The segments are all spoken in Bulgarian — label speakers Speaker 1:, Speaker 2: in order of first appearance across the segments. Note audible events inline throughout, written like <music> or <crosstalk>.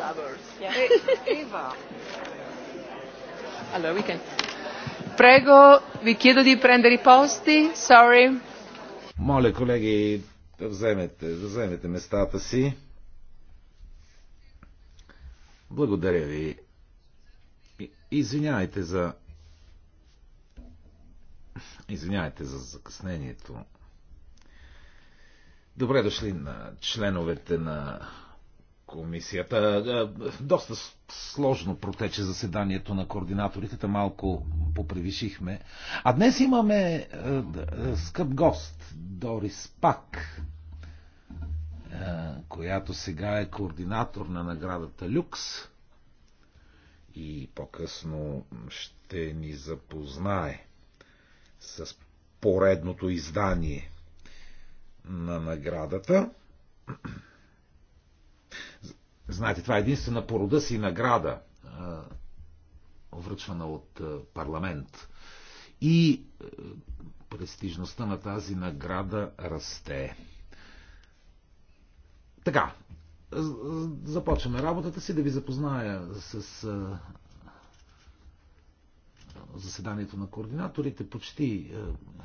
Speaker 1: others. E-, Eva. Allora, we can... Prego, vi chiedo di prendere i posti. Sorry.
Speaker 2: Mole, colleghi, да вземете, да вземете местата си. Благодаря ви. Извинявайте за... Извинявайте за закъснението. Добре дошли на членовете на комисията. Е, доста сложно протече заседанието на координаторите, малко попревишихме. А днес имаме е, е, скъп гост, Дорис Пак, която сега е координатор на наградата Люкс и по-късно ще ни запознае с поредното издание на наградата. Знаете, това е единствена порода си награда, връчвана от парламент. И е, престижността на тази награда расте. Така, започваме работата си да ви запозная с заседанието на координаторите. Почти е,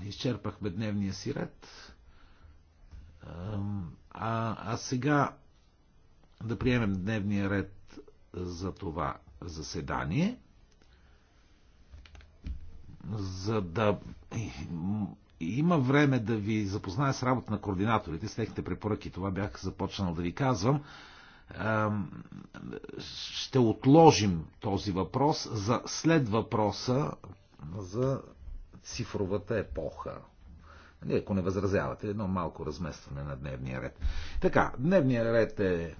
Speaker 2: изчерпахме дневния си ред. А, а сега да приемем дневния ред за това заседание, за да има време да ви запозная с работа на координаторите, с техните препоръки. Това бях започнал да ви казвам. Ще отложим този въпрос за след въпроса за цифровата епоха. Нали, ако не възразявате, едно малко разместване на дневния ред. Така, дневния ред е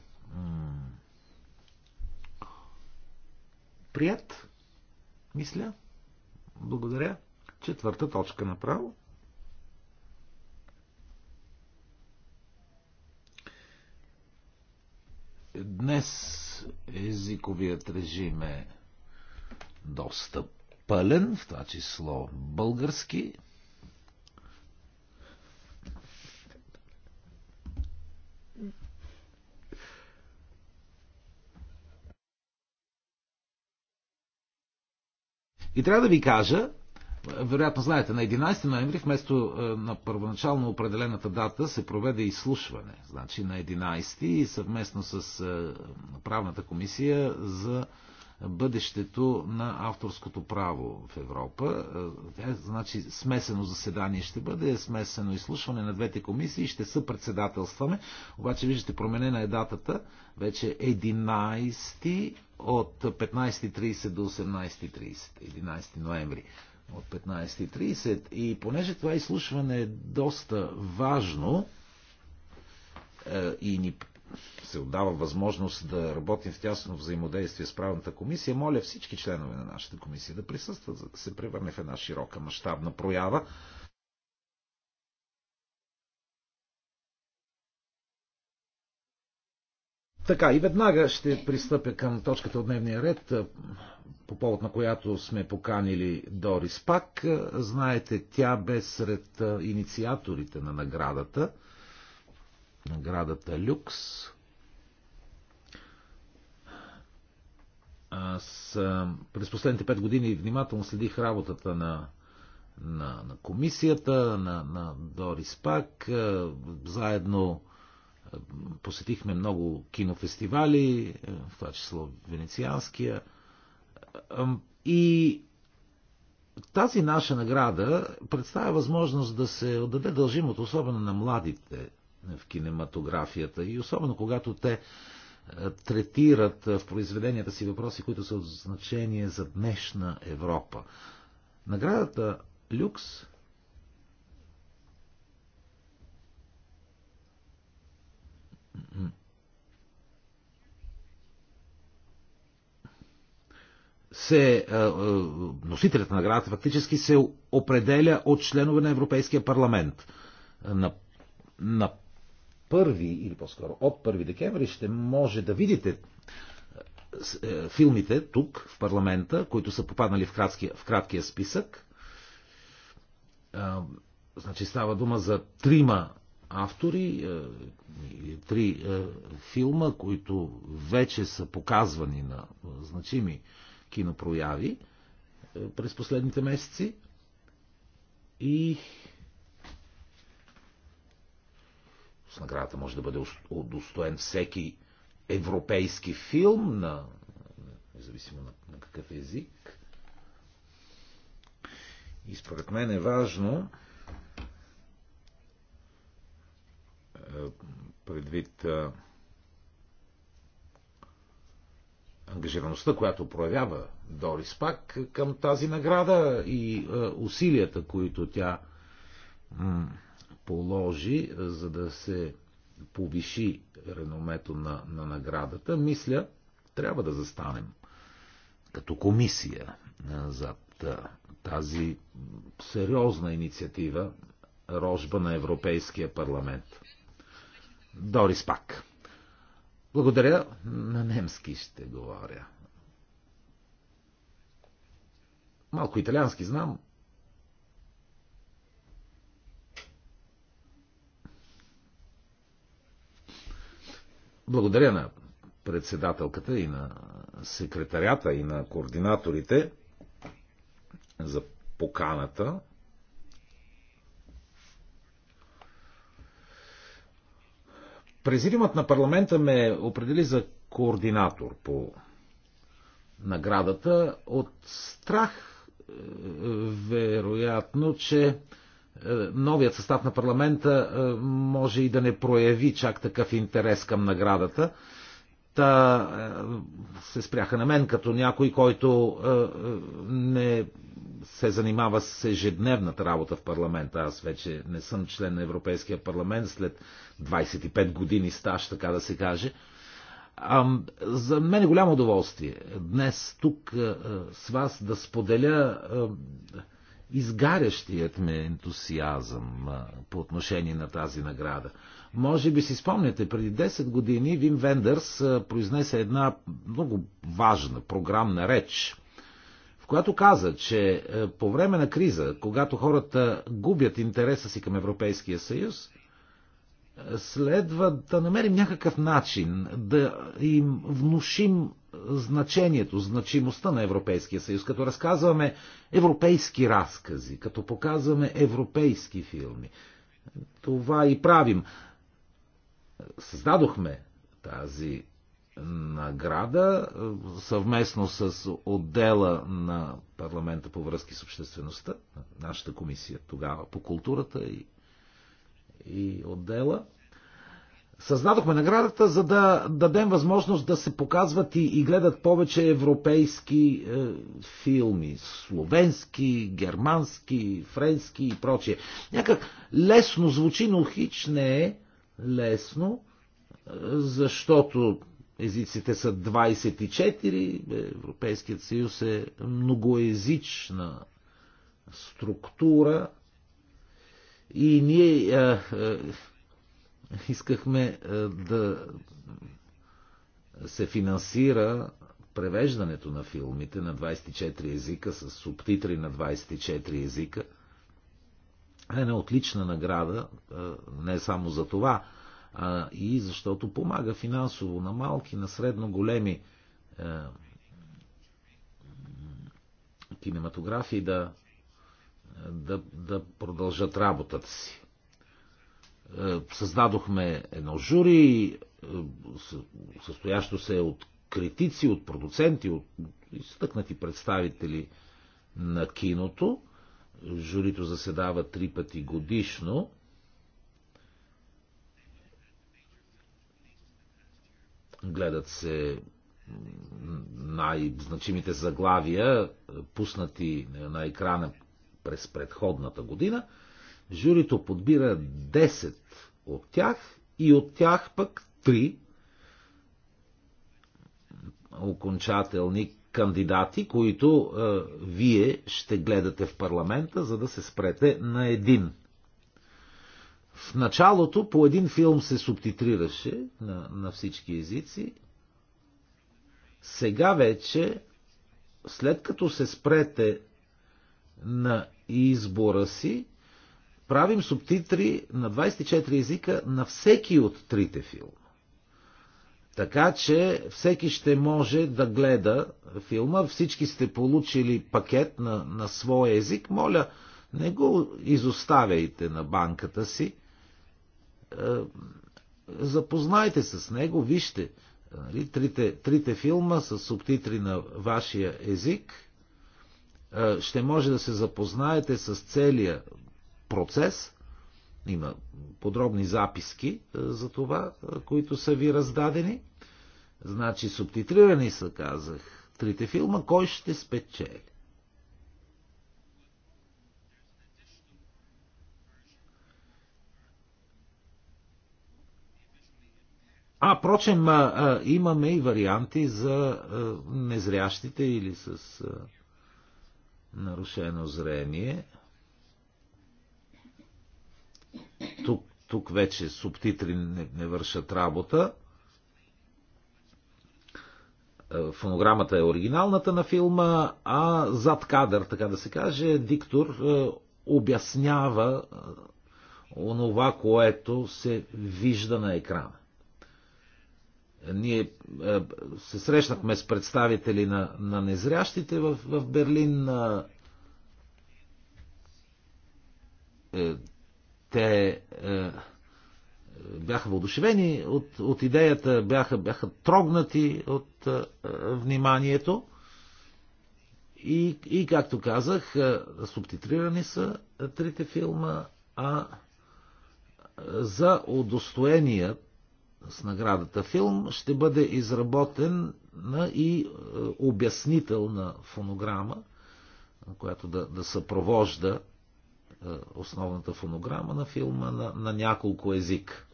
Speaker 2: Прият, мисля. Благодаря. Четвърта точка направо. Днес езиковият режим е доста пълен, в това число български. И трябва да ви кажа, вероятно знаете, на 11 ноември вместо е, на първоначално определената дата се проведе изслушване. Значи на 11 и съвместно с е, правната комисия за бъдещето на авторското право в Европа. Е, значи смесено заседание ще бъде, смесено изслушване на двете комисии, ще съпредседателстваме. Обаче виждате променена е датата, вече 11 от 15.30 до 18.30, 11 ноември от 15.30. И понеже това изслушване е доста важно е, и ни се отдава възможност да работим в тясно взаимодействие с правната комисия, моля всички членове на нашата комисия да присъстват, за да се превърне в една широка мащабна проява. Така, и веднага ще пристъпя към точката от дневния ред, по повод на която сме поканили Дорис Пак. Знаете, тя бе сред инициаторите на наградата – наградата Люкс. Аз през последните пет години внимателно следих работата на, на, на комисията, на, на Дорис Пак. Заедно посетихме много кинофестивали, в това число Венецианския. И тази наша награда представя възможност да се отдаде дължимото, особено на младите в кинематографията. И особено когато те е, третират е, в произведенията си въпроси, които са от значение за днешна Европа. Наградата Люкс се, е, носителят на наградата фактически се определя от членове на Европейския парламент. На, на първи, или по-скоро от 1 декември, ще може да видите е, е, филмите тук, в парламента, които са попаднали в краткия, в краткия списък. Е, значи става дума за трима автори, три филма, които вече са показвани на значими кинопрояви през последните месеци. И с наградата може да бъде удостоен всеки европейски филм на независимо на, на какъв език. И според мен е важно е, предвид е, ангажираността, която проявява Дорис Пак към тази награда и е, усилията, които тя положи, за да се повиши реномето на, на наградата, мисля, трябва да застанем като комисия за тази сериозна инициатива рожба на Европейския парламент. Дорис Пак. Благодаря. На немски ще говоря. Малко италиански знам, Благодаря на председателката и на секретарята и на координаторите за поканата. Президиумът на парламента ме определи за координатор по наградата от страх, е, вероятно, че е, новият състав на парламента е, може и да не прояви чак такъв интерес към наградата. Та е, се спряха на мен като някой, който не се занимава с ежедневната работа в парламента. Аз вече не съм член на Европейския парламент след 25 години стаж, така да се каже. за мен е голямо удоволствие днес тук с вас да споделя изгарящият ме ентусиазъм по отношение на тази награда. Може би си спомняте, преди 10 години Вим Вендърс произнесе една много важна програмна реч, в която каза, че по време на криза, когато хората губят интереса си към Европейския съюз, следва да намерим някакъв начин да им внушим значението, значимостта на Европейския съюз, като разказваме европейски разкази, като показваме европейски филми. Това и правим. Създадохме тази награда съвместно с отдела на парламента по връзки с обществеността, нашата комисия тогава по културата и и отдела. Създадохме наградата, за да дадем възможност да се показват и, и гледат повече европейски е, филми. Словенски, германски, френски и прочие. Някак лесно звучи, но хич не е лесно, е, защото езиците са 24, е, Европейският съюз е многоезична структура, и ние а, а, искахме а, да се финансира превеждането на филмите на 24 езика с субтитри на 24 езика. Е една отлична награда не само за това, а и защото помага финансово на малки, на средно големи кинематографии да да, да продължат работата си. Е, създадохме едно жури, е, състоящо се от критици, от продуценти, от изтъкнати представители на киното. Журито заседава три пъти годишно. Гледат се най-значимите заглавия, пуснати на екрана през предходната година, журито подбира 10 от тях и от тях пък 3 окончателни кандидати, които е, вие ще гледате в парламента, за да се спрете на един. В началото по един филм се субтитрираше на, на всички езици. Сега вече, след като се спрете на и избора си, правим субтитри на 24 езика на всеки от трите филма. Така че всеки ще може да гледа филма. Всички сте получили пакет на, на своя език. Моля, не го изоставяйте на банката си. Е, запознайте се с него, вижте нали, трите, трите филма с субтитри на вашия език – е, ще може да се запознаете с целия процес. Има подробни записки е, за това, е, които са ви раздадени. Значи субтитрирани са, казах, трите филма. Кой ще спечели? А, прочем, имаме и варианти за незрящите или с нарушено зрение. Тук, тук вече субтитри не, не вършат работа. Е, фонограмата е оригиналната на филма, а зад кадър, така да се каже, диктор е, обяснява е, онова, което се вижда на екрана. Ние е, се срещнахме с представители на, на незрящите в, в Берлин. Е, те е, бяха въодушевени от, от идеята, бяха, бяха трогнати от вниманието. И, и, както казах, субтитрирани са трите филма, а за удостоеният с наградата филм, ще бъде на и е, обяснителна фонограма, която да, да съпровожда е, основната фонограма на филма на, на няколко език.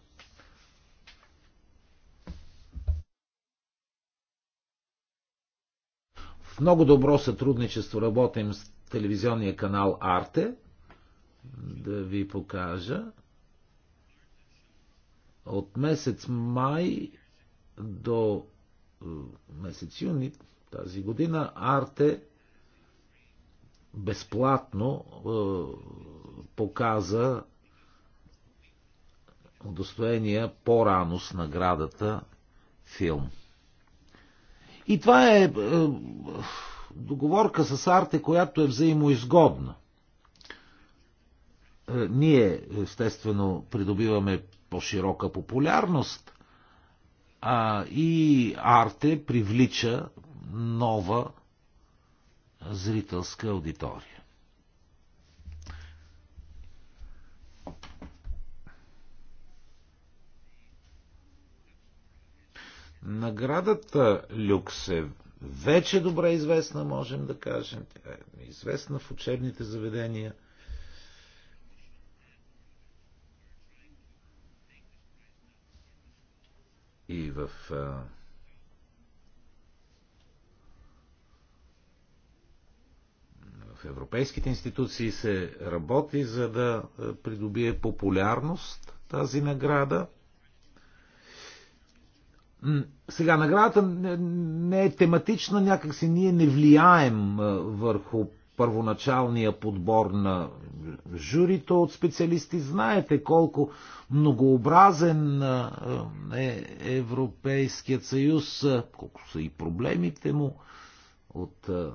Speaker 2: В много добро сътрудничество работим с телевизионния канал Арте. Да ви покажа. От месец май до е, месец юни тази година Арте безплатно е, показа удостоения по-рано с наградата филм. И това е, е договорка с Арте, която е взаимоизгодна. Е, ние, естествено, придобиваме по-широка популярност. А, и Арте привлича нова зрителска аудитория. Наградата Люкс е вече добре известна, можем да кажем. Тя е известна в учебните заведения – и в в европейските институции се работи, за да придобие популярност тази награда. Сега, наградата не е тематична, някакси ние не влияем върху първоначалния подбор на журито от специалисти. Знаете колко многообразен е Европейският съюз, колко са и проблемите му от е,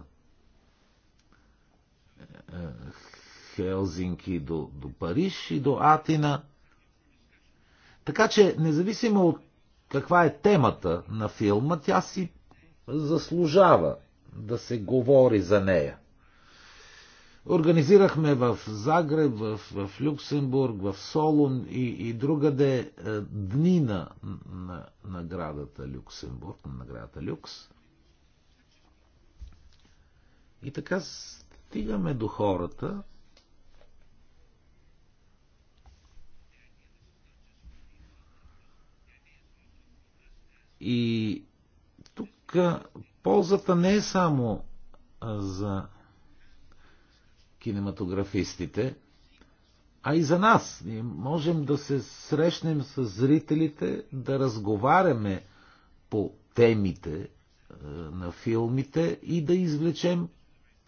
Speaker 2: Хелзинки до, до Париж и до Атина. Така че, независимо от каква е темата на филма, тя си заслужава да се говори за нея. Организирахме в Загреб, в, в Люксембург, в Солун и, и другаде е, дни на, на наградата Люксембург, на наградата Люкс. И така стигаме до хората, И тук е, ползата не е само е, за кинематографистите, а и за нас. Ние можем да се срещнем с зрителите, да разговаряме по темите е, на филмите и да извлечем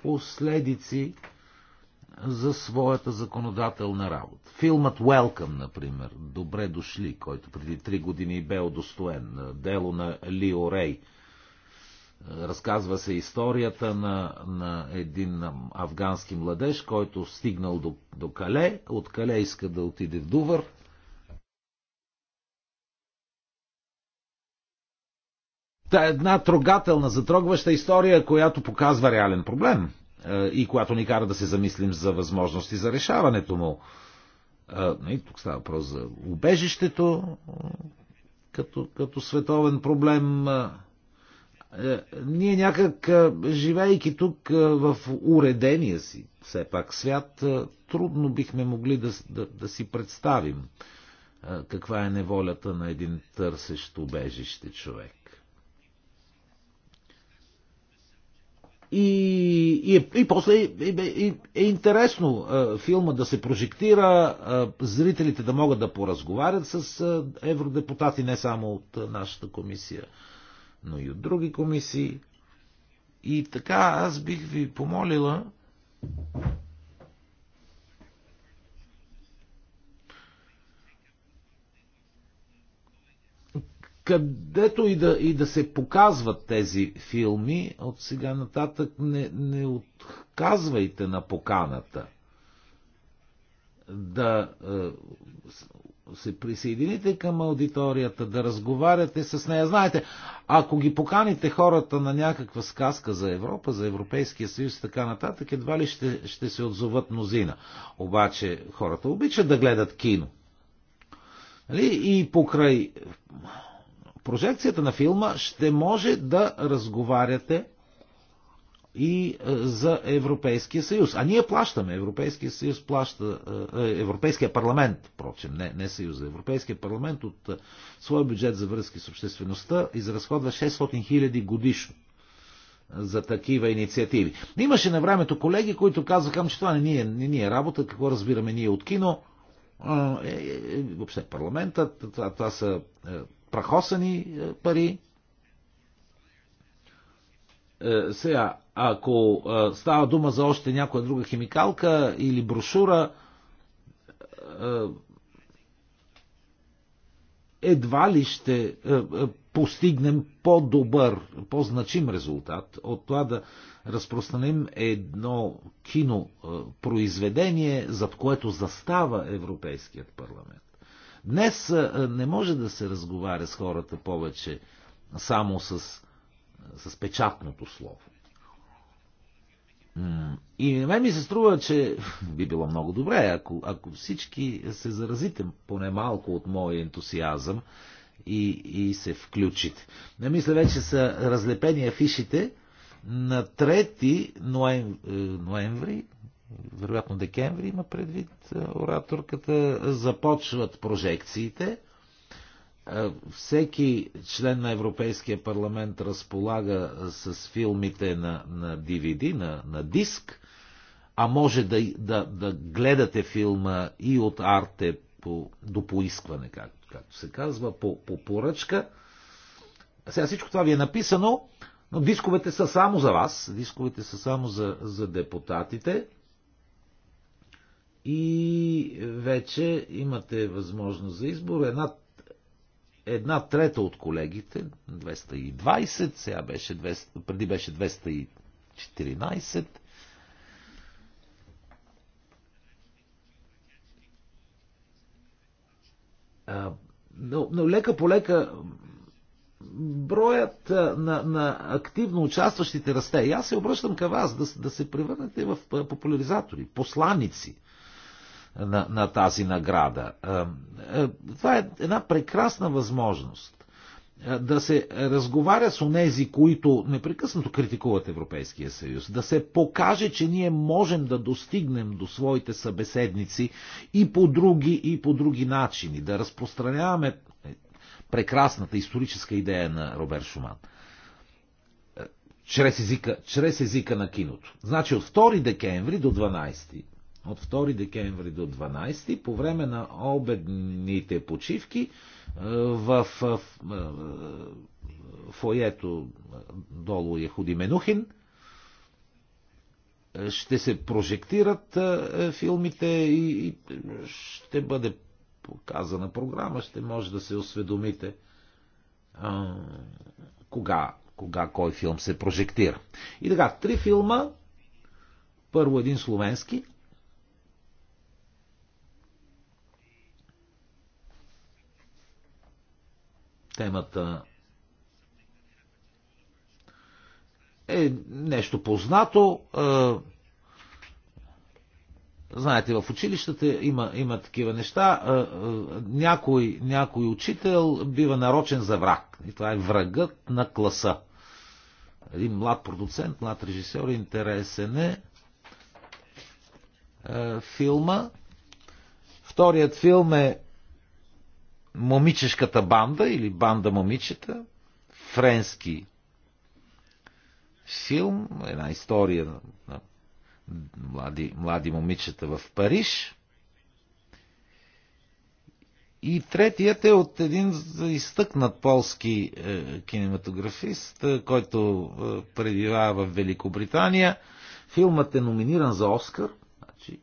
Speaker 2: последици за своята законодателна работа. Филмът Welcome, например, Добре дошли, който преди три години бе удостоен, е, дело на Лио Рей – Разказва се историята на, на един афгански младеж, който стигнал до, до Кале, от Кале иска да отиде в Дувър, Та е една трогателна, затрогваща история, която показва реален проблем е, и която ни кара да се замислим за възможности за решаването му. Е, и тук става въпрос за убежището като, като световен проблем. Е, ние някак, е, живеейки тук е, в уредения си все пак свят, трудно бихме могли да, да, да си представим каква е неволята на един търсещ убежище човек. И, и, и после и, и, е интересно е, филма да се прожектира, е, зрителите да могат да поразговарят с е, евродепутати, не само от е, нашата комисия. Е, но и от други комисии. И така аз бих ви помолила където и да, и да се показват тези филми, от сега нататък не, не отказвайте на поканата да е, се присъедините към аудиторията, да разговаряте с нея. Знаете, ако ги поканите хората на някаква сказка за Европа, за Европейския съюз и така нататък, едва ли ще, ще се отзоват мнозина. Обаче хората обичат да гледат кино. Нали? И покрай прожекцията на филма ще може да разговаряте и е, за Европейския съюз. А ние плащаме. Европейския съюз плаща, е, е, Европейския парламент, впрочем, не, не съюза, Европейския парламент от своя бюджет за връзки с обществеността изразходва 600 хиляди годишно за такива инициативи. Имаше на времето колеги, които казаха, ами, че това не ни е, не ни е работа, какво разбираме ние от кино, е, въобще парламентът, това, това са прахосани пари, е, сега, ако е, става дума за още някоя друга химикалка или брошура, е, едва ли ще постигнем по-добър, по-значим резултат от това да разпространим едно кинопроизведение, зад което застава Европейският парламент. Днес не може да се разговаря с хората повече само с с печатното слово. И мен ми се струва, че <laughs> би било много добре, ако, ако всички се заразите поне малко от моя ентусиазъм и, и се включите. Не мисля, вече са разлепени афишите на 3 ноем... Е, ноември, вероятно декември има предвид е, ораторката, започват прожекциите е, всеки член на Европейския парламент разполага с филмите на, на DVD, на, на диск, а може да, да, да гледате филма и от арте по, до поискване, както, както се казва, по, по поръчка. Сега всичко това ви е написано, но дисковете са само за вас, дисковете са само за, за депутатите. И вече имате възможност за избор. Една една трета от колегите, 220, сега беше 200, преди беше 214, но, но лека по лека броят на, на активно участващите расте. И аз се обръщам към вас да, да се превърнете в популяризатори, посланици – на, на тази награда. Е, е, това е една прекрасна възможност е, да се разговаря с онези, които непрекъснато критикуват Европейския съюз, да се покаже, че ние можем да достигнем до своите събеседници и по други, и по други начини, да разпространяваме прекрасната историческа идея на Робер Шуман чрез езика, чрез езика на киното. Значи от 2 декември до 12 от 2 декември до 12, по време на обедните почивки е, в е, е, фоето долу е Худименухин, ще се прожектират филмите и ще бъде показана програма, ще може да се осведомите кога, кога кой филм се прожектира. И така, три филма. Първо един словенски, темата е нещо познато. Е, знаете, в училищата има, има такива неща. Е, е, някой, някой учител бива нарочен за враг. И това е врагът на класа. Един млад продуцент, млад режисьор, интересен е филма. Вторият филм е момичешката банда или банда момичета, френски филм, една история на млади, млади момичета в Париж. И третият е от един изтъкнат полски е, кинематографист, е, който е, пребивава в Великобритания. Филмът е номиниран за Оскар. Значи,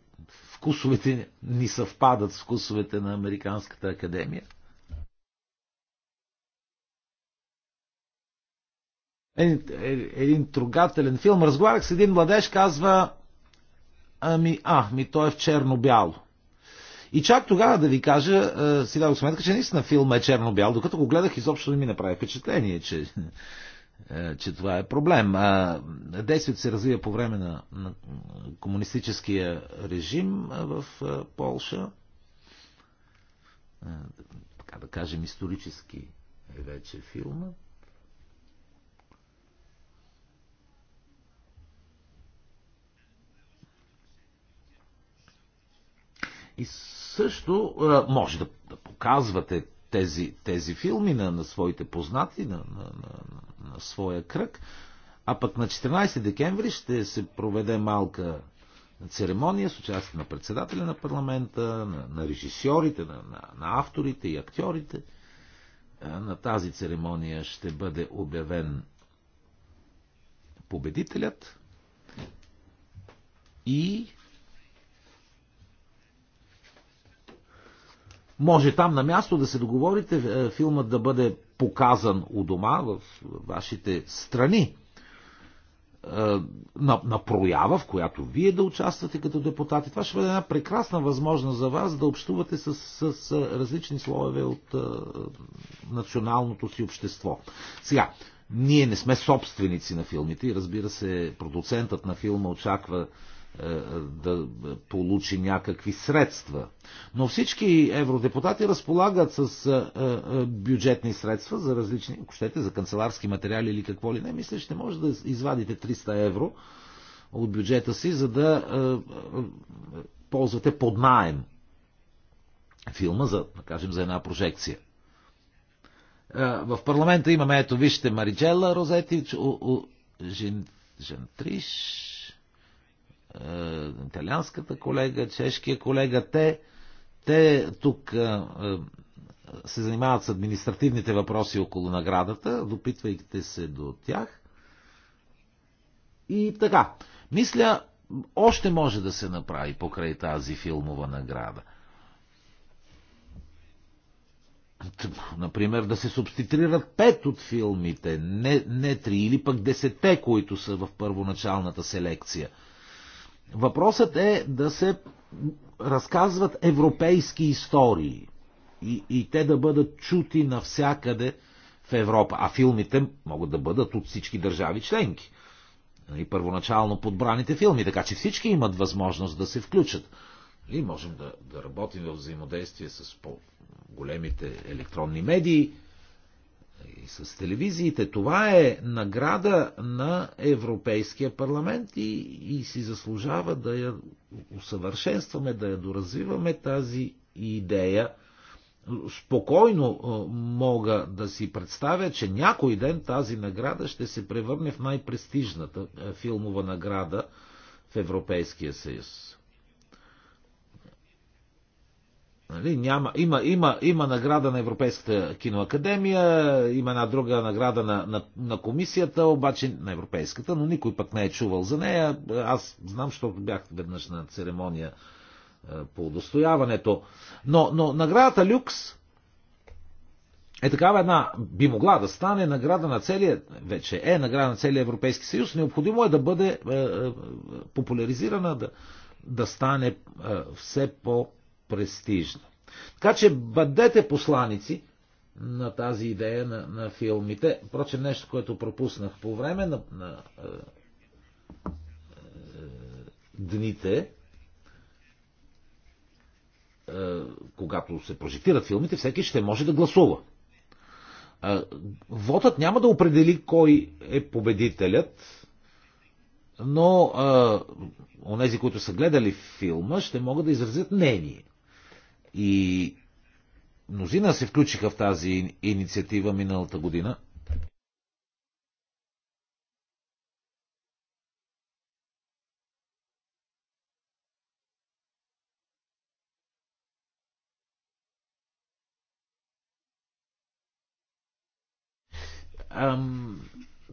Speaker 2: вкусовете ни съвпадат с вкусовете на Американската академия. един, е, един трогателен филм. Разговарях с един младеж, казва, ами, а, ми той е в черно-бяло. И чак тогава да ви кажа, е, си дадох сметка, че наистина филма е черно-бял, докато го гледах изобщо не ми направи впечатление, че, е, че това е проблем. Действието се развива по време на, на комунистическия режим в Полша. Така да кажем, исторически е вече филма. И също е, може да, да показвате тези, тези филми на, на своите познати, на, на, на, на своя кръг. А пък на 14 декември ще се проведе малка церемония с участие на председателя на парламента, на, на режисьорите, на, на, на авторите и актьорите. Е, на тази церемония ще бъде обявен победителят и Може там на място да се договорите е, филмът да бъде показан у дома в вашите страни. Е, на, на проява, в която вие да участвате като депутати. Това ще бъде една прекрасна възможност за вас да общувате с, с, с е, различни слоеве от е, националното си общество. Сега, ние не сме собственици на филмите и разбира се, продуцентът на филма очаква е, да получи някакви средства. Но всички евродепутати разполагат с е, е, бюджетни средства за различни, ако щете, за канцеларски материали или какво ли не. Мисля, ще може да извадите 300 евро от бюджета си, за да ползвате под найем филма, за, да кажем, за една прожекция. В парламента имаме, ето, вижте, Мариджела Розетич Жентриш, е, италианската колега, чешкия колега, те, те тук е, е, се занимават с административните въпроси около наградата, допитвайте се до тях. И така, мисля, още може да се направи покрай тази филмова награда. Например, да се субститрират пет от филмите, не, не три, или пък десете, които са в първоначалната селекция – Въпросът е да се разказват европейски истории и, и те да бъдат чути навсякъде в Европа. А филмите могат да бъдат от всички държави членки. И нали, първоначално подбраните филми, така че всички имат възможност да се включат. И можем да, да работим в взаимодействие с по-големите електронни медии, и с телевизиите. Това е награда на Европейския парламент и, и си заслужава да я усъвършенстваме, да я доразвиваме тази идея. Е, спокойно е, мога да си представя, че някой ден тази награда ще се превърне в най-престижната е, филмова награда в Европейския съюз. Нали, няма, има, има, има награда на Европейската киноакадемия, има една друга награда на, на, на комисията, обаче на Европейската, но никой пък не е чувал за нея. Аз знам, защото бях веднъж на церемония е, по удостояването. Но, но наградата Люкс е такава една, би могла да стане награда на целия, вече е награда на целия Европейски съюз. Необходимо е да бъде е, е, популяризирана, да, да стане е, все по- престижно. Така че бъдете посланици на тази идея на, на филмите. Впрочем, нещо, което пропуснах по време на, на е, е, дните, е, когато се прожектират филмите, всеки ще може да гласува. Е, вотът няма да определи кой е победителят, но е, онези, които са гледали филма, ще могат да изразят мнение и мнозина се включиха в тази инициатива миналата година.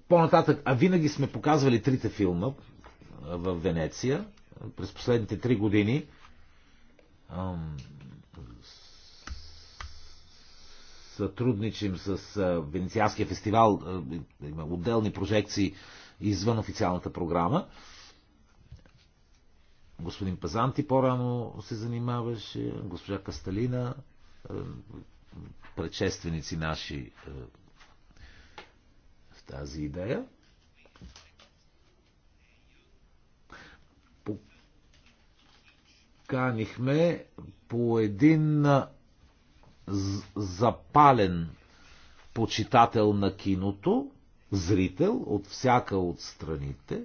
Speaker 2: по-нататък, а винаги сме показвали трите филма в Венеция през последните три години сътрудничим с Венецианския фестивал, има отделни прожекции извън официалната програма. Господин Пазанти по-рано се занимаваше, госпожа Касталина, предшественици наши в тази идея. Поканихме по един запален почитател на киното, зрител от всяка от страните,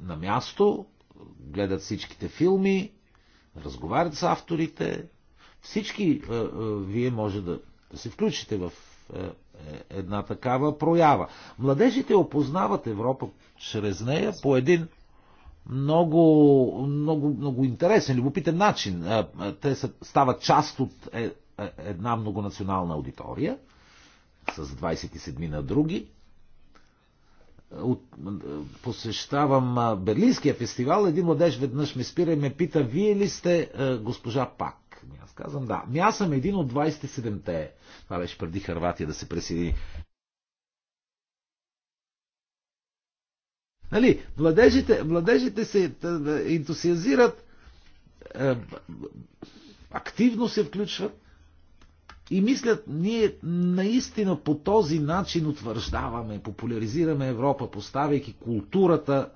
Speaker 2: на място, гледат всичките филми, разговарят с авторите. Всички е, е, вие може да, да се включите в е, е, една такава проява. Младежите опознават Европа чрез нея по един много, много, много интересен, любопитен начин. Те стават част от е, е, една многонационална аудитория с 27 на други. От, посещавам Берлинския фестивал. Един младеж веднъж ме спира и ме пита, вие ли сте госпожа Пак? Аз казвам да. Ми аз съм един от 27-те. Това беше преди Харватия да се присъедини. Нали, младежите, младежите се е, е, ентусиазират, е, активно се включват и мислят, ние наистина по този начин утвърждаваме, популяризираме Европа, поставяйки културата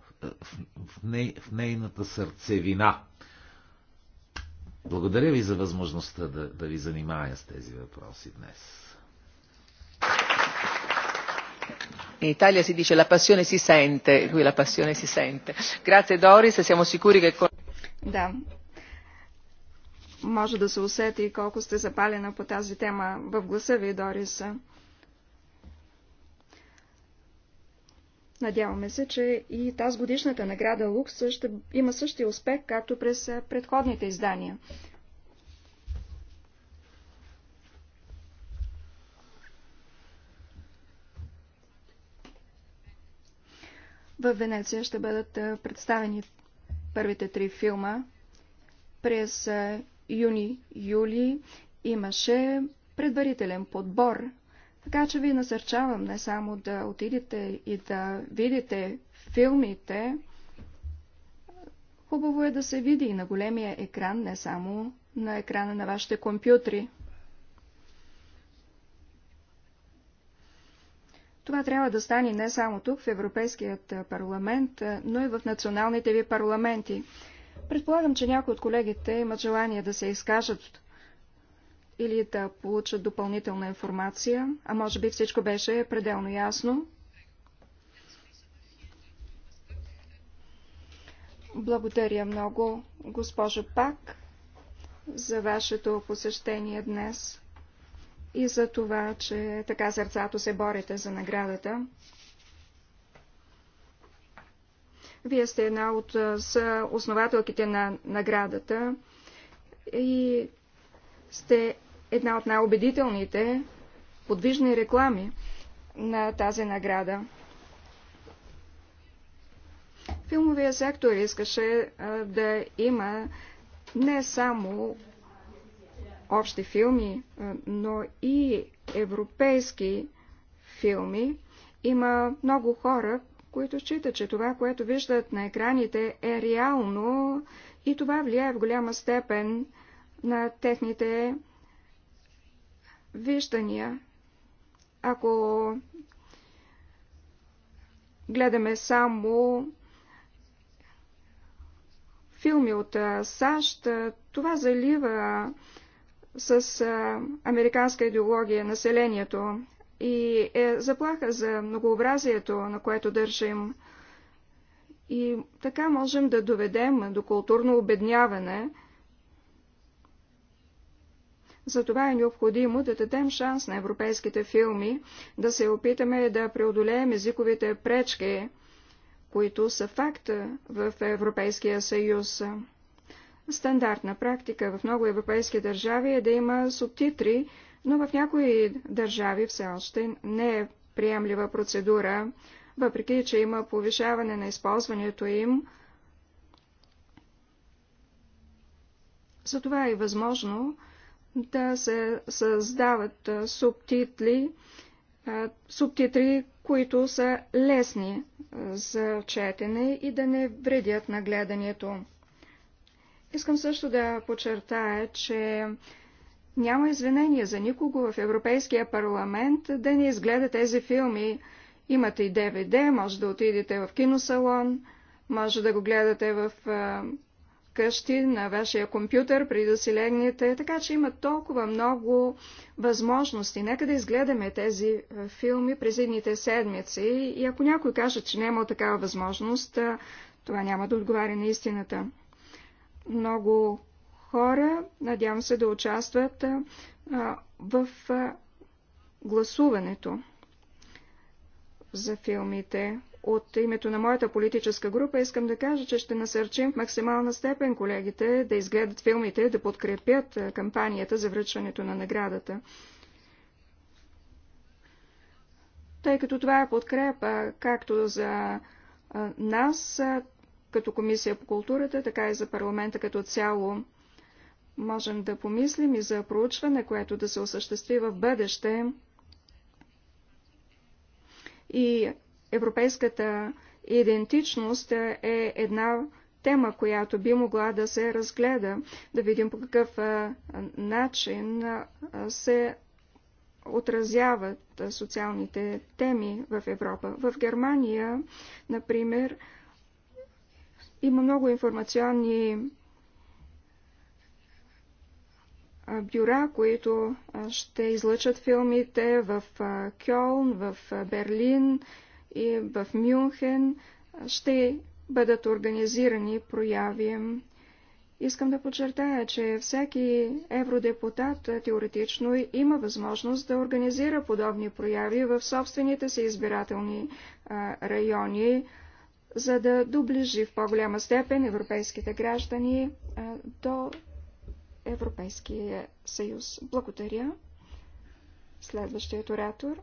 Speaker 2: в, ней, в нейната сърцевина. Благодаря ви за възможността да, да ви занимая с тези въпроси днес
Speaker 1: in Italia si dice la passione si sente, qui la passione si sente. Grazie Doris, e siamo sicuri che...
Speaker 3: da. Може да се усети колко сте запалена по тази тема в гласа ви, Дорис. Надяваме се, че и тази годишната награда Лукс ще има същия успех, както през предходните издания. В Венеция ще бъдат представени първите три филма. През юни-юли имаше предварителен подбор, така че ви насърчавам не само да отидете и да видите филмите, хубаво е да се види и на големия екран, не само на екрана на вашите компютри. Това трябва да стане не само тук, в Европейският парламент, но и в националните ви парламенти. Предполагам, че някои от колегите имат желание да се изкажат или да получат допълнителна информация, а може би всичко беше пределно ясно. Благодаря много, госпожо Пак, за вашето посещение днес и за това, че така сърцато се борите за наградата. Вие сте една от основателките на наградата и сте една от най-убедителните подвижни реклами на тази награда. Филмовия сектор искаше да има не само общи филми, е, но и европейски филми. Има много хора, които считат, че това, което виждат на екраните е реално и това влияе в голяма степен на техните виждания. Ако гледаме само филми от САЩ, това залива с а, американска идеология населението и е заплаха за многообразието, на което държим. И така можем да доведем до културно обедняване. Затова е необходимо да дадем шанс на европейските филми, да се опитаме да преодолеем езиковите пречки, които са факта в Европейския съюз. Стандартна практика в много европейски държави е да има субтитри, но в някои държави все още не е приемлива процедура, въпреки че има повишаване на използването им. Затова е възможно да се създават субтитли, субтитри, които са лесни за четене и да не вредят на гледането. Искам също да подчертая, че няма извинение за никого в Европейския парламент да не изгледа тези филми. Имате и DVD, може да отидете в киносалон, може да го гледате в къщи на вашия компютър, преди да си легнете. Така че има толкова много възможности. Нека да изгледаме тези филми през едните седмици и ако някой каже, че няма такава възможност, това няма да отговаря на истината много хора. Надявам се да участват в гласуването за филмите. От името на моята политическа група искам да кажа, че ще насърчим в максимална степен колегите да изгледат филмите, да подкрепят кампанията за връчването на наградата. Тъй като това е подкрепа както за нас, като Комисия по културата, така и за парламента като цяло. Можем да помислим и за проучване, което да се осъществи в бъдеще. И европейската идентичност е една тема, която би могла да се разгледа, да видим по какъв начин се отразяват социалните теми в Европа. В Германия, например, има много информационни бюра, които ще излъчат филмите в Кьолн, в Берлин и в Мюнхен. Ще бъдат организирани прояви. Искам да подчертая, че всеки евродепутат теоретично има възможност да организира подобни прояви в собствените си избирателни райони, за да доближи в по-голяма степен европейските граждани до Европейския съюз. Благодаря. Следващият оратор.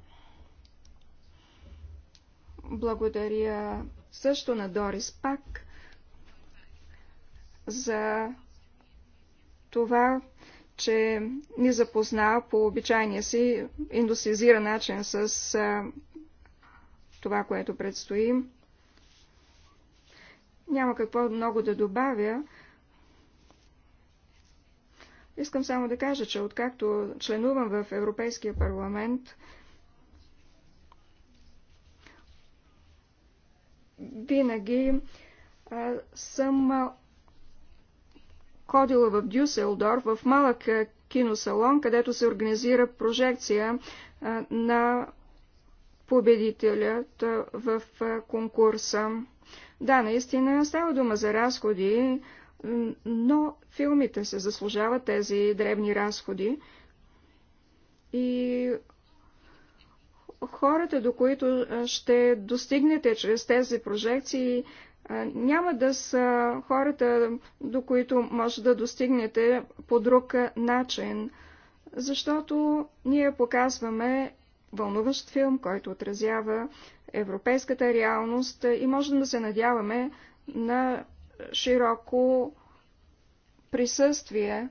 Speaker 3: Благодаря също на Дорис Пак за това, че ни запозна по обичайния си индусизиран начин с това, което предстои. Няма какво много да добавя. Искам само да кажа, че откакто членувам в Европейския парламент, винаги а, съм а, ходила в Дюселдорф, в малък а, киносалон, където се организира прожекция а, на победителят а, в а, конкурса. Да, наистина става дума за разходи, но филмите се заслужават тези древни разходи. И хората, до които ще достигнете чрез тези прожекции, няма да са хората, до които може да достигнете по друг начин, защото ние показваме вълнуващ филм, който отразява европейската реалност и можем да се надяваме на широко присъствие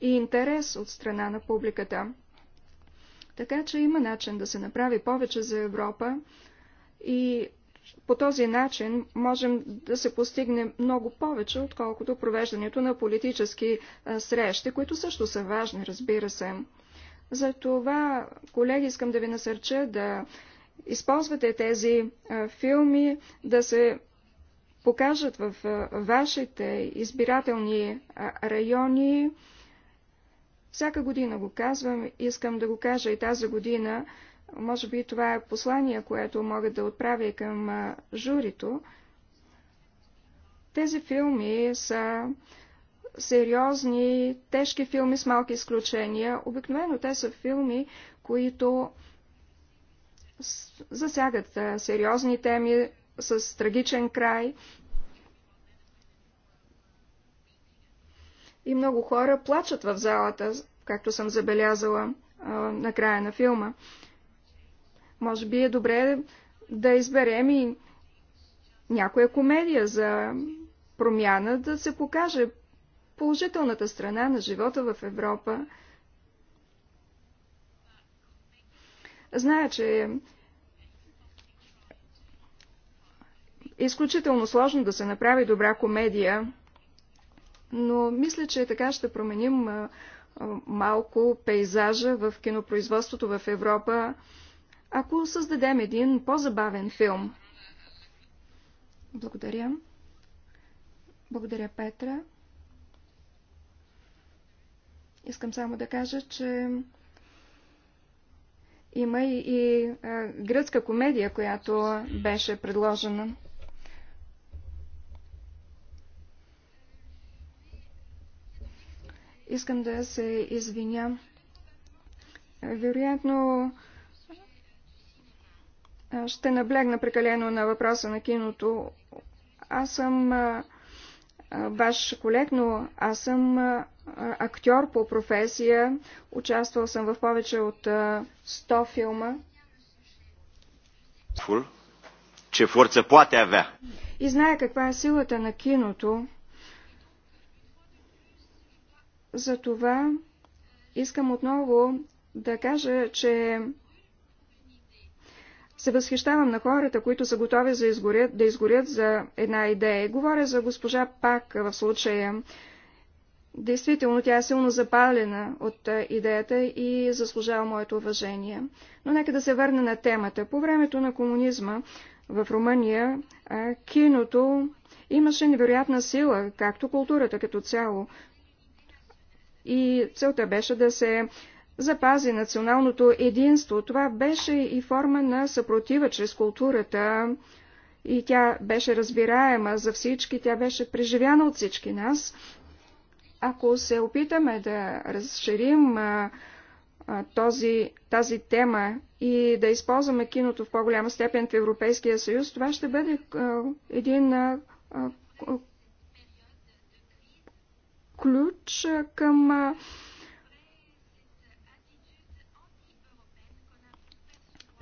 Speaker 3: и интерес от страна на публиката. Така че има начин да се направи повече за Европа и по този начин можем да се постигне много повече, отколкото провеждането на политически срещи, които също са важни, разбира се. Затова, колеги, искам да ви насърча да използвате тези филми, да се покажат в вашите избирателни райони. Всяка година го казвам, искам да го кажа и тази година. Може би това е послание, което мога да отправя към към журито. Тези филми са сериозни, тежки филми с малки изключения. Обикновено те са филми, които засягат сериозни теми с трагичен край. И много хора плачат в залата, както съм забелязала на края на филма. Може би е добре да изберем и някоя комедия за промяна, да се покаже положителната страна на живота в Европа. Зная, че е изключително сложно да се направи добра комедия, но мисля, че така ще променим малко пейзажа в кинопроизводството в Европа, ако създадем един по-забавен филм. Благодаря. Благодаря, Петра. Искам само да кажа, че има и, и а, гръцка комедия, която беше предложена. Искам да се извиня. Вероятно ще наблегна прекалено на въпроса на киното. Аз съм а, ваш колег, но аз съм актьор по професия. Участвал съм в повече от 100 филма.
Speaker 2: Че форца плате avea.
Speaker 3: И зная каква е силата на киното. Затова искам отново да кажа, че се възхищавам на хората, които са готови за изгорят, да изгорят за една идея. Говоря за госпожа Пак в случая. Действително, тя е силно запалена от идеята и заслужава моето уважение. Но нека да се върна на темата. По времето на комунизма в Румъния киното имаше невероятна сила, както културата като цяло. И целта беше да се запази националното единство. Това беше и форма на съпротива чрез културата и тя беше разбираема за всички, тя беше преживяна от всички нас. Ако се опитаме да разширим а, а, този, тази тема и да използваме киното в по-голяма степен в Европейския съюз, това ще бъде а, един а, а, ключ към. А,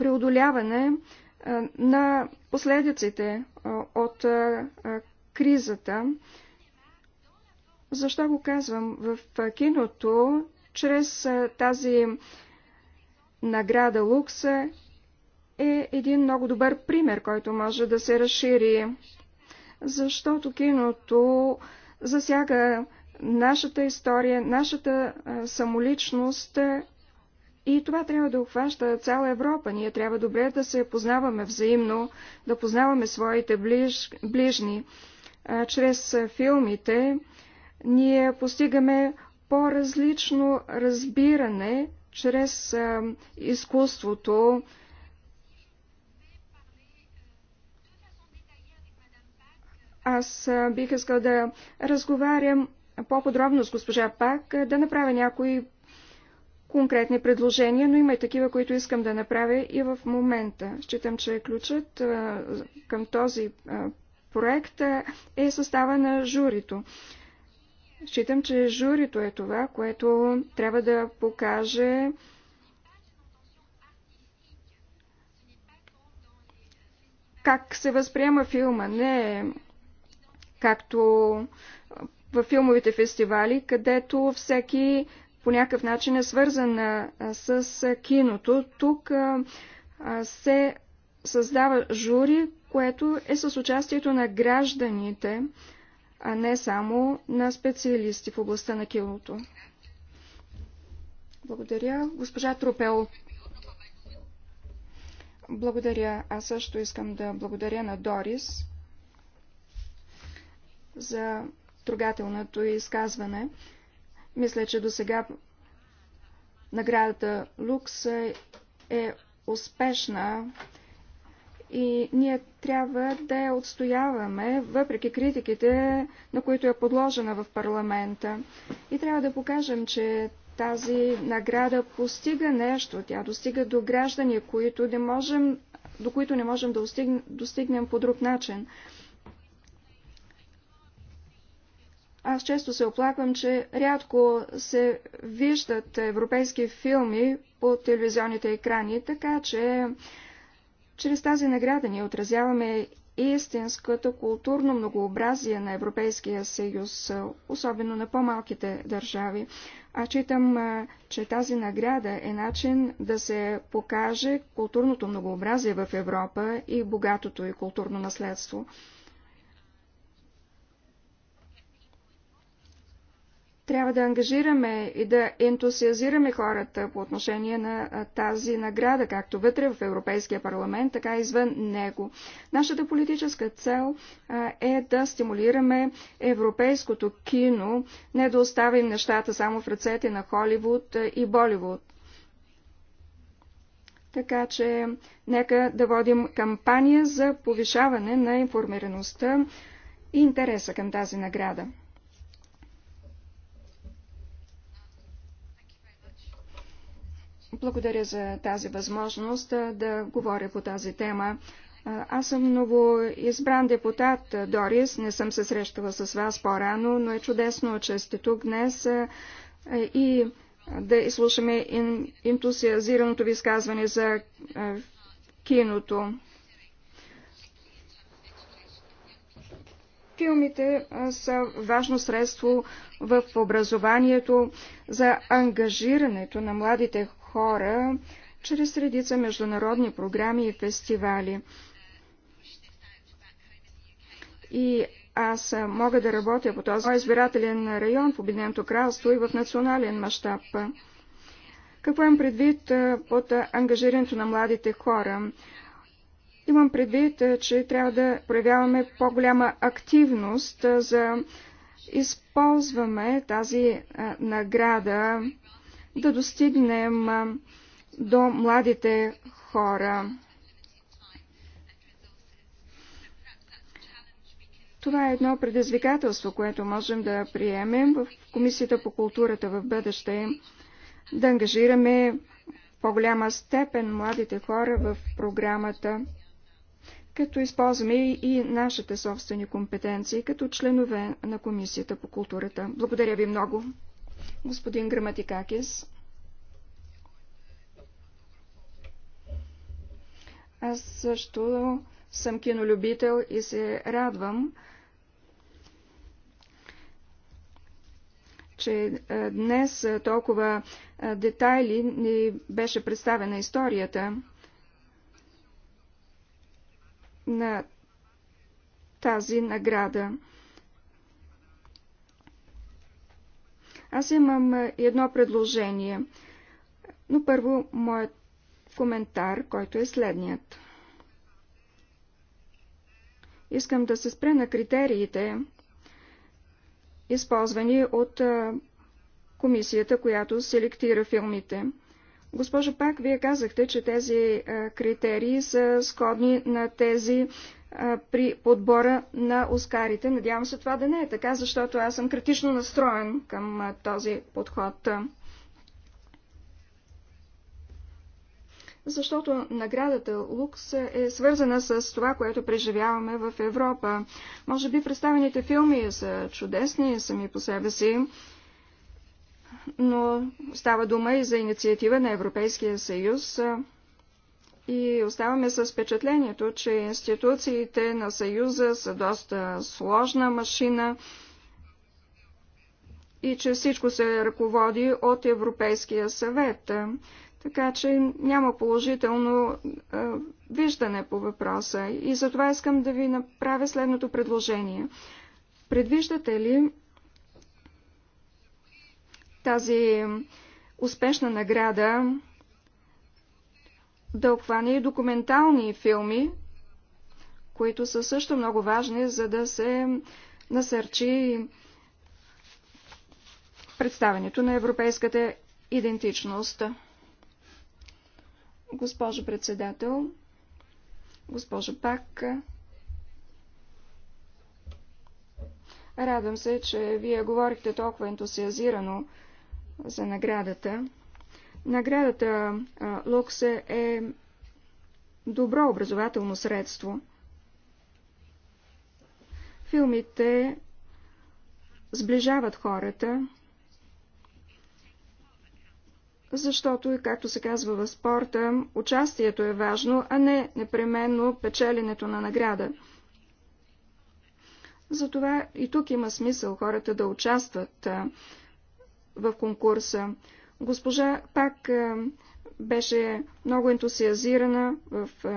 Speaker 3: преодоляване е, на последиците е, от е, кризата. Защо го казвам? В киното, чрез тази награда Лукса, е един много добър пример, който може да се разшири. Защото киното засяга нашата история, нашата самоличност и това трябва да обхваща цяла Европа. Ние трябва добре да се познаваме взаимно, да познаваме своите ближ, ближни. А, чрез филмите ние постигаме по-различно разбиране чрез а, изкуството. Аз а, бих искал да разговарям по-подробно с госпожа Пак, да направя някои конкретни предложения, но има и такива, които искам да направя и в момента. Считам, че ключът към този проект е състава на журито. Считам, че журито е това, което трябва да покаже как се възприема филма. Не както във филмовите фестивали, където всеки по някакъв начин е свързана с киното. Тук се създава жури, което е с участието на гражданите, а не само на специалисти в областта на киното. Благодаря. Госпожа Тропел. Благодаря. Аз също искам да благодаря на Дорис за трогателното изказване. Мисля, че до сега наградата Лукс е успешна и ние трябва да я отстояваме, въпреки критиките, на които е подложена в парламента. И трябва да покажем, че тази награда постига нещо. Тя достига до граждани, които не можем, до които не можем да достигнем по друг начин. Аз често се оплаквам, че рядко се виждат европейски филми по телевизионните екрани, така че чрез тази награда ние отразяваме истинското културно многообразие на Европейския съюз, особено на по-малките държави. А читам, че тази награда е начин да се покаже културното многообразие в Европа и богатото и културно наследство. Трябва да ангажираме и да ентусиазираме хората по отношение на тази награда, както вътре в Европейския парламент, така и извън него. Нашата политическа цел е да стимулираме европейското кино, не да оставим нещата само в ръцете на Холивуд и Боливуд. Така че нека да водим кампания за повишаване на информираността и интереса към тази награда. Благодаря за тази възможност да говоря по тази тема. Аз съм избран депутат, Дорис. Не съм се срещала с вас по-рано, но е чудесно, че сте тук днес и да изслушаме ентусиазираното ви изказване за киното. Филмите са важно средство в образованието за ангажирането на младите хора чрез редица международни програми и фестивали. И аз мога да работя по този избирателен район в Обединеното кралство и в национален мащаб. Какво имам предвид под ангажирането на младите хора? Имам предвид, че трябва да проявяваме по-голяма активност за използваме тази награда да достигнем до младите хора. Това е едно предизвикателство, което можем да приемем в Комисията по културата в бъдеще, да ангажираме в по-голяма степен младите хора в програмата, като използваме и нашите собствени компетенции като членове на Комисията по културата. Благодаря ви много господин Граматикакис. Аз също съм кинолюбител и се радвам, че днес толкова детайли ни беше представена историята на тази награда. Аз имам едно предложение, но първо моят коментар, който е следният. Искам да се спре на критериите, използвани от комисията, която селектира филмите. Госпожо Пак, вие казахте, че тези критерии са сходни на тези при подбора на Оскарите. Надявам се това да не е така, защото аз съм критично настроен към този подход. Защото наградата Лукс е свързана с това, което преживяваме в Европа. Може би представените филми са чудесни сами по себе си, но става дума и за инициатива на Европейския съюз и оставаме с впечатлението, че институциите на Съюза са доста сложна машина и че всичко се ръководи от Европейския съвет. Така че няма положително а, виждане по въпроса. И затова искам да ви направя следното предложение. Предвиждате ли тази успешна награда да обхване и документални филми, които са също много важни, за да се насърчи представенето на европейската идентичност. Госпожо председател, госпожо Пак, радвам се, че вие говорихте толкова ентусиазирано за наградата. Наградата Лукс е добро образователно средство. Филмите сближават хората, защото, както се казва в спорта, участието е важно, а не непременно печеленето на награда. Затова и тук има смисъл хората да участват в конкурса. Госпожа пак е, беше много ентусиазирана в е,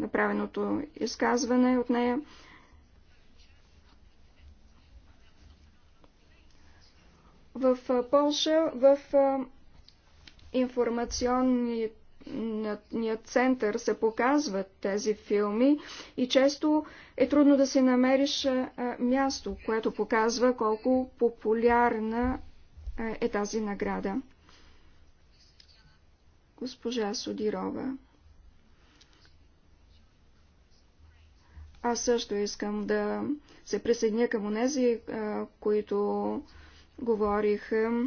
Speaker 3: направеното изказване от нея. В е, Полша, в информационния център се показват тези филми и често е трудно да си намериш място, което показва колко популярна е тази награда госпожа Содирова. Аз също искам да се присъединя към онези, които говориха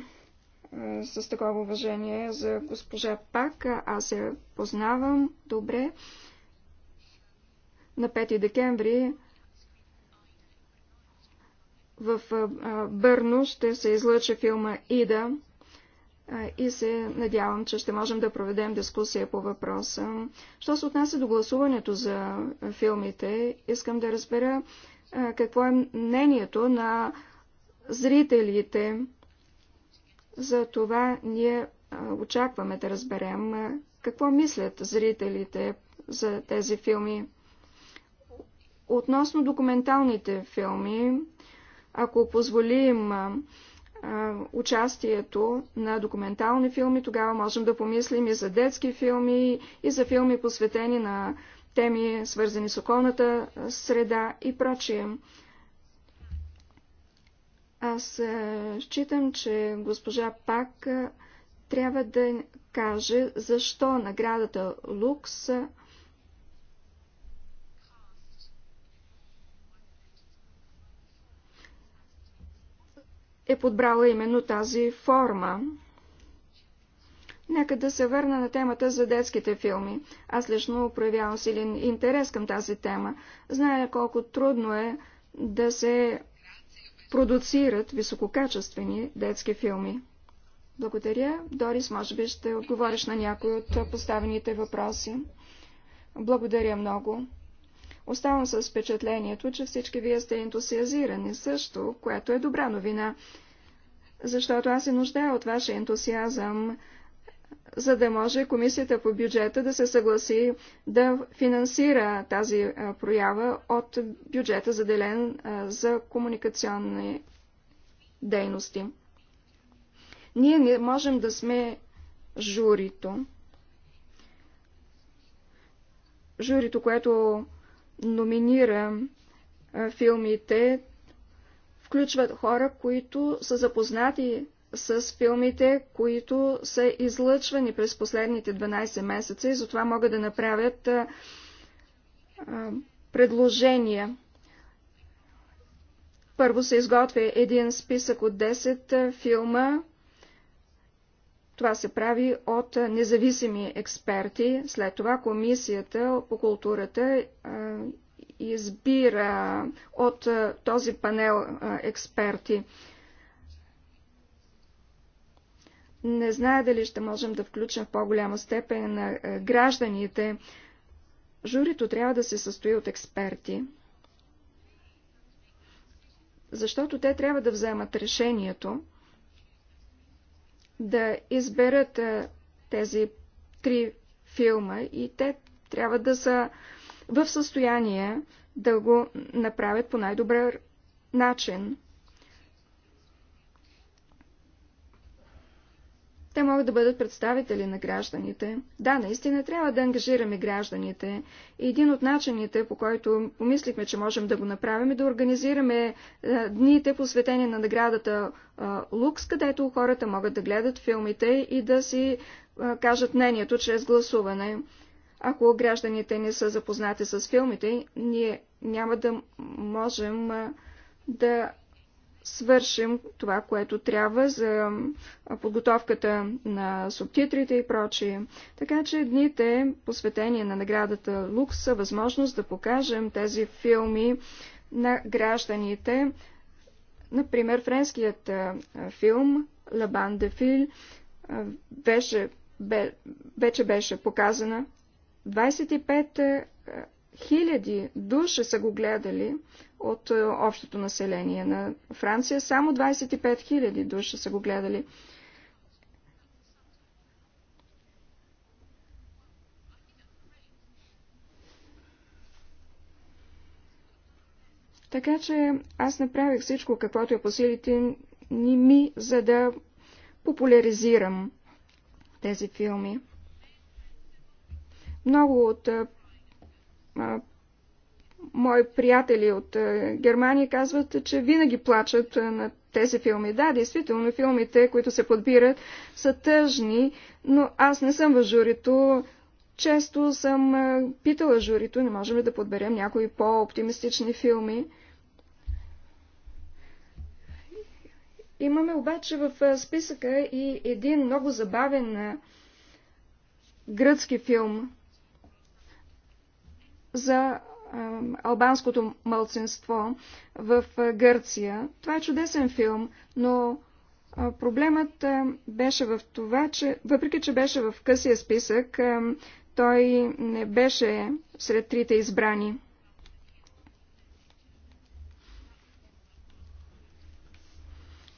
Speaker 3: с такова уважение за госпожа Пак. Аз я познавам добре. На 5 декември в Бърно ще се излъча филма Ида и се надявам, че ще можем да проведем дискусия по въпроса. Що се отнася до гласуването за филмите, искам да разбера какво е мнението на зрителите. За това ние очакваме да разберем какво мислят зрителите за тези филми. Относно документалните филми, ако позволим участието на документални филми, тогава можем да помислим и за детски филми, и за филми посветени на теми, свързани с околната среда и прочие. Аз считам, че госпожа Пак трябва да каже защо наградата Лукс е подбрала именно тази форма. Нека да се върна на темата за детските филми. Аз лично проявявам силен интерес към тази тема. Зная колко трудно е да се продуцират висококачествени детски филми. Благодаря. Дорис, може би ще отговориш на някои от поставените въпроси. Благодаря много. Оставам с впечатлението, че всички вие сте ентусиазирани също, което е добра новина, защото аз се нуждая от вашия ентусиазъм, за да може комисията по бюджета да се съгласи да финансира тази проява от бюджета заделен за комуникационни дейности. Ние не можем да сме журито. Журито, което номинира филмите, включват хора, които са запознати с филмите, които са излъчвани през последните 12 месеца и затова могат да направят а, а, предложения. Първо се изготвя един списък от 10 филма, това се прави от независими експерти. След това комисията по културата избира от този панел експерти. Не зная дали ще можем да включим в по-голяма степен на гражданите. Журито трябва да се състои от експерти, защото те трябва да вземат решението да изберат тези три филма и те трябва да са в състояние да го направят по най-добър начин. Те могат да бъдат представители на гражданите. Да, наистина трябва да ангажираме гражданите. И един от начините, по който помислихме, че можем да го направим, е да организираме е, дните посветени на наградата е, Лукс, където хората могат да гледат филмите и да си е, кажат мнението чрез гласуване. Ако гражданите не са запознати с филмите, ние няма да можем е, да свършим това, което трябва за подготовката на субтитрите и прочие. Така че дните, посветени на наградата Лукс, са възможност да покажем тези филми на гражданите. Например, френският филм «Ла Бан де Фил» беше, бе, вече беше показана 25 Хиляди души са го гледали от е, общото население на Франция. Само 25 хиляди души са го гледали. Така че аз направих всичко, каквото е по силите ни ми, за да популяризирам тези филми. Много от е, мои приятели от е, Германия казват, че винаги плачат е, на тези филми. Да, действително, филмите, които се подбират, са тъжни, но аз не съм в журито. Често съм е, питала журито, не можем ли да подберем някои по-оптимистични филми. Имаме обаче в списъка и един много забавен гръцки филм за албанското мълценство в Гърция. Това е чудесен филм, но проблемът беше в това, че въпреки, че беше в късия списък, той не беше сред трите избрани.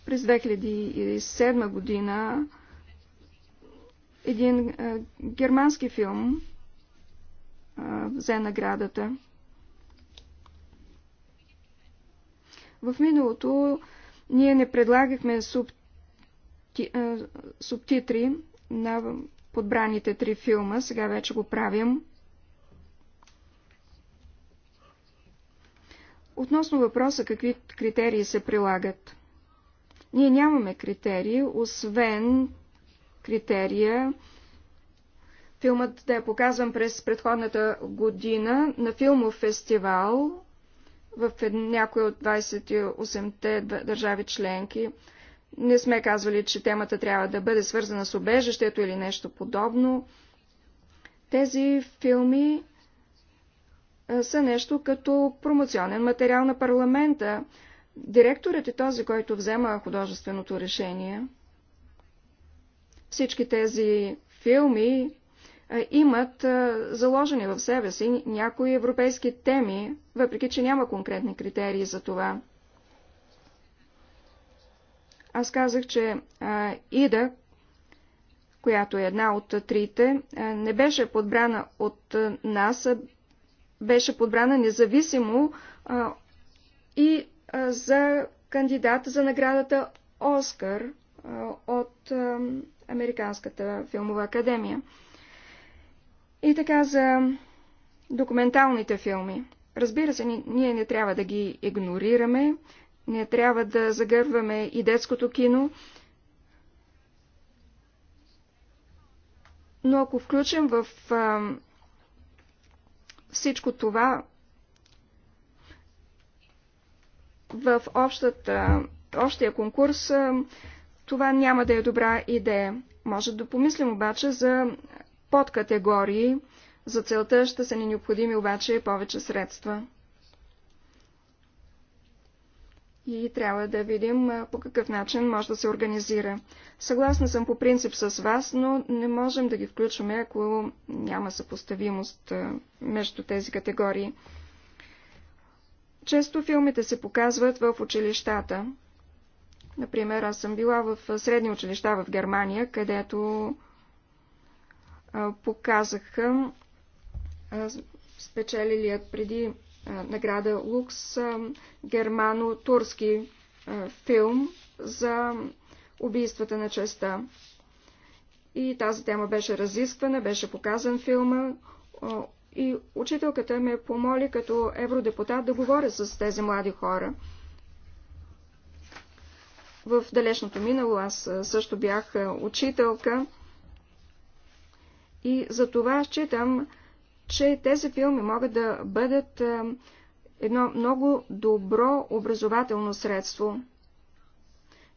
Speaker 3: През 2007 година един германски филм взе наградата. В миналото ние не предлагахме субти, субтитри на подбраните три филма, сега вече го правим. Относно въпроса какви критерии се прилагат. Ние нямаме критерии, освен критерия филмът да е показан през предходната година на филмов фестивал в някои от 28-те държави членки. Не сме казвали, че темата трябва да бъде свързана с обежището или нещо подобно. Тези филми са нещо като промоционен материал на парламента. Директорът е този, който взема художественото решение. Всички тези филми имат заложени в себе си някои европейски теми, въпреки че няма конкретни критерии за това. Аз казах, че Ида, която е една от трите, не беше подбрана от нас, беше подбрана независимо и за кандидат за наградата Оскар от Американската филмова академия. И така за документалните филми. Разбира се, ние не трябва да ги игнорираме, не трябва да загърваме и детското кино, но ако включим в а, всичко това в общата, общия конкурс, а, това няма да е добра идея. Може да помислим обаче за подкатегории. За целта ще са ни необходими обаче повече средства. И трябва да видим по какъв начин може да се организира. Съгласна съм по принцип с вас, но не можем да ги включваме, ако няма съпоставимост между тези категории. Често филмите се показват в училищата. Например, аз съм била в средни училища в Германия, където показаха спечелилият преди награда Лукс германо-турски филм за убийствата на честа. И тази тема беше разисквана, беше показан филма и учителката ме помоли като евродепутат да говоря с тези млади хора. В далечното минало аз също бях учителка и за това считам, че тези филми могат да бъдат е, едно много добро образователно средство.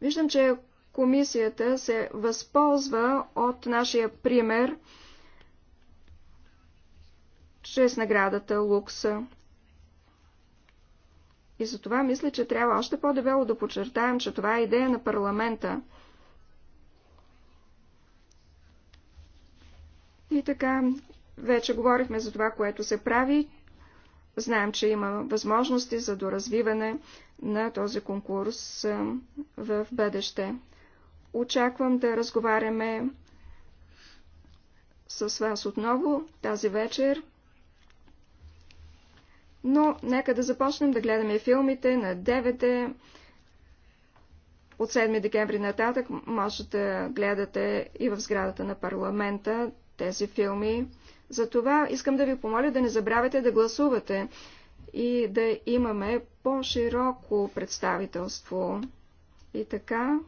Speaker 3: Виждам, че комисията се възползва от нашия пример чрез наградата Лукса. И за това мисля, че трябва още по-дебело да подчертаем, че това е идея на парламента – И така, вече говорихме за това, което се прави. Знаем, че има възможности за доразвиване на този конкурс в бъдеще. Очаквам да разговаряме с вас отново тази вечер. Но нека да започнем да гледаме филмите на 9 от 7 декември нататък. Може да гледате и в сградата на парламента тези филми. Затова искам да ви помоля да не забравяте да гласувате и да имаме по-широко представителство. И така,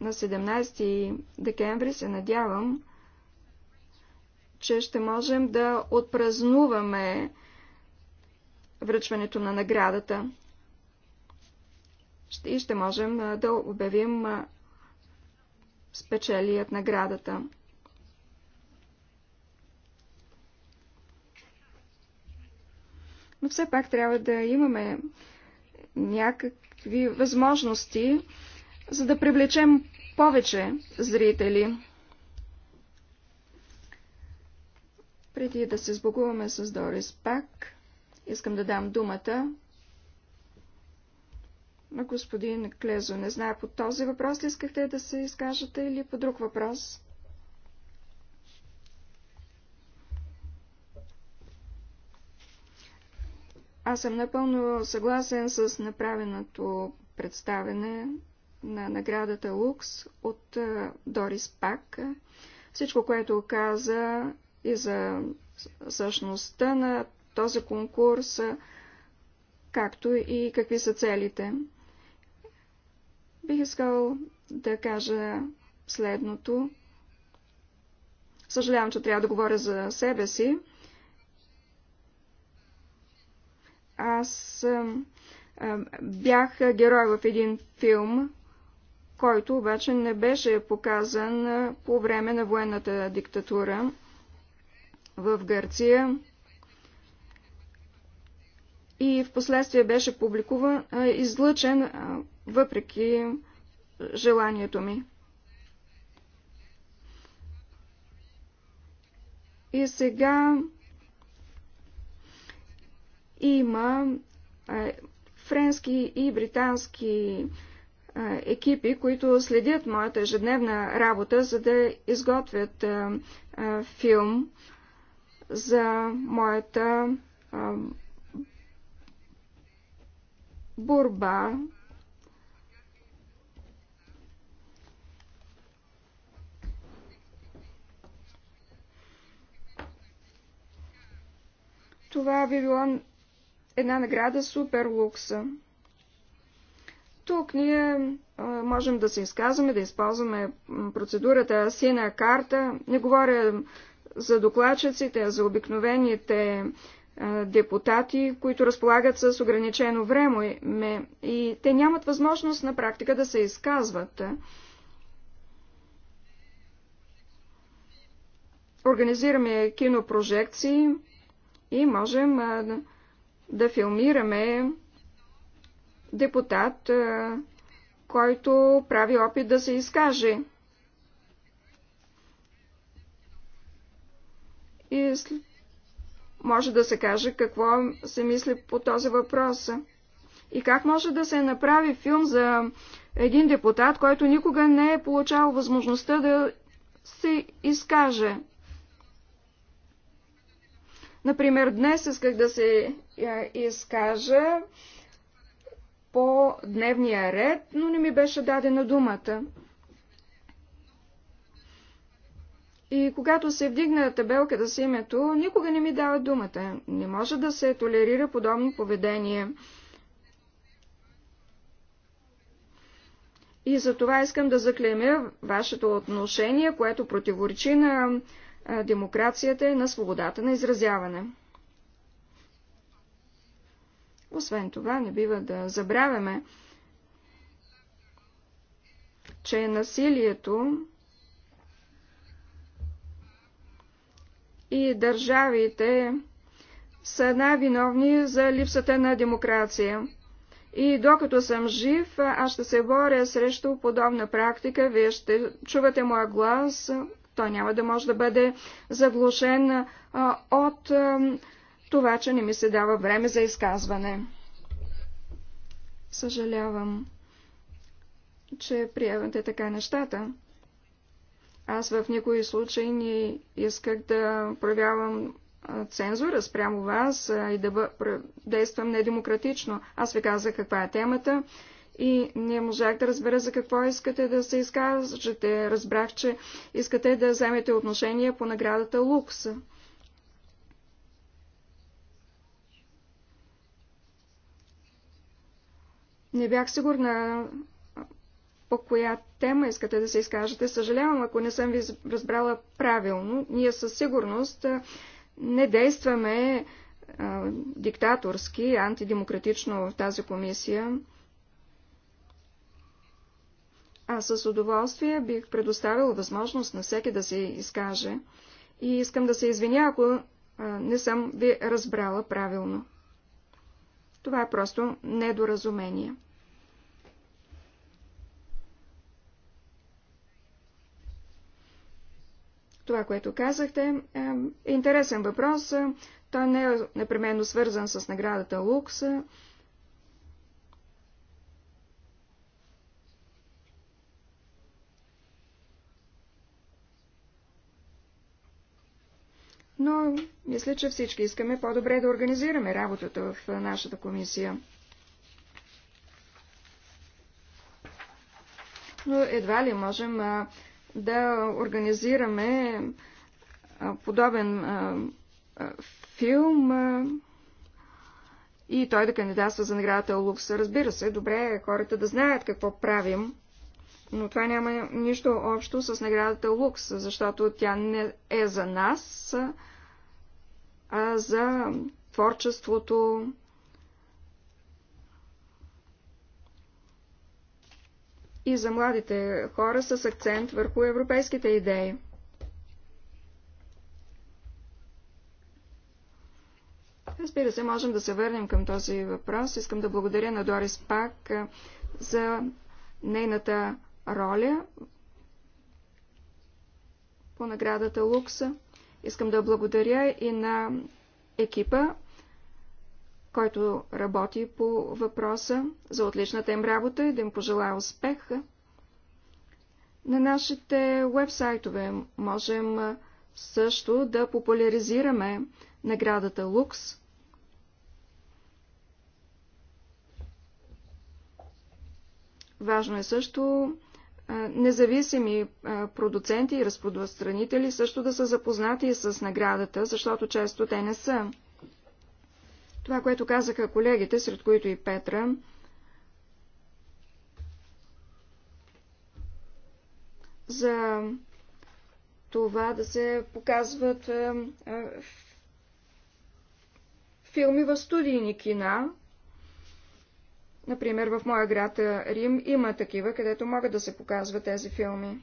Speaker 3: на 17 декември се надявам, че ще можем да отпразнуваме връчването на наградата. И ще можем да обявим спечелият наградата. но все пак трябва да имаме някакви възможности, за да привлечем повече зрители. Преди да се сбогуваме с Дорис пак, искам да дам думата на господин Клезо. Не знае по този въпрос ли искахте да се изкажете или по друг въпрос? Аз съм напълно съгласен с направеното представене на наградата Лукс от е, Дорис Пак. Всичко, което каза и за същността на този конкурс, както и какви са целите. Бих искал да кажа следното. Съжалявам, че трябва да говоря за себе си, Аз бях герой в един филм, който обаче не беше показан по време на военната диктатура в Гърция и в последствие беше публикуван, излъчен въпреки желанието ми. И сега има френски и британски екипи, които следят моята ежедневна работа, за да изготвят филм за моята борба Това би било една награда супер лукса. Тук ние а, можем да се изказваме, да използваме процедурата сина карта. Не говоря за докладчиците, а за обикновените а, депутати, които разполагат с ограничено време и те нямат възможност на практика да се изказват. Организираме кинопрожекции и можем а, да филмираме депутат, който прави опит да се изкаже. И може да се каже какво се мисли по този въпрос. И как може да се направи филм за един депутат, който никога не е получавал възможността да се изкаже. Например, днес исках да се е, изкажа по дневния ред, но не ми беше дадена думата. И когато се вдигна табелката с името, никога не ми дава думата. Не може да се толерира подобно поведение. И за това искам да заклемя вашето отношение, което противоречи на демокрацията е на свободата на изразяване. Освен това, не бива да забравяме, че насилието и държавите са най-виновни за липсата на демокрация. И докато съм жив, аз ще се боря срещу подобна практика. Вие ще чувате моя глас той няма да може да бъде заглушен от това, че не ми се дава време за изказване. Съжалявам, че приемате така нещата. Аз в никой случай не исках да проявявам цензура спрямо вас и да действам недемократично. Аз ви казах каква е темата и не можах да разбера за какво искате да се изкажете. Разбрах, че искате да вземете отношение по наградата Лукс. Не бях сигурна по коя тема искате да се изкажете. Съжалявам, ако не съм ви разбрала правилно. Ние със сигурност не действаме диктаторски, антидемократично в тази комисия. Аз с удоволствие бих предоставил възможност на всеки да се изкаже и искам да се извиня, ако не съм ви разбрала правилно. Това е просто недоразумение. Това, което казахте, е, е интересен въпрос. Той не е непременно свързан с наградата Лукс. но мисля, че всички искаме по-добре да организираме работата в нашата комисия. Но едва ли можем а, да организираме а, подобен а, а, филм а, и той да кандидатства за наградата Лукс. Разбира се, добре е хората да знаят какво правим, но това няма нищо общо с наградата Лукс, защото тя не е за нас. А, а за творчеството. И за младите хора с акцент върху европейските идеи. Разбира се, можем да се върнем към този въпрос. Искам да благодаря на Дорис Пак за нейната роля по наградата Лукса. Искам да благодаря и на екипа, който работи по въпроса за отличната им работа и да им пожелая успех. На нашите вебсайтове можем също да популяризираме наградата Лукс. Важно е също независими продуценти и разпространители също да са запознати с наградата, защото често те не са. Това, което казаха колегите, сред които и Петра, за това да се показват филми в студийни кина, Например, в моя град Рим има такива, където могат да се показват тези филми.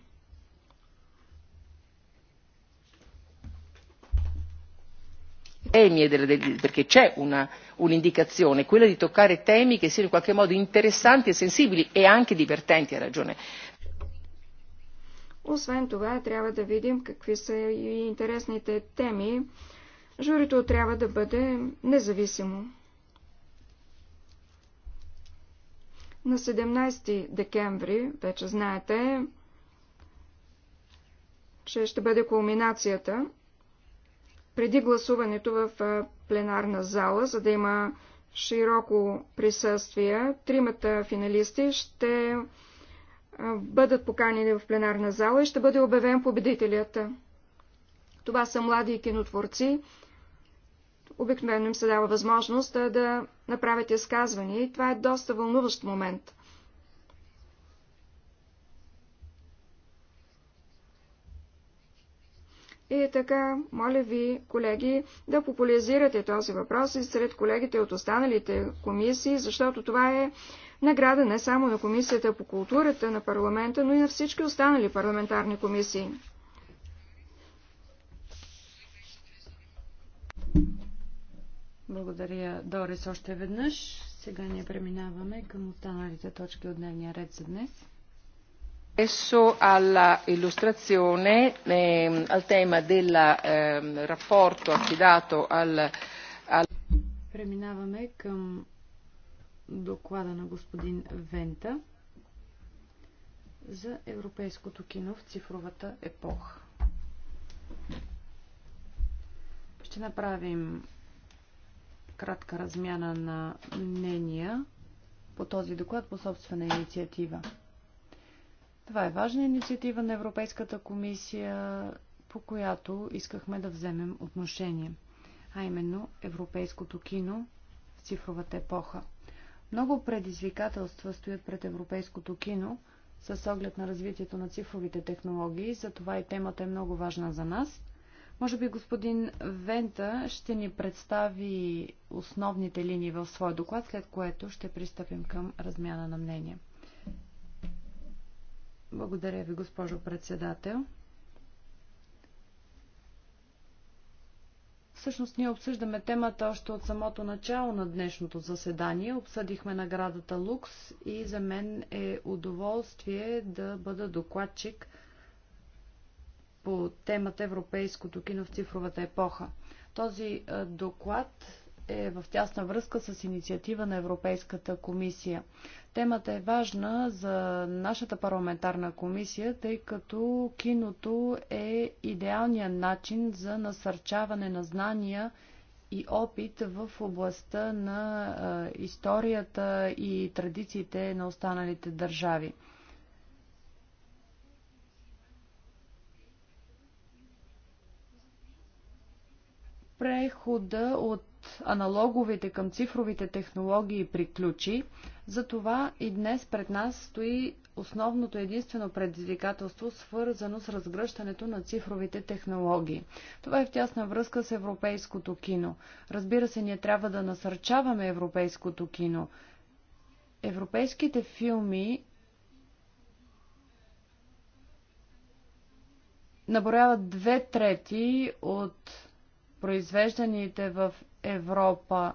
Speaker 1: temi perché c'è un'indicazione quella di toccare temi che siano in qualche modo interessanti e sensibili e anche divertenti
Speaker 3: ha ragione. Освен това, трябва да видим какви са и интересните теми. Журито трябва да бъде независимо. На 17 декември, вече знаете, че ще бъде кулминацията преди гласуването в пленарна зала, за да има широко присъствие. Тримата финалисти ще бъдат поканени в пленарна зала и ще бъде обявен победителят. Това са млади кинотворци, обикновено им се дава възможност да направят изказвания и това е доста вълнуващ момент. И така, моля ви, колеги, да популяризирате този въпрос и сред колегите от останалите комисии, защото това е награда не само на Комисията по културата на парламента, но и на всички останали парламентарни комисии. Благодаря,
Speaker 4: Дорис, още веднъж. Сега ние преминаваме към останалите точки от дневния ред за днес.
Speaker 1: Adesso alla illustrazione eh, al tema
Speaker 4: del eh, rapporto affidato al, al... Преминаваме към доклада на господин Вента за европейското кино в цифровата епоха. Ще направим кратка размяна на мнения по този доклад по собствена инициатива. Това е важна инициатива на Европейската комисия, по която искахме да вземем отношение, а именно европейското кино в цифровата епоха. Много предизвикателства стоят пред европейското кино с оглед на развитието на цифровите технологии, затова и темата е много важна за нас – може би господин Вента ще ни представи основните линии в своя доклад, след което ще пристъпим към размяна на мнение. Благодаря ви, госпожо председател. Всъщност ние обсъждаме темата още от самото начало на днешното заседание. Обсъдихме наградата Лукс и за мен е удоволствие да бъда докладчик – по темата Европейското кино в цифровата епоха. Този доклад е в тясна връзка с инициатива на Европейската комисия. Темата е важна за нашата парламентарна комисия, тъй като киното е идеалният начин за насърчаване на знания и опит в областта на историята и традициите на останалите държави. Прехода от аналоговите към цифровите технологии приключи, затова и днес пред нас стои основното единствено предизвикателство, свързано с разгръщането на цифровите технологии. Това е в тясна връзка с европейското кино. Разбира се, ние трябва да насърчаваме европейското кино. Европейските филми наборяват две трети от произвежданите в Европа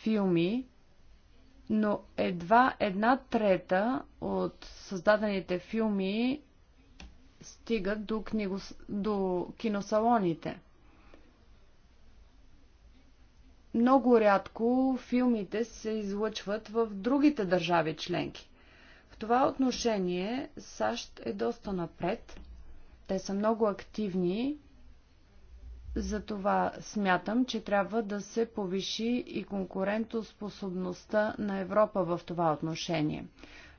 Speaker 4: филми, но едва една трета от създадените филми стигат до, книгос... до киносалоните. Много рядко филмите се излъчват в другите държави членки. В това отношение САЩ е доста напред. Те са много активни затова смятам, че трябва да се повиши и конкурентоспособността на Европа в това отношение.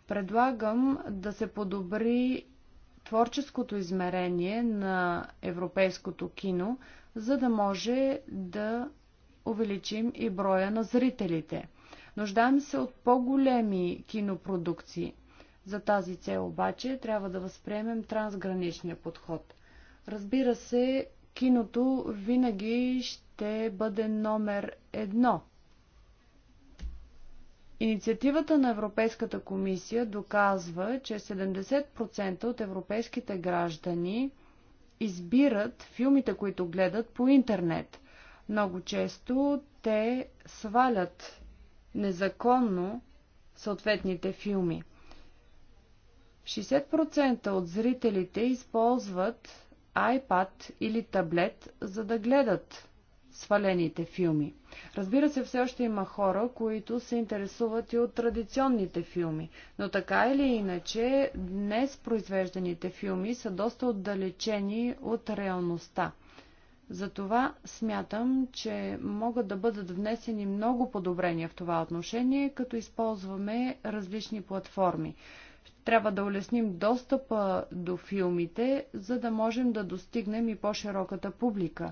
Speaker 4: Предлагам да се подобри творческото измерение на европейското кино, за да може да увеличим и броя на зрителите. Нуждаем се от по-големи кинопродукции. За тази цел обаче трябва да възприемем трансграничния подход. Разбира се, киното винаги ще бъде номер едно. Инициативата на Европейската комисия доказва, че 70% от европейските граждани избират филмите, които гледат по интернет. Много често те свалят незаконно съответните филми. 60% от зрителите използват iPad или таблет, за да гледат свалените филми. Разбира се, все още има хора, които се интересуват и от традиционните филми, но така или иначе, днес произвежданите филми са доста отдалечени от реалността. Затова смятам, че могат да бъдат внесени много подобрения в това отношение, като използваме различни платформи. Трябва да улесним достъпа до филмите, за да можем да достигнем и по-широката публика.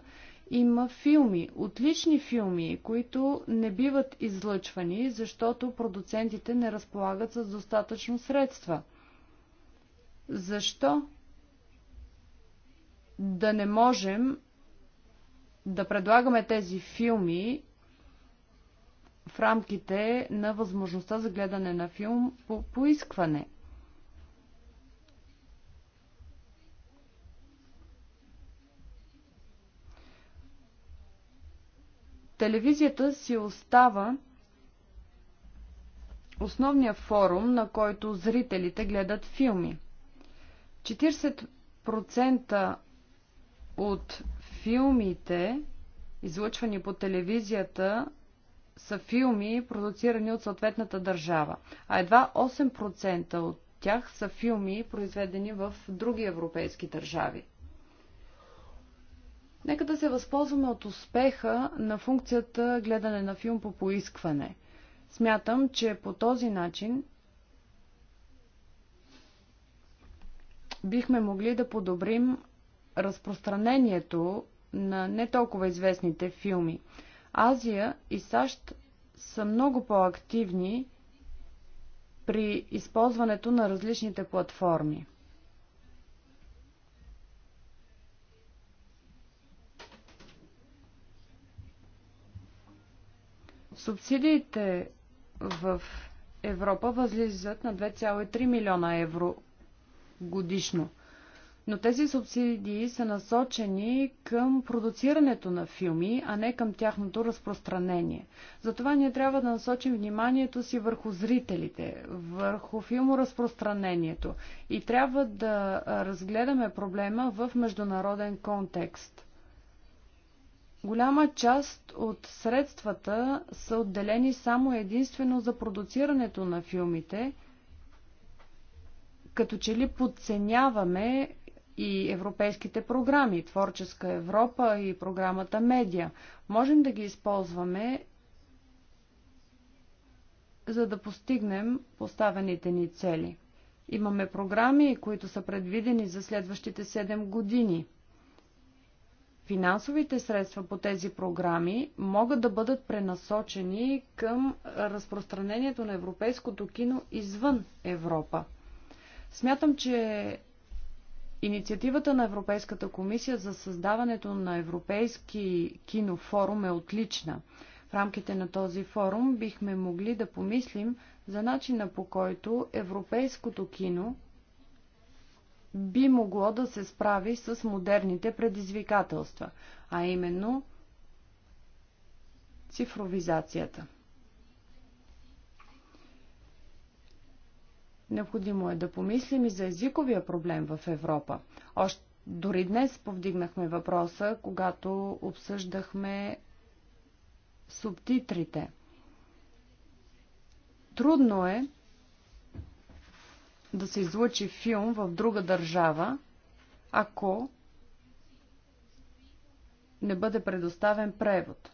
Speaker 4: Има филми, отлични филми, които не биват излъчвани, защото продуцентите не разполагат с достатъчно средства. Защо да не можем да предлагаме тези филми в рамките на възможността за гледане на филм по поискване. Телевизията си остава основния форум, на който зрителите гледат филми. 40% от филмите, излъчвани по телевизията, са филми, продуцирани от съответната държава, а едва 8% от тях са филми, произведени в други европейски държави. Нека да се възползваме от успеха на функцията гледане на филм по поискване. Смятам, че по този начин бихме могли да подобрим разпространението на не толкова известните филми. Азия и САЩ са много по-активни при използването на различните платформи. Субсидиите в Европа възлизат на 2,3 милиона евро годишно. Но тези субсидии са насочени към продуцирането на филми, а не към тяхното разпространение. Затова ние трябва да насочим вниманието си върху зрителите, върху филморазпространението и трябва да разгледаме проблема в международен контекст. Голяма част от средствата са отделени само единствено за продуцирането на филмите, като че ли подценяваме и европейските програми, Творческа Европа и програмата Медиа. Можем да ги използваме, за да постигнем поставените ни цели. Имаме програми, които са предвидени за следващите 7 години – финансовите средства по тези програми могат да бъдат пренасочени към разпространението на европейското кино извън Европа. Смятам, че инициативата на Европейската комисия за създаването на Европейски кинофорум е отлична. В рамките на този форум бихме могли да помислим за начина по който европейското кино би могло да се справи с модерните предизвикателства, а именно цифровизацията. Необходимо е да помислим и за езиковия проблем в Европа. Още дори днес повдигнахме въпроса, когато обсъждахме субтитрите. Трудно е да се излучи филм в друга държава, ако не бъде предоставен превод.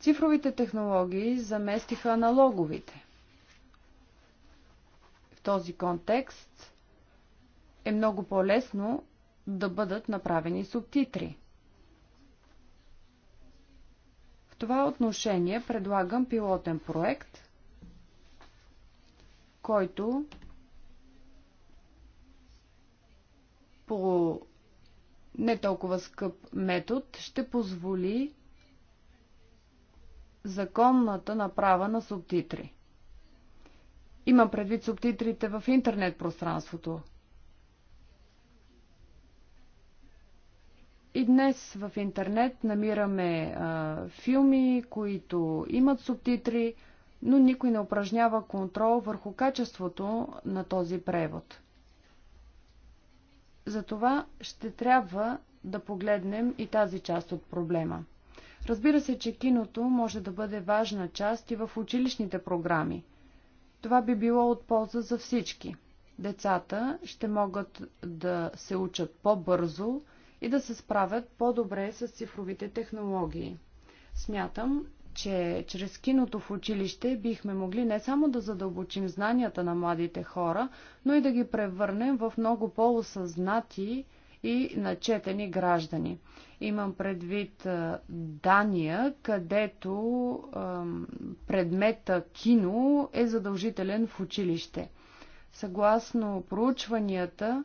Speaker 4: Цифровите технологии заместиха аналоговите. В този контекст е много по-лесно да бъдат направени субтитри. това отношение предлагам пилотен проект, който по не толкова скъп метод ще позволи законната направа на субтитри. Имам предвид субтитрите в интернет пространството, И днес в интернет намираме а, филми, които имат субтитри, но никой не упражнява контрол върху качеството на този превод. Затова ще трябва да погледнем и тази част от проблема. Разбира се, че киното може да бъде важна част и в училищните програми. Това би било от полза за всички. Децата ще могат да се учат по-бързо, и да се справят по-добре с цифровите технологии. Смятам, че чрез киното в училище бихме могли не само да задълбочим знанията на младите хора, но и да ги превърнем в много по-осъзнати и начетени граждани. Имам предвид Дания, където предмета кино е задължителен в училище. Съгласно проучванията,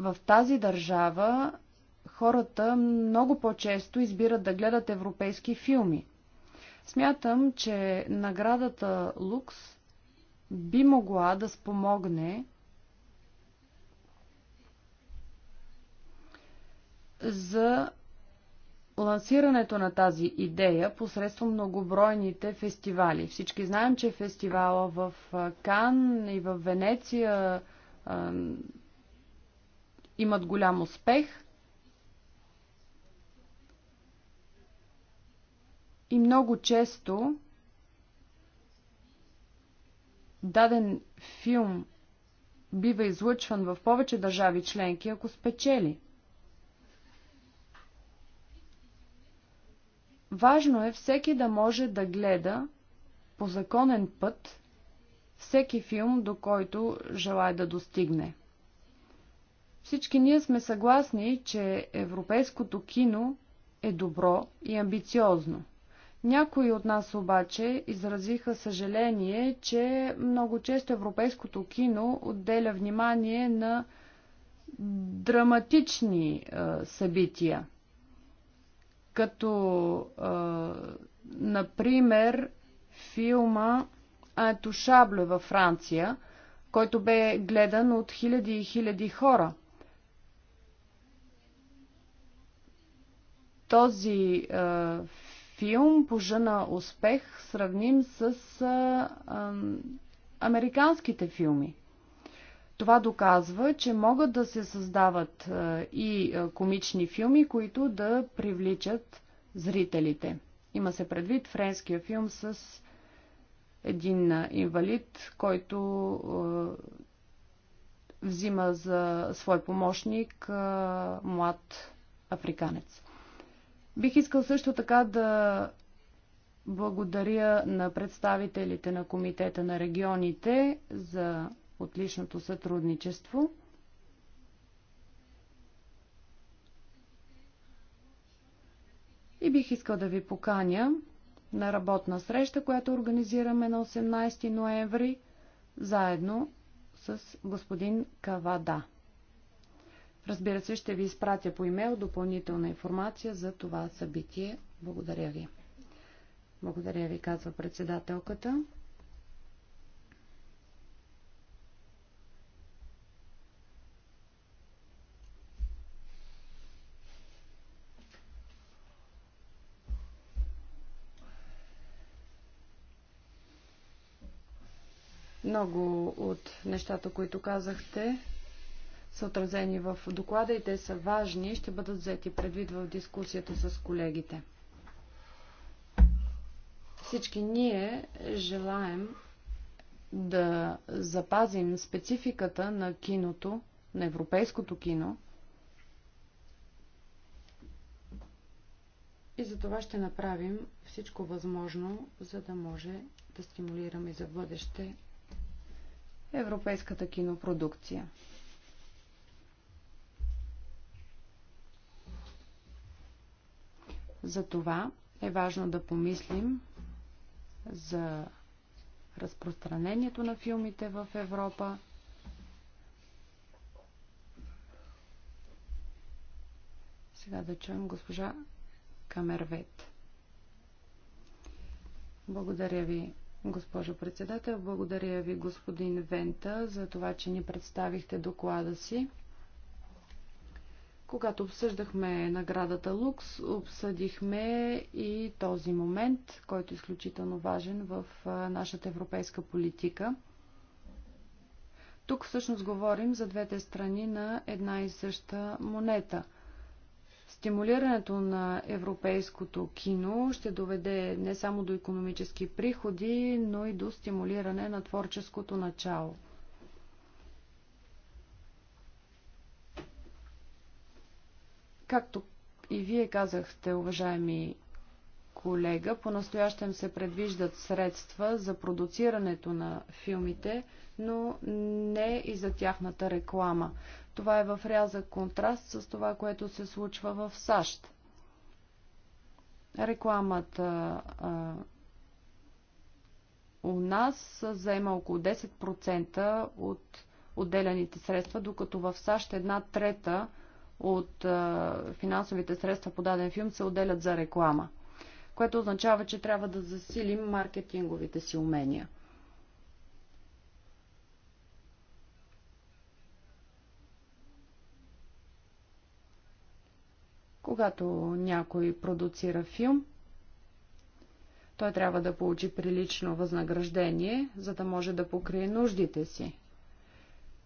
Speaker 4: в тази държава хората много по-често избират да гледат европейски филми. Смятам, че наградата Лукс би могла да спомогне за лансирането на тази идея посредством многобройните фестивали. Всички знаем, че фестивала в Кан и в Венеция имат голям успех и много често даден филм бива излъчван в повече държави членки, ако спечели. Важно е всеки да може да гледа по законен път всеки филм, до който желая да достигне. Всички ние сме съгласни, че европейското кино е добро и амбициозно. Някои от нас обаче изразиха съжаление, че много често европейското кино отделя внимание на драматични е, събития, като е, например филма Ето Шабле във Франция, който бе гледан от хиляди и хиляди хора – Този а, филм на успех сравним с а, а, американските филми. Това доказва, че могат да се създават а, и а, комични филми, които да привличат зрителите. Има се предвид френския филм с един инвалид, който а, взима за свой помощник а, млад африканец. Бих искал също така да благодаря на представителите на Комитета на регионите за отличното сътрудничество. И бих искал да ви поканя на работна среща, която организираме на 18 ноември, заедно с господин Кавада. Разбира се, ще ви изпратя по имейл допълнителна информация за това събитие. Благодаря ви. Благодаря ви, казва председателката. Много от нещата, които казахте, са отразени в доклада и те са важни и ще бъдат взети предвид в дискусията с колегите. Всички ние желаем да запазим спецификата на киното, на европейското кино. И за това ще направим всичко възможно, за да може да стимулираме за бъдеще европейската кинопродукция. Затова е важно да помислим за разпространението на филмите в Европа. Сега да чуем госпожа Камервет. Благодаря ви, госпожо председател. Благодаря ви, господин Вента, за това, че ни представихте доклада си. Когато обсъждахме наградата Лукс, обсъдихме и този момент, който е изключително важен в нашата европейска политика. Тук всъщност говорим за двете страни на една и съща монета. Стимулирането на европейското кино ще доведе не само до економически приходи, но и до стимулиране на творческото начало – Както и вие казахте, уважаеми колега, по-настоящем се предвиждат средства за продуцирането на филмите, но не и за тяхната реклама. Това е в рязък контраст с това, което се случва в САЩ. Рекламата а, у нас заема около 10% от отделяните средства, докато в САЩ една трета от финансовите средства по даден филм се отделят за реклама, което означава, че трябва да засилим маркетинговите си умения. Когато някой продуцира филм, той трябва да получи прилично възнаграждение, за да може да покрие нуждите си.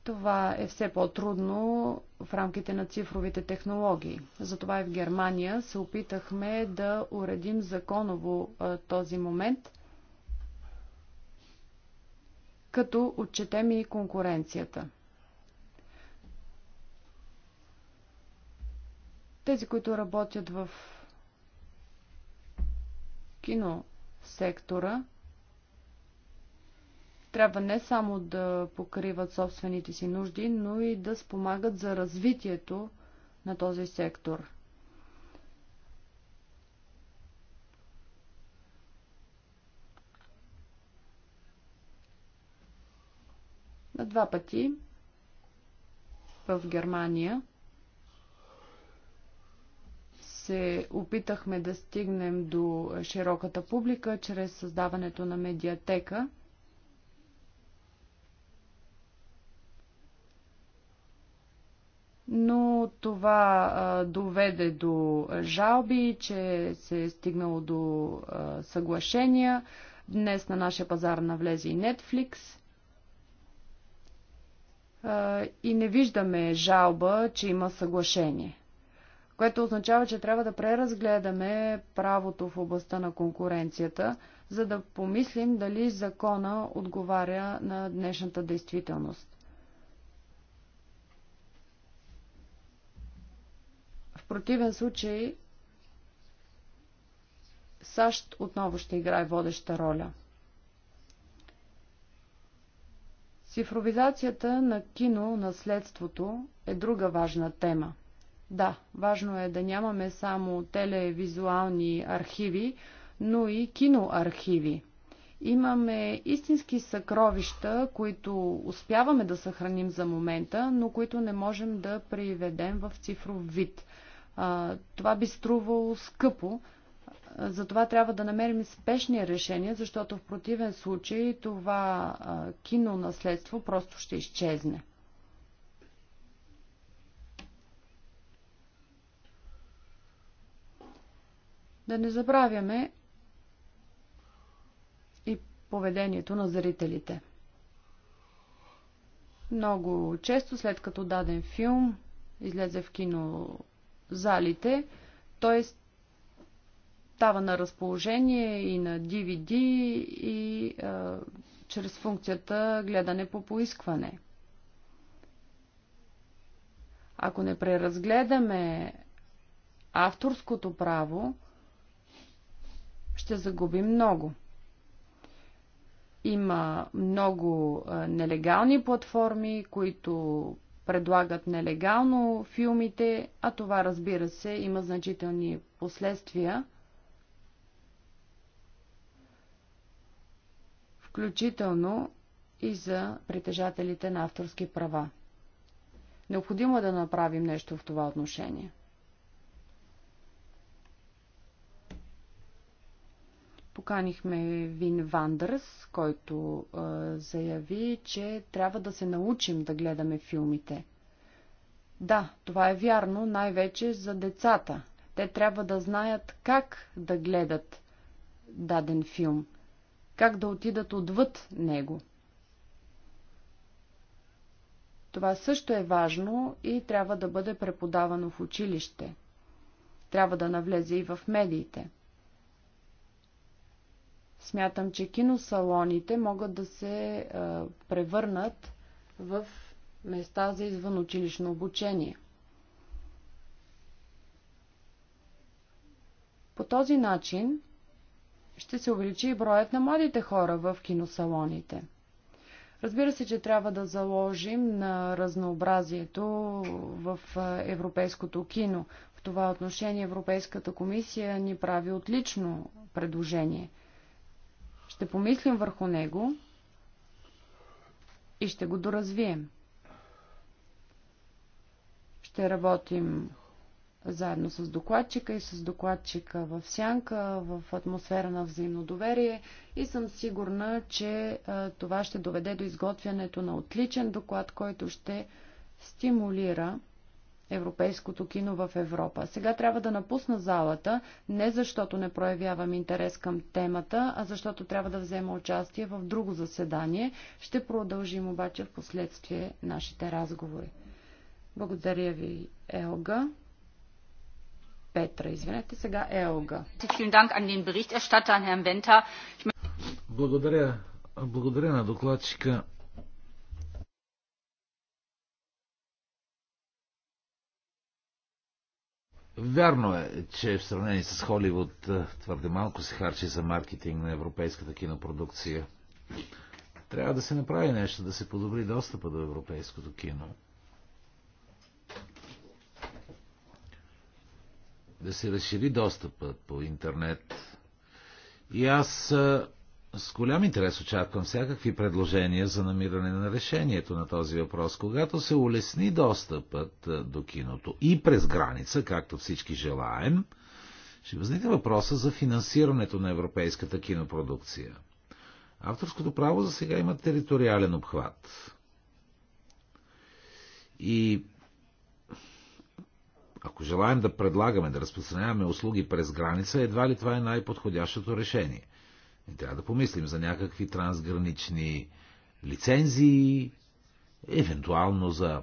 Speaker 4: Това е все по-трудно в рамките на цифровите технологии. Затова и в Германия се опитахме да уредим законово този момент, като отчетем и конкуренцията. Тези, които работят в киносектора, трябва не само да покриват собствените си нужди, но и да спомагат за развитието на този сектор. На два пъти в Германия се опитахме да стигнем до широката публика чрез създаването на медиатека – но това а, доведе до жалби, че се е стигнало до а, съглашения. Днес на нашия пазар навлезе и Netflix. А, и не виждаме жалба, че има съглашение. Което означава, че трябва да преразгледаме правото в областта на конкуренцията, за да помислим дали закона отговаря на днешната действителност. В противен случай САЩ отново ще играе водеща роля. Цифровизацията на кино наследството е друга важна тема. Да, важно е да нямаме само телевизуални архиви, но и киноархиви. Имаме истински съкровища, които успяваме да съхраним за момента, но които не можем да приведем в цифров вид това би струвало скъпо. Затова трябва да намерим спешни решения, защото в противен случай това кино наследство просто ще изчезне. Да не забравяме и поведението на зрителите. Много често, след като даден филм излезе в кино залите. т.е. става на разположение и на DVD и а, чрез функцията гледане по поискване. Ако не преразгледаме авторското право, ще загубим много. Има много нелегални платформи, които предлагат нелегално филмите, а това разбира се има значителни последствия, включително и за притежателите на авторски права. Необходимо е да направим нещо в това отношение. Поканихме Вин Вандърс, който а, заяви, че трябва да се научим да гледаме филмите. Да, това е вярно, най-вече за децата. Те трябва да знаят как да гледат даден филм, как да отидат отвъд него. Това също е важно и трябва да бъде преподавано в училище. Трябва да навлезе и в медиите. Смятам, че киносалоните могат да се превърнат в места за извънучилищно обучение. По този начин ще се увеличи и броят на младите хора в киносалоните. Разбира се, че трябва да заложим на разнообразието в европейското кино. В това отношение Европейската комисия ни прави отлично предложение – ще помислим върху него и ще го доразвием. Ще работим заедно с докладчика и с докладчика в сянка, в атмосфера на взаимно доверие и съм сигурна, че това ще доведе до изготвянето на отличен доклад, който ще стимулира европейското кино в Европа. Сега трябва да напусна залата, не защото не проявявам интерес към темата, а защото трябва да взема участие в друго заседание. Ще продължим обаче в последствие нашите разговори. Благодаря ви, Елга. Петра,
Speaker 5: извинете, сега Елга.
Speaker 2: Благодаря. Благодаря на докладчика Вярно е, че в сравнение с Холивуд е, твърде малко се харчи за маркетинг на европейската кинопродукция. Трябва да се направи нещо, да се подобри достъпа до европейското кино. Да се разшири достъпа по интернет. И аз е, с голям интерес очаквам всякакви предложения за намиране на решението на този въпрос. Когато се улесни достъпът е, до киното и през граница, както всички желаем, ще възникне въпроса за финансирането на европейската кинопродукция. Авторското право за сега има териториален обхват. И ако желаем да предлагаме, да разпространяваме услуги през граница, едва ли това е най-подходящото решение трябва да помислим за някакви трансгранични лицензии, евентуално за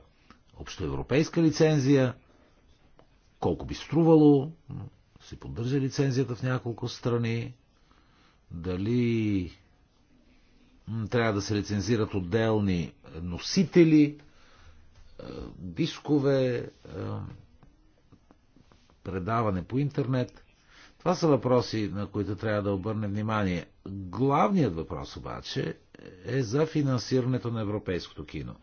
Speaker 2: общоевропейска лицензия, колко би струвало, се поддържа лицензията в няколко страни, дали трябва да се лицензират отделни носители, е, дискове, е, предаване по интернет. Това са въпроси, на които трябва да обърнем внимание. Главният въпрос обаче е за финансирането на европейското кино.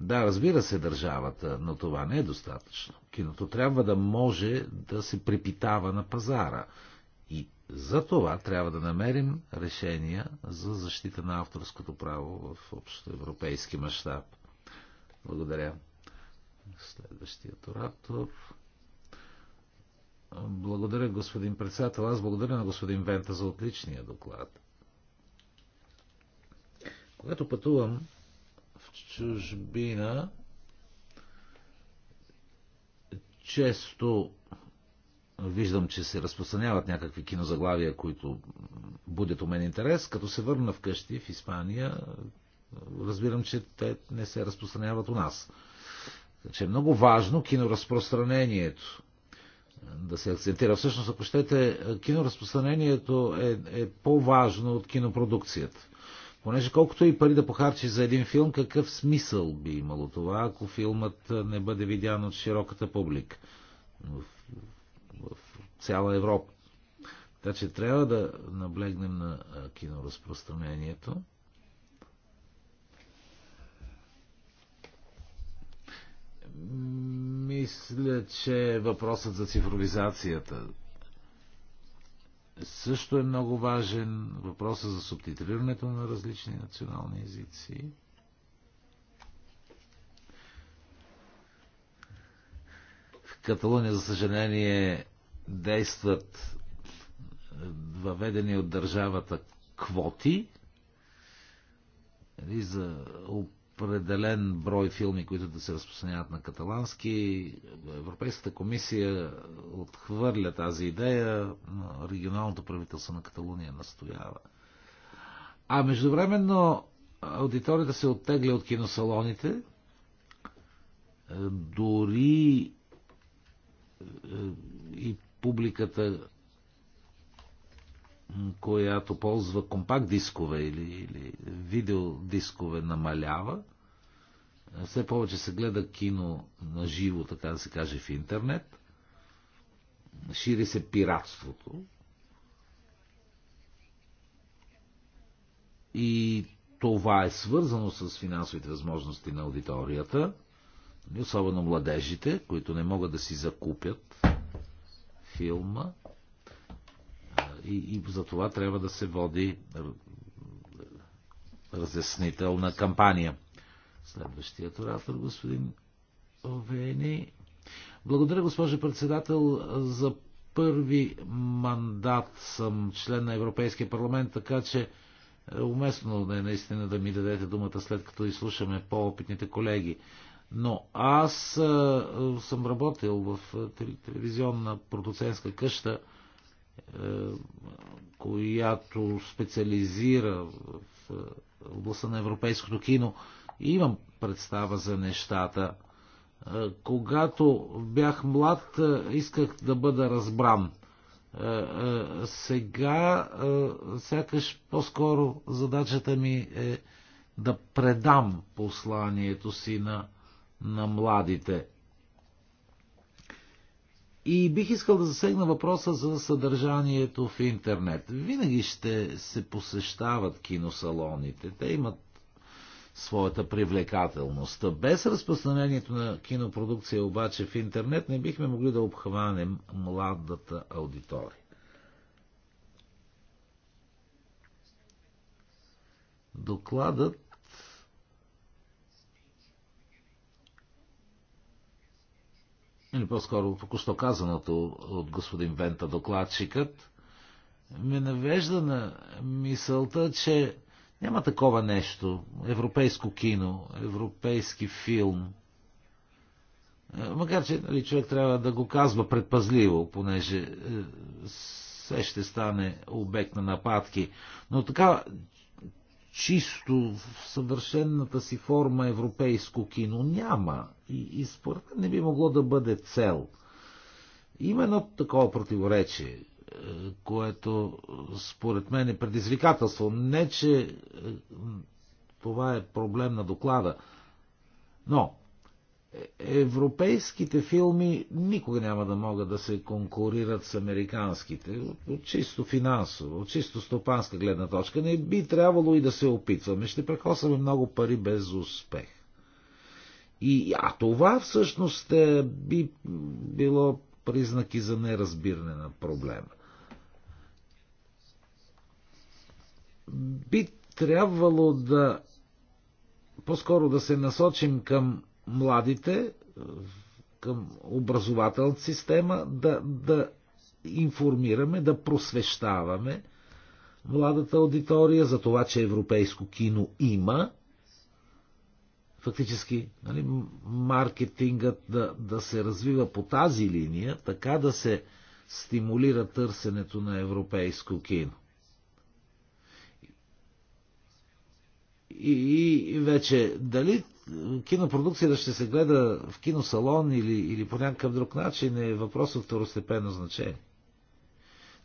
Speaker 2: Да, разбира се държавата, но това не е достатъчно. Киното трябва да може да се препитава на пазара. И за това трябва да намерим решения за защита на авторското право в общо европейски мащаб. Благодаря. Следващият оратор. Благодаря, господин председател. Аз благодаря на господин Вента за отличния доклад. Когато пътувам в чужбина, често виждам, че се разпространяват някакви кинозаглавия, които будят у мен интерес. Като се върна вкъщи в Испания, разбирам, че те не се разпространяват у нас. Че значи е много важно киноразпространението да се акцентира. Всъщност, ако щете, киноразпространението е, е по-важно от кинопродукцията. Понеже колкото и пари да похарчиш за един филм, какъв смисъл би имало това, ако филмът не бъде видян от широката публика в, в цяла Европа. Така че трябва да наблегнем на киноразпространението. Мисля, че въпросът за цифровизацията също е много важен. Въпросът за субтитрирането на различни национални езици. В Каталуния, за съжаление, действат въведени от държавата квоти, или нали, за определен брой филми, които да се разпространяват на каталански. Европейската комисия отхвърля тази идея, регионалното правителство на Каталуния настоява. А междувременно аудиторията се оттегля от киносалоните, дори е, и публиката, която ползва компакт дискове или, или видеодискове, намалява. Все повече се гледа кино на живо, така да се каже, в интернет. Шири се пиратството. И това е свързано с финансовите възможности на аудиторията, особено младежите, които не могат да си закупят филма. И, и за това трябва да се води разяснителна кампания. Следващият оратор, господин Овени. Благодаря, госпожо председател, за първи мандат съм член на Европейския парламент, така че е, уместно да е наистина да ми дадете думата след като изслушаме по-опитните колеги. Но аз а, е, съм работил в е, телевизионна продуцентска къща, а, която специализира в областта на европейското кино. А, имам представа за нещата. Е, когато бях млад, е, исках да бъда разбран. Е, сега, сякаш по-скоро задачата ми е да предам посланието си на, на младите. И бих искал да засегна въпроса за съдържанието в интернет. Винаги ще се посещават киносалоните. Те имат своята привлекателност. Без разпространението на кинопродукция обаче в интернет не бихме могли да обхванем младата аудитория. Докладът или по-скоро току-що казаното от господин Вента докладчикът, ме навежда на мисълта, че няма такова нещо. Европейско кино, европейски филм. Е, макар, че нали, човек трябва да го казва предпазливо, понеже е, се ще стане обект на нападки. Но така, чисто в съвършенната си форма европейско кино няма. И, и според не би могло да бъде цел. Има едно такова противоречие което е, според мен е предизвикателство. Не, че е, това е проблем на доклада, но е, европейските филми никога няма да могат да се конкурират с американските. От чисто финансово, от чисто стопанска гледна точка. Не би трябвало и да се опитваме. Ще прехосваме много пари без успех. И, а това всъщност би било признаки за неразбиране на проблема. би трябвало да по-скоро да се насочим към младите, към образователната система, да, да информираме, да просвещаваме младата аудитория за това, че европейско кино има. Фактически, нали, маркетингът да, да се развива по тази линия, така да се стимулира търсенето на европейско кино. И вече дали кинопродукцията ще се гледа в киносалон или, или по някакъв друг начин е въпрос от второстепенно значение.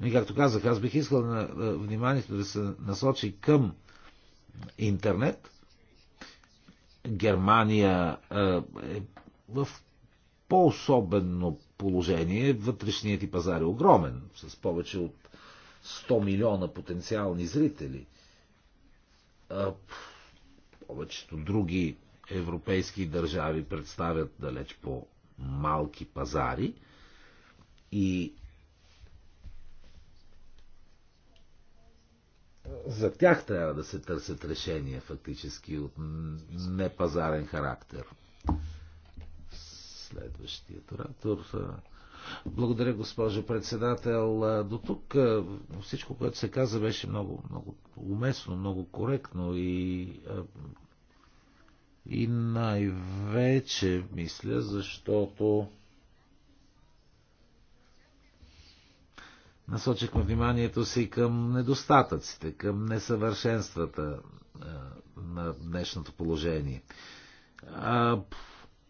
Speaker 2: И както казах, аз бих искал на вниманието да се насочи към интернет. Германия е в по-особено положение. Вътрешният ти пазар е огромен, с повече от 100 милиона потенциални зрители. Повечето други европейски държави представят далеч по-малки пазари и за тях трябва да се търсят решения фактически от непазарен характер. Следващият оратор. Благодаря, госпожо председател. До тук всичко, което се каза, беше много, много уместно, много коректно и, и най-вече, мисля, защото насочихме вниманието си към недостатъците, към несъвършенствата на днешното положение.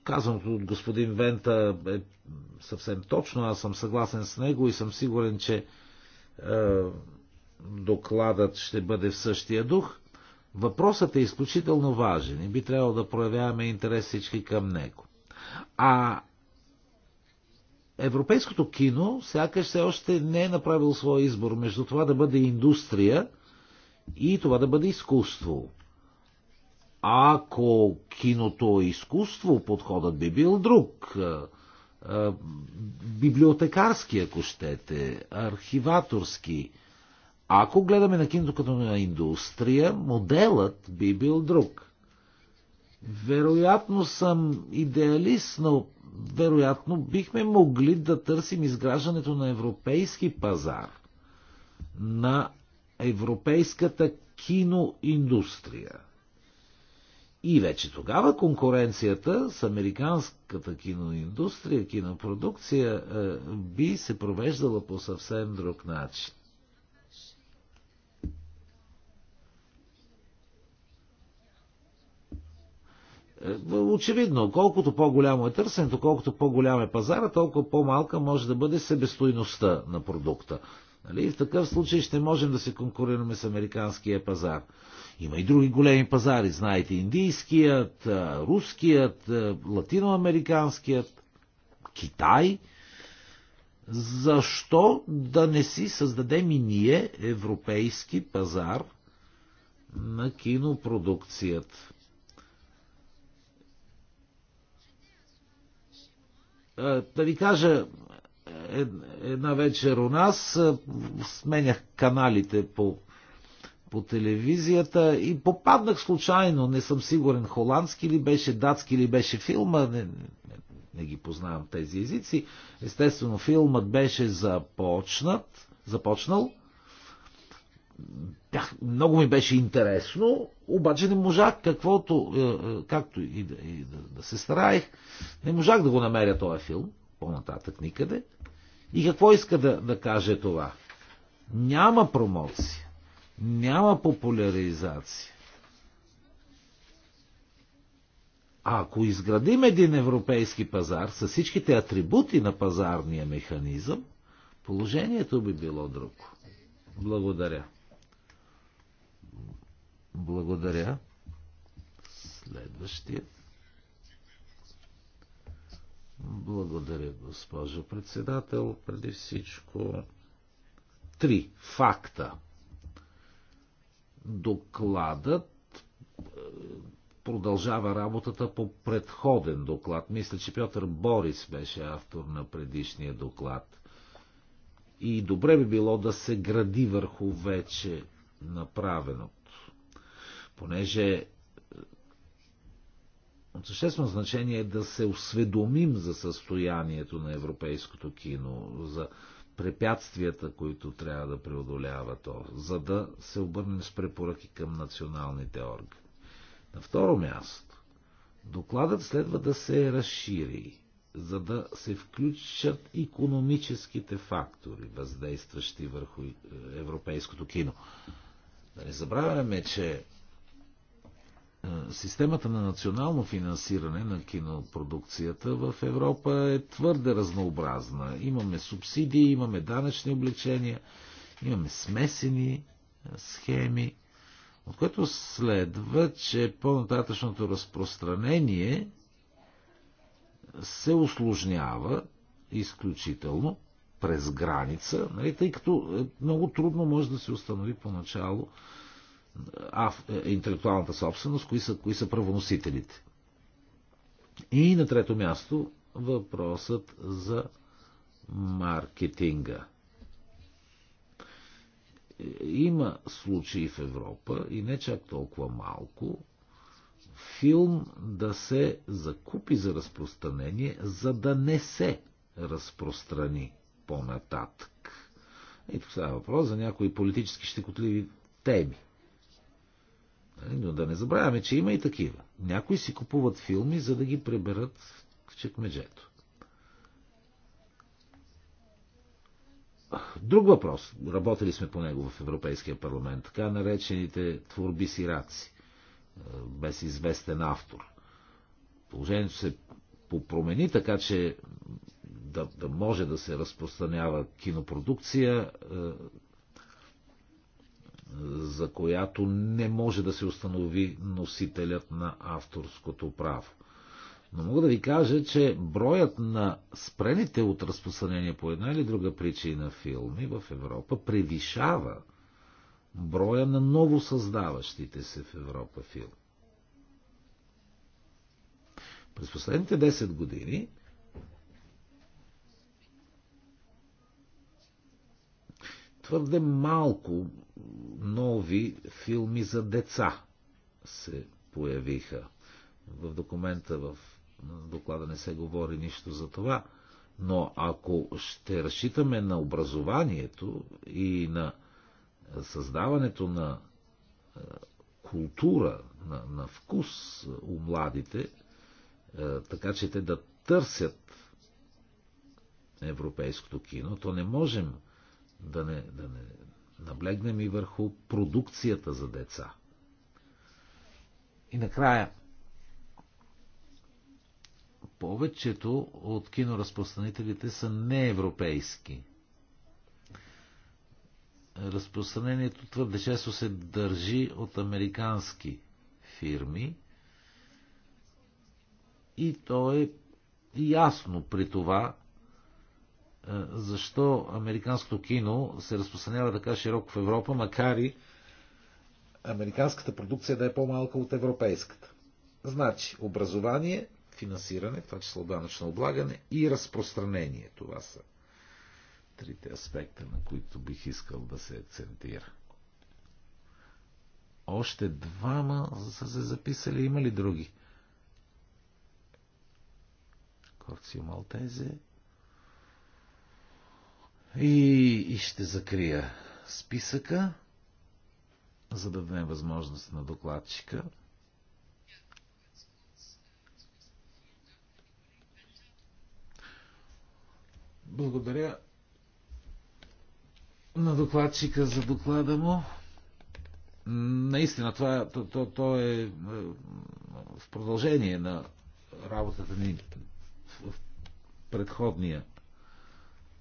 Speaker 2: Казаното от господин Вента е съвсем точно. Аз съм съгласен с него и съм сигурен, че е, докладът ще бъде в същия дух. Въпросът е изключително важен и би трябвало да проявяваме интерес всички към него. А европейското кино сякаш все още не е направило своя избор между това да бъде индустрия и това да бъде изкуство. Ако киното е изкуство, подходът би бил друг. Е, е, библиотекарски, ако щете, архиваторски. Ако гледаме на киното като на индустрия, моделът би бил друг. Вероятно съм идеалист, но вероятно бихме могли да търсим изграждането на европейски пазар, на европейската киноиндустрия. И вече тогава конкуренцията с американската киноиндустрия, кинопродукция е, би се провеждала по съвсем друг начин. Е, очевидно, колкото по-голямо е търсенето, колкото по-голям е пазара, толкова по-малка може да бъде себестойността на продукта. Нали? И в такъв случай ще можем да се конкурираме с американския пазар. Има и други големи пазари, знаете, индийският, руският, латиноамериканският, Китай. Защо да не си създадем и ние европейски пазар на кинопродукцията? Да ви кажа, е, една вечер у нас сменях каналите по по телевизията и попаднах случайно, не съм сигурен, холандски ли беше, датски ли беше филма, не, не, не ги познавам тези езици. Естествено, филмът беше започнат, започнал. Бях, много ми беше интересно, обаче не можах каквото, е, е, както и да, и да, да се стараех, не можах да го намеря този филм, по-нататък никъде. И какво иска да, да каже това? Няма промоция няма популяризация. А ако изградим един европейски пазар с всичките атрибути на пазарния механизъм, положението би било друго. Благодаря. Благодаря. Следващия. Благодаря, госпожо председател. Преди всичко, три факта докладът е, продължава работата по предходен доклад. Мисля, че Пьотър Борис беше автор на предишния доклад. И добре би било да се гради върху вече направеното. Понеже е, от съществено значение е да се осведомим за състоянието на европейското кино, за препятствията, които трябва да преодолява то, за да се обърнем с препоръки към националните органи. На второ място, докладът следва да се разшири, за да се включат економическите фактори, въздействащи върху е, европейското кино. Да не забравяме, че Системата на национално финансиране на кинопродукцията в Европа е твърде разнообразна. Имаме субсидии, имаме данъчни облегчения, имаме смесени схеми, от което следва, че по-нататъчното разпространение се осложнява изключително през граница, нали, тъй като е, много трудно може да се установи поначало е, интелектуалната собственост, кои са, кои са правоносителите. И на трето място въпросът за маркетинга. Има случаи в Европа, и не чак толкова малко, филм да се закупи за разпространение, за да не се разпространи по-нататък. И тук става въпрос за някои политически щекотливи теми. Е, но да не забравяме, че има и такива. Някои си купуват филми, за да ги преберат в чекмеджето. Друг въпрос. Работили сме по него в Европейския парламент. Така наречените творби сираци. Е, без известен автор. Положението се попромени така, че да, да може да се разпространява кинопродукция е, за която не може да се установи носителят на авторското право. Но мога да ви кажа, че броят на спрените от разпространение по една или друга причина филми в Европа превишава броя на новосъздаващите се в Европа филми. През последните 10 години твърде малко нови филми за деца се появиха. В документа, в доклада не се говори нищо за това, но ако ще разчитаме на образованието и на създаването на е, култура, на, на вкус у младите, е, така че те да търсят европейското кино, то не можем да не, да не наблегнем и върху продукцията за деца. И накрая, повечето от киноразпространителите са неевропейски. Разпространението твърде често се държи от американски фирми и то е ясно при това е, защо американското кино се разпространява така широко в Европа, макар и американската продукция да е по-малка от европейската. Значи, образование, финансиране, това число данъчно облагане и разпространение. Това са трите аспекта, на които бих искал да се акцентира. Още двама са се записали. Има ли други? Корцио Малтезе и, и ще закрия списъка, за да дадем възможност на докладчика. Благодаря на докладчика за доклада му. Наистина, това то, то, то е, е в продължение на работата ни в предходния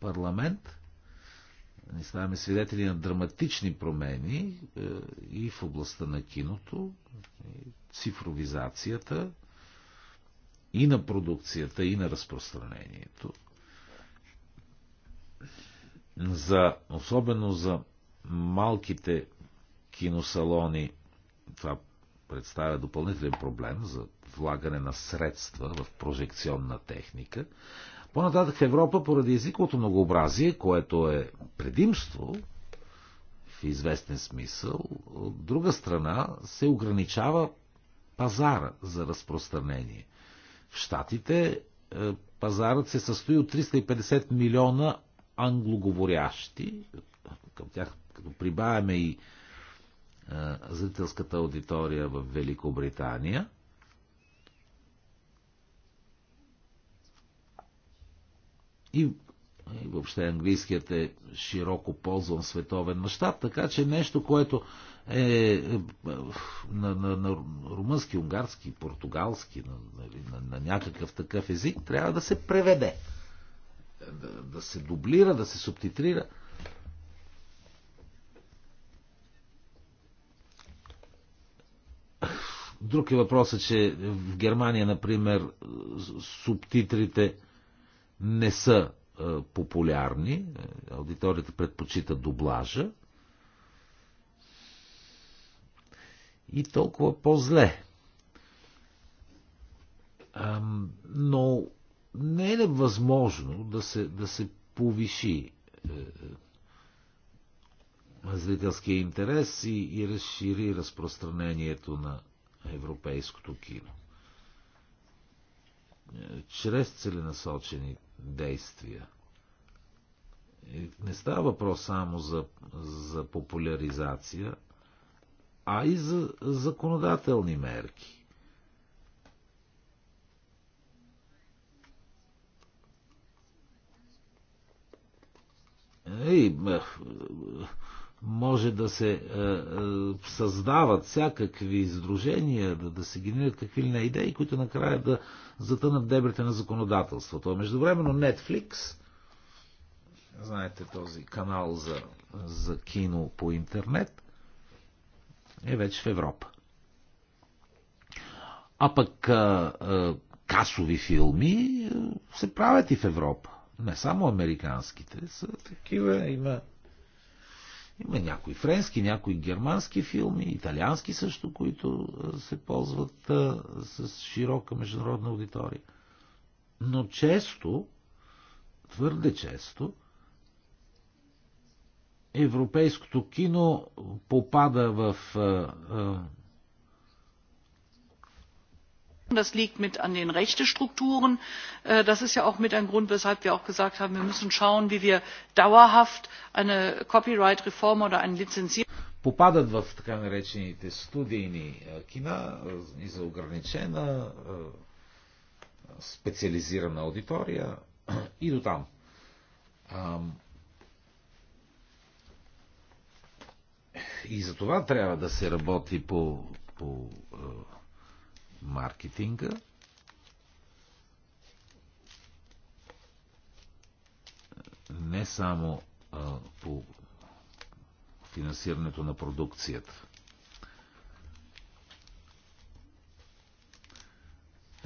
Speaker 2: парламент. Ние ставаме свидетели на драматични промени е, и в областта на киното, и цифровизацията, и на продукцията, и на разпространението. За, особено за малките киносалони това представя допълнителен проблем за влагане на средства в прожекционна техника, по-нататък в Европа, поради езиковото многообразие, което е предимство, в известен смисъл, от друга страна се ограничава пазара за разпространение. В Штатите е, пазарът се състои от 350 милиона англоговорящи, към тях като прибавяме и е, зрителската аудитория в Великобритания – И, и въобще английският е широко ползван световен мащаб, така че нещо, което е, е на, на, на румънски, унгарски, португалски, на, нали, на, на някакъв такъв език, трябва да се преведе. Да, да се дублира, да се субтитрира. Друг е въпросът, че в Германия, например, субтитрите не са популярни. Аудиторията предпочита доблажа. И толкова по-зле. Но не е невъзможно да се, да се повиши е, е, зрителския интерес и, и разшири разпространението на европейското кино. Е, чрез целенасочени действия. И не става въпрос само за, за популяризация, а и за законодателни мерки. И, може да се е, е, създават всякакви издружения, да, да се генерират какви ли не идеи, които накрая да затънат дебрите на законодателството. А междувременно Netflix, знаете този канал за, за кино по интернет, е вече в Европа. А пък е, е, касови филми е, се правят и в Европа. Не само американските, са такива, има има някои френски, някои германски филми, италиански също, които се ползват с широка международна аудитория. Но често, твърде често, европейското кино попада в
Speaker 6: das liegt mit an den rechtestrukturen. das ist ja auch mit ein grund weshalb wir auch gesagt haben wir müssen schauen wie wir dauerhaft eine copyright reform oder eine lizenzierung
Speaker 2: попадат в така наречените студийни кина и за ограничена специализирана аудитория и до там. И за това трябва да се работи по, по маркетинга. Не само а, по финансирането на продукцията.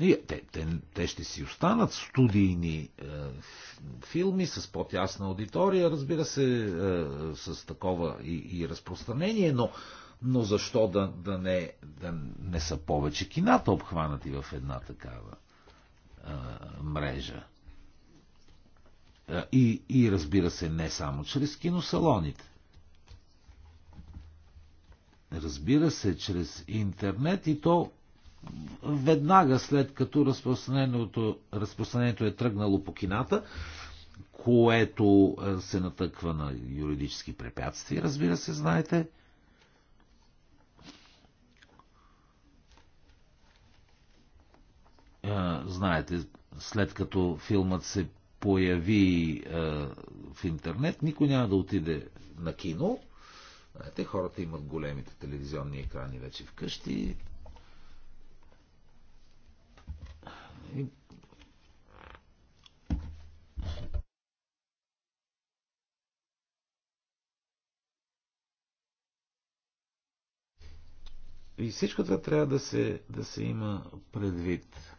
Speaker 2: И, те, те, те ще си останат студийни е, филми с по-тясна аудитория, разбира се, е, с такова и, и разпространение, но но защо да, да, не, да не са повече кината обхванати в една такава а, мрежа? А, и, и разбира се, не само чрез киносалоните. Разбира се, чрез интернет и то веднага след като разпространението, разпространението е тръгнало по кината, което се натъква на юридически препятствия, разбира се, знаете, знаете, след като филмът се появи в интернет, никой няма да отиде на кино. Те хората имат големите телевизионни екрани вече вкъщи. И И всичко това трябва да се, да се има предвид.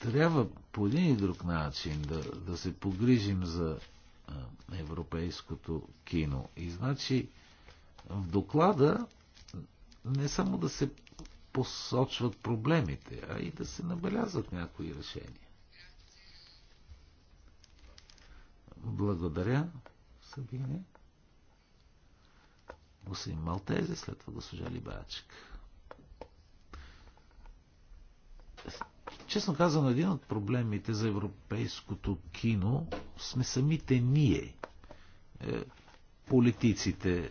Speaker 2: трябва по един и друг начин да, да се погрижим за европейското кино. И значи в доклада не само да се посочват проблемите, а и да се набелязват някои решения. Благодаря, Сабине. Господин Малтезе, след това госпожа Либачка. Честно казано, един от проблемите за европейското кино сме самите ние, е, политиците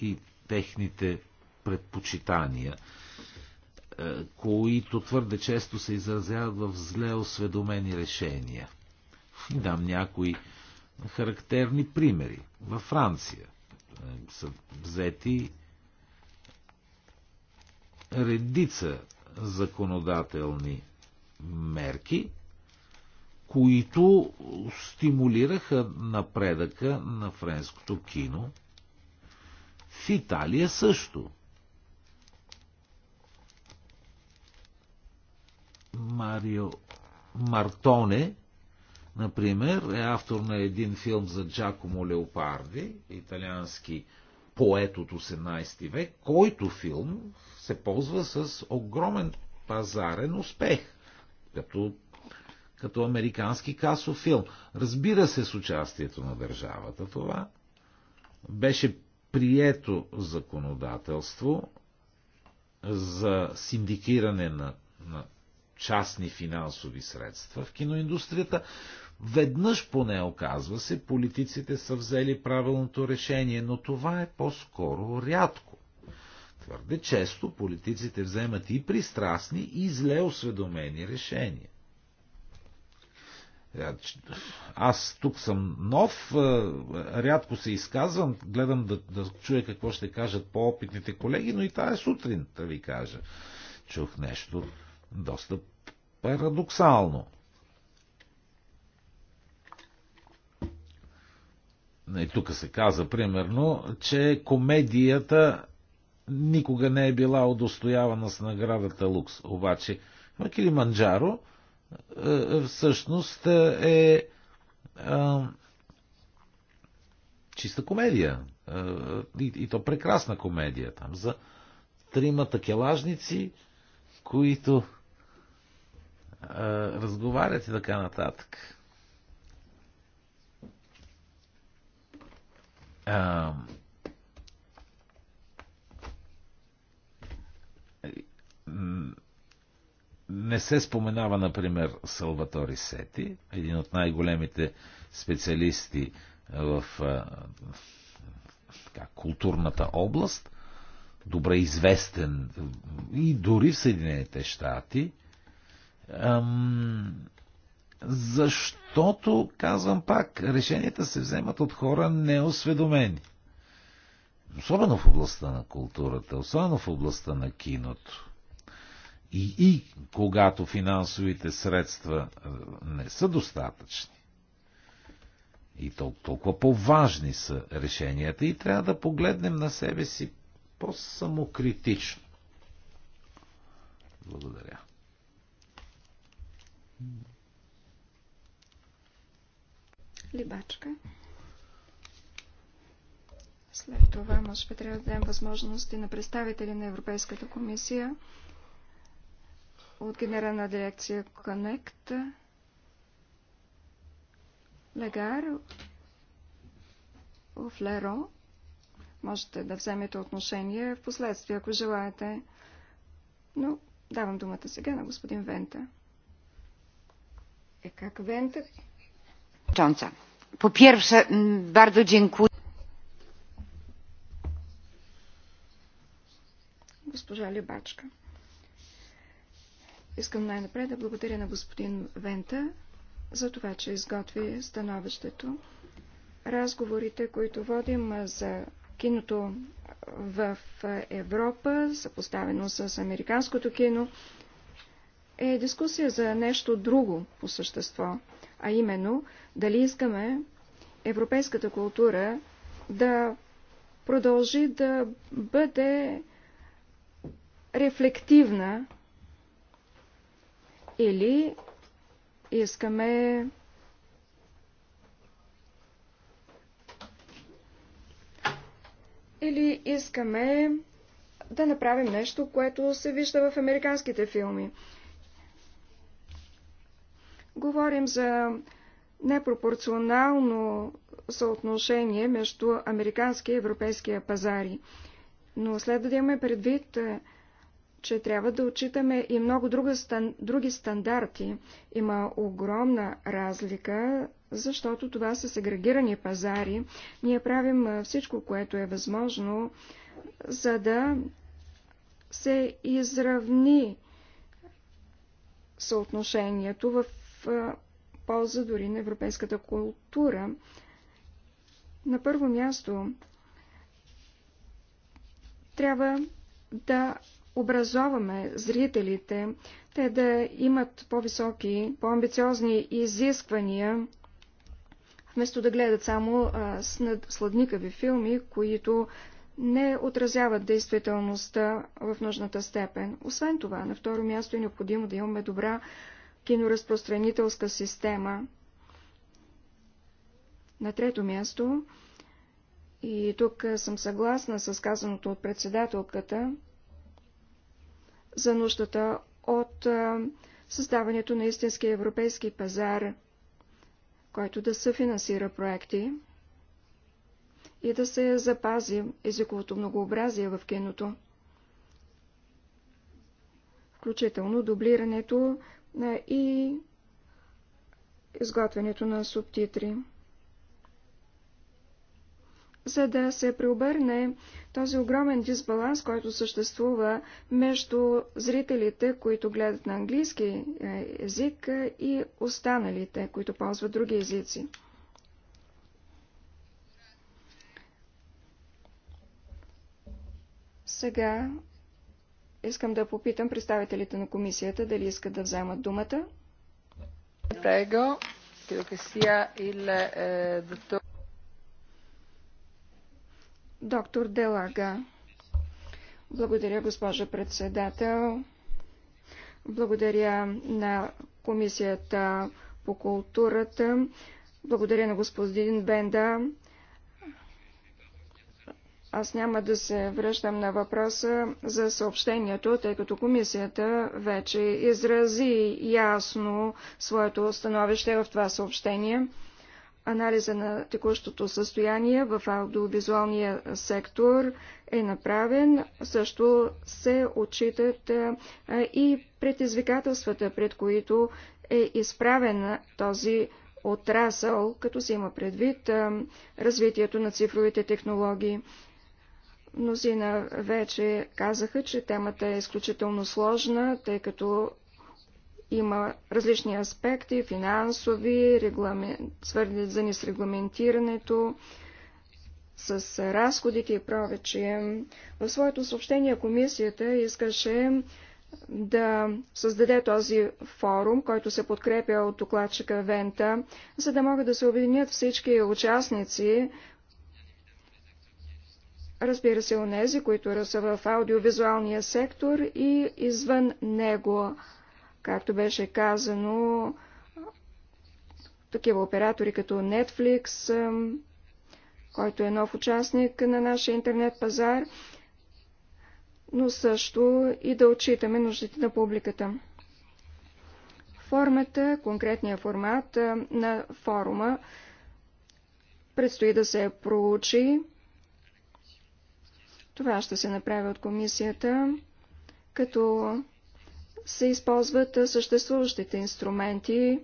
Speaker 2: и техните предпочитания, е, които твърде често се изразяват в зле осведомени решения. Дам някои характерни примери. Във Франция е, са взети редица законодателни мерки, които стимулираха напредъка на френското кино. В Италия също. Марио Мартоне, например, е автор на един филм за Джакомо Леопарди, италиански поет от 18 век, който филм се ползва с огромен пазарен успех като, като американски касов филм. Разбира се, с участието на държавата това беше прието законодателство за синдикиране на, на частни финансови средства в киноиндустрията. Веднъж поне оказва се, политиците са взели правилното решение, но това е по-скоро рядко. Твърде често политиците вземат и пристрастни, и зле осведомени решения. Аз тук съм нов, е, рядко се изказвам, гледам да, да чуя какво ще кажат по-опитните колеги, но и тая сутрин, да ви кажа, чух нещо доста парадоксално. И тук се каза, примерно, че комедията никога не е била удостоявана с наградата Лукс. Обаче Килиманджаро е, е, всъщност е, е чиста комедия. И, и то прекрасна комедия. Там за тримата келажници, които разговарят и така нататък. Не се споменава, например, Салватори Сети, един от най-големите специалисти в така, културната област, добре известен и дори в Съединените щати, защото, казвам пак, решенията се вземат от хора неосведомени. Особено в областта на културата, особено в областта на киното. И, и когато финансовите средства е, не са достатъчни, и тол- толкова по-важни са решенията, и трябва да погледнем на себе си по-самокритично. Благодаря.
Speaker 3: Либачка. След това, може би, трябва да дадем възможности на представители на Европейската комисия от генерална дирекция Connect. Легар Офлеро. Можете да вземете отношение в последствие, ако желаете. Но давам думата сега на господин Вента. Е как Вента? Чонца. По pierwsze, бардо dziękuję. Госпожа Лебачка. Искам най-напред да благодаря на господин Вента за това, че изготви становището. Разговорите, които водим за киното в Европа, съпоставено с американското кино, е дискусия за нещо друго по същество, а именно дали искаме европейската култура да продължи да бъде рефлективна или искаме или искаме да направим нещо, което се вижда в американските филми. Говорим за непропорционално съотношение между американския и европейския пазари. Но следва да имаме предвид, че трябва да отчитаме и много друга стан, други стандарти. Има огромна разлика, защото това са сегрегирани пазари. Ние правим всичко, което е възможно, за да се изравни съотношението в полза дори на европейската култура. На първо място трябва да образоваме зрителите, те да имат по-високи, по-амбициозни изисквания, вместо да гледат само а, сладникави филми, които не отразяват действителността в нужната степен. Освен това, на второ място е необходимо да имаме добра киноразпространителска система. На трето място, и тук съм съгласна с казаното от председателката, за нуждата от създаването на истински европейски пазар, който да съфинансира проекти и да се запази езиковото многообразие в киното, включително дублирането и изготвянето на субтитри за да се преобърне този огромен дисбаланс, който съществува между зрителите, които гледат на английски е, език е, и останалите, които ползват други езици. Сега искам да попитам представителите на комисията дали искат да вземат думата. Prego, credo che sia il eh, е, dottor Доктор Делага. Благодаря, госпожа председател. Благодаря на Комисията по културата. Благодаря на господин Бенда. Аз няма да се връщам на въпроса за съобщението, тъй като комисията вече изрази ясно своето становище в това съобщение. Анализа на текущото състояние в аудиовизуалния сектор е направен. Също се отчитат и предизвикателствата, пред които е изправен този отрасъл, като се има предвид развитието на цифровите технологии. Мнозина вече казаха, че темата е изключително сложна, тъй като има различни аспекти, финансови, регламент, свързани с регламентирането, с разходите и прочее. В своето съобщение комисията искаше да създаде този форум, който се подкрепя от докладчика Вента, за да могат да се объединят всички участници, разбира се, онези, които са в аудиовизуалния сектор и извън него, Както беше казано, такива оператори като Netflix, който е нов участник на нашия интернет пазар, но също и да отчитаме нуждите на публиката. Формата, конкретния формат на форума предстои да се проучи. Това ще се направи от комисията, като се използват съществуващите инструменти,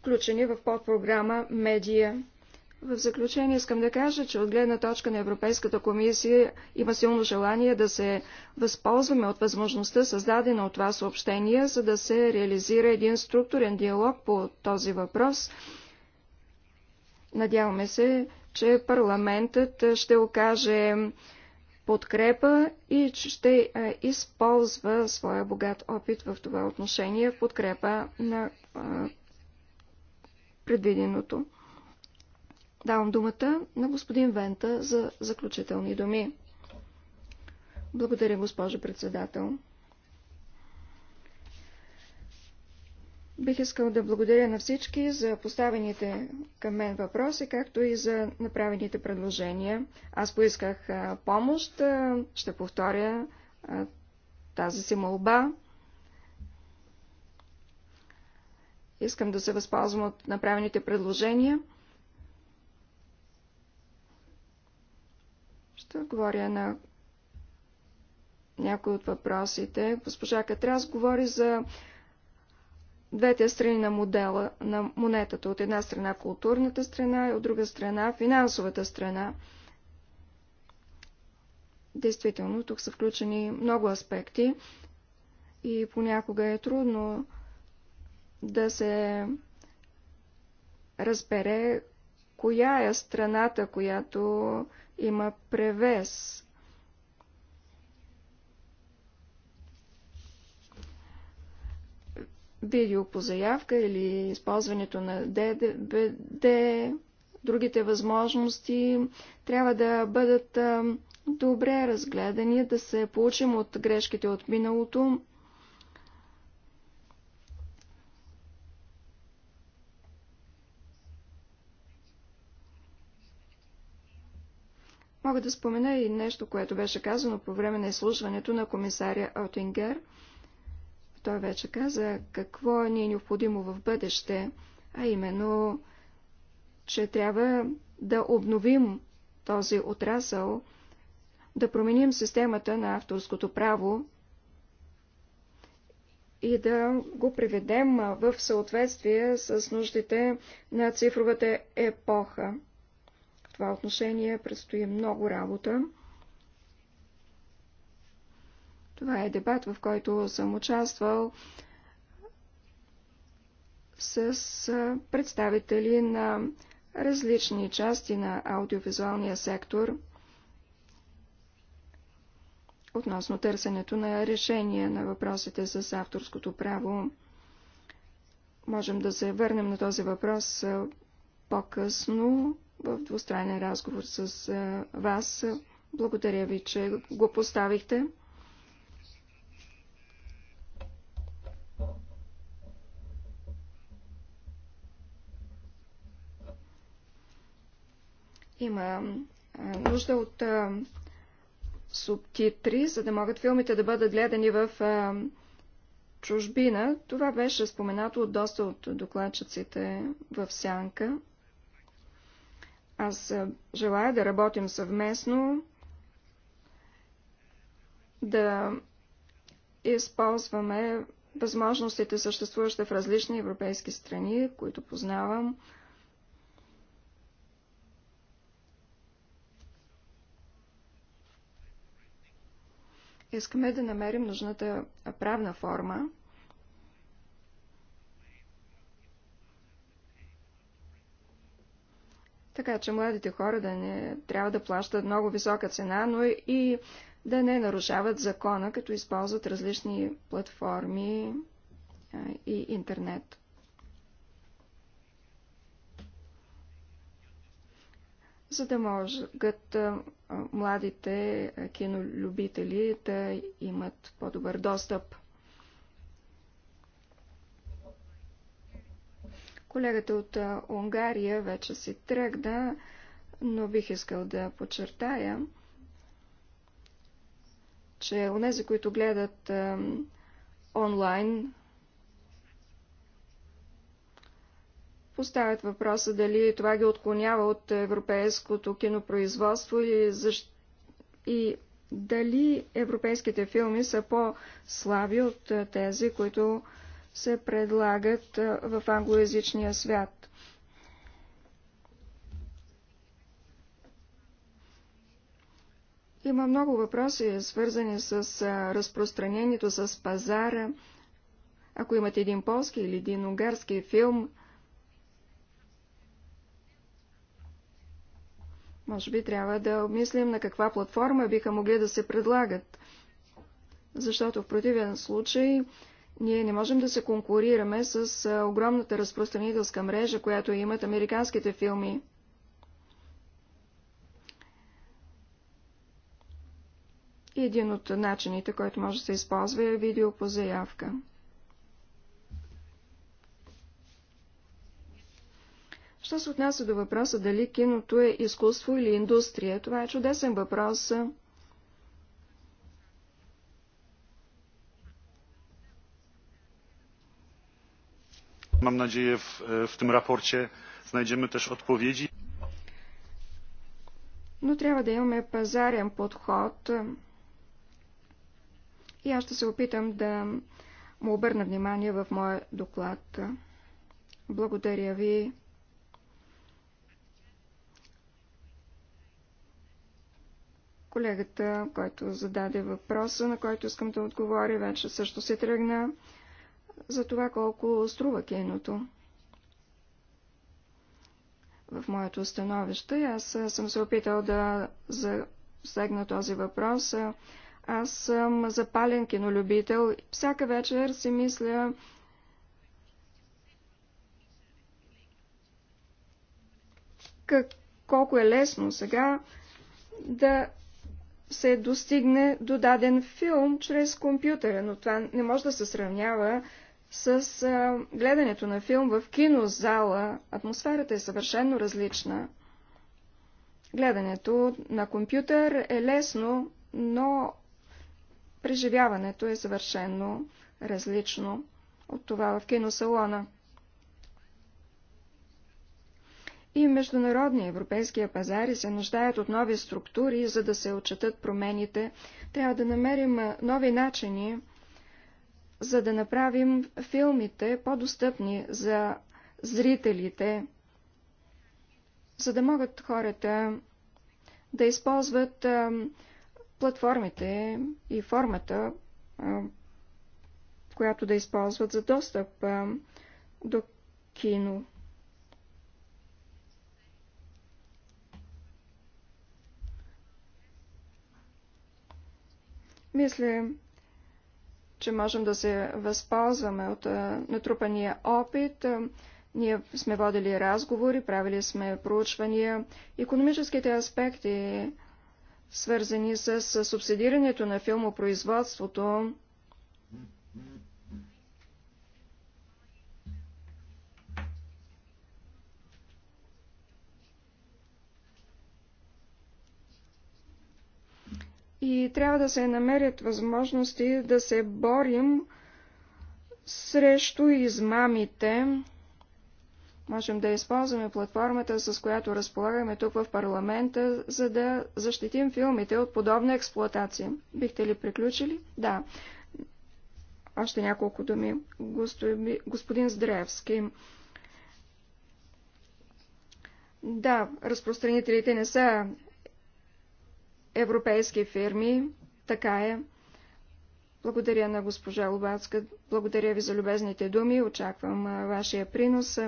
Speaker 3: включени в подпрограма Медия. В заключение искам да кажа, че от гледна точка на Европейската комисия има силно желание да се възползваме от възможността, създадена от това съобщение, за да се реализира един структурен диалог по този въпрос. Надяваме се, че парламентът ще окаже подкрепа и ще използва своя богат опит в това отношение в подкрепа на предвиденото. Давам думата на господин Вента за заключителни думи. Благодаря, госпожо председател. Бих искал да благодаря на всички за поставените към мен въпроси, както и за направените предложения. Аз поисках помощ, ще повторя тази си молба. Искам да се възползвам от направените предложения. Ще отговоря на някои от въпросите. Госпожа Катрас говори за двете страни на модела, на монетата. От една страна културната страна и от друга страна финансовата страна. Действително, тук са включени много аспекти и понякога е трудно да се разбере коя е страната, която има превес видео по заявка или използването на ДДБД, другите възможности трябва да бъдат добре разгледани, да се получим от грешките от миналото. Мога да спомена и нещо, което беше казано по време на изслужването на комисаря Отингер – той вече каза какво ни е необходимо в бъдеще, а именно, че трябва да обновим този отрасъл, да променим системата на авторското право и да го приведем в съответствие с нуждите на цифровата епоха. В това отношение предстои много работа. Това е дебат, в който съм участвал с представители на различни части на аудиовизуалния сектор относно търсенето на решения на въпросите с авторското право. Можем да се върнем на този въпрос по-късно в двустранен разговор с вас. Благодаря ви, че го поставихте. Има нужда от субтитри, за да могат филмите да бъдат гледани в чужбина. Това беше споменато от доста от докладчиците в Сянка. Аз желая да работим съвместно, да използваме възможностите, съществуващи в различни европейски страни, които познавам, Искаме да намерим нужната правна форма, така че младите хора да не трябва да плащат много висока цена, но и да не нарушават закона, като използват различни платформи и интернет. за да могат младите кинолюбители да имат по-добър достъп. Колегата от Унгария вече си тръгна, но бих искал да подчертая, че нези, които гледат онлайн поставят въпроса дали това ги отклонява от европейското кинопроизводство и, защ... и дали европейските филми са по-слаби от е, тези, които се предлагат е, в англоязичния свят. Има много въпроси, свързани с е, разпространението с пазара. Ако имате един полски или един унгарски филм, Може би трябва да обмислим на каква платформа биха могли да се предлагат. Защото в противен случай ние не можем да се конкурираме с огромната разпространителска мрежа, която имат американските филми. един от начините, който може да се използва е видео по заявка. Що се отнася до въпроса дали киното е изкуство или индустрия, това е чудесен въпрос.
Speaker 2: Мам надея в в tym рапорте znajdziemy теж отповеди.
Speaker 3: Но трябва да имаме пазарен подход. И аз ще се опитам да му обърна внимание в моя доклад. Благодаря ви. Колегата, който зададе въпроса, на който искам да отговоря, вече също се тръгна за това колко струва киното. В моето становище аз съм се опитал да засегна този въпрос. Аз съм запален кинолюбител. Всяка вечер си мисля как, колко е лесно сега да се достигне до даден филм чрез компютъра, но това не може да се сравнява с а, гледането на филм в кинозала. Атмосферата е съвършенно различна. Гледането на компютър е лесно, но преживяването е съвършенно различно от това в киносалона. и международния европейския пазари се нуждаят от нови структури, за да се отчетат промените. Трябва да намерим нови начини, за да направим филмите по-достъпни за зрителите, за да могат хората да използват платформите и формата, която да използват за достъп до кино. Мисля, че можем да се възползваме от натрупания опит. Ние сме водили разговори, правили сме проучвания. Економическите аспекти, свързани с субсидирането на филмопроизводството, и трябва да се намерят възможности да се борим срещу измамите. Можем да използваме платформата, с която разполагаме тук в парламента, за да защитим филмите от подобна експлуатация. Бихте ли приключили? Да. Още няколко думи. Господин Здревски. Да, разпространителите не са европейски фирми. Така е. Благодаря на госпожа Лобацка. Благодаря ви за любезните думи. Очаквам вашия принос.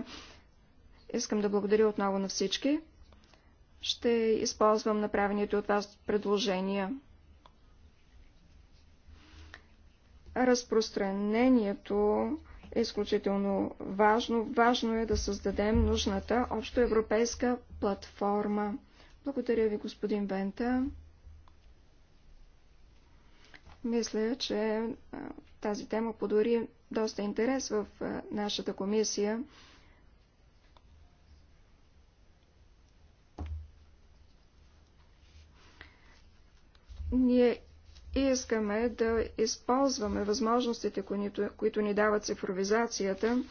Speaker 3: Искам да благодаря отново на всички. Ще използвам направените от вас предложения. Разпространението е изключително важно. Важно е да създадем нужната общоевропейска платформа. Благодаря ви, господин Вента. Мисля, че тази тема подари доста интерес в нашата комисия. Ние искаме да използваме възможностите, които, които ни дава цифровизацията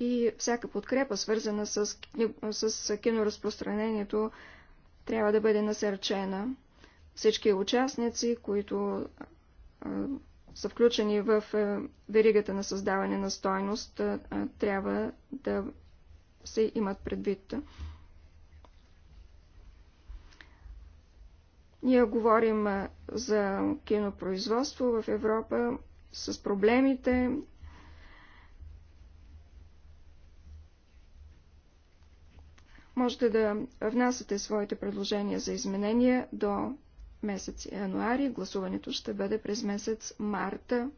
Speaker 3: и всяка подкрепа, свързана с, с киноразпространението, трябва да бъде насърчена всички участници, които са включени в веригата на създаване на стойност, трябва да се имат предвид. Ние говорим за кинопроизводство в Европа с проблемите. Можете да внасяте своите предложения за изменения до месец януари, гласуването ще бъде през месец марта.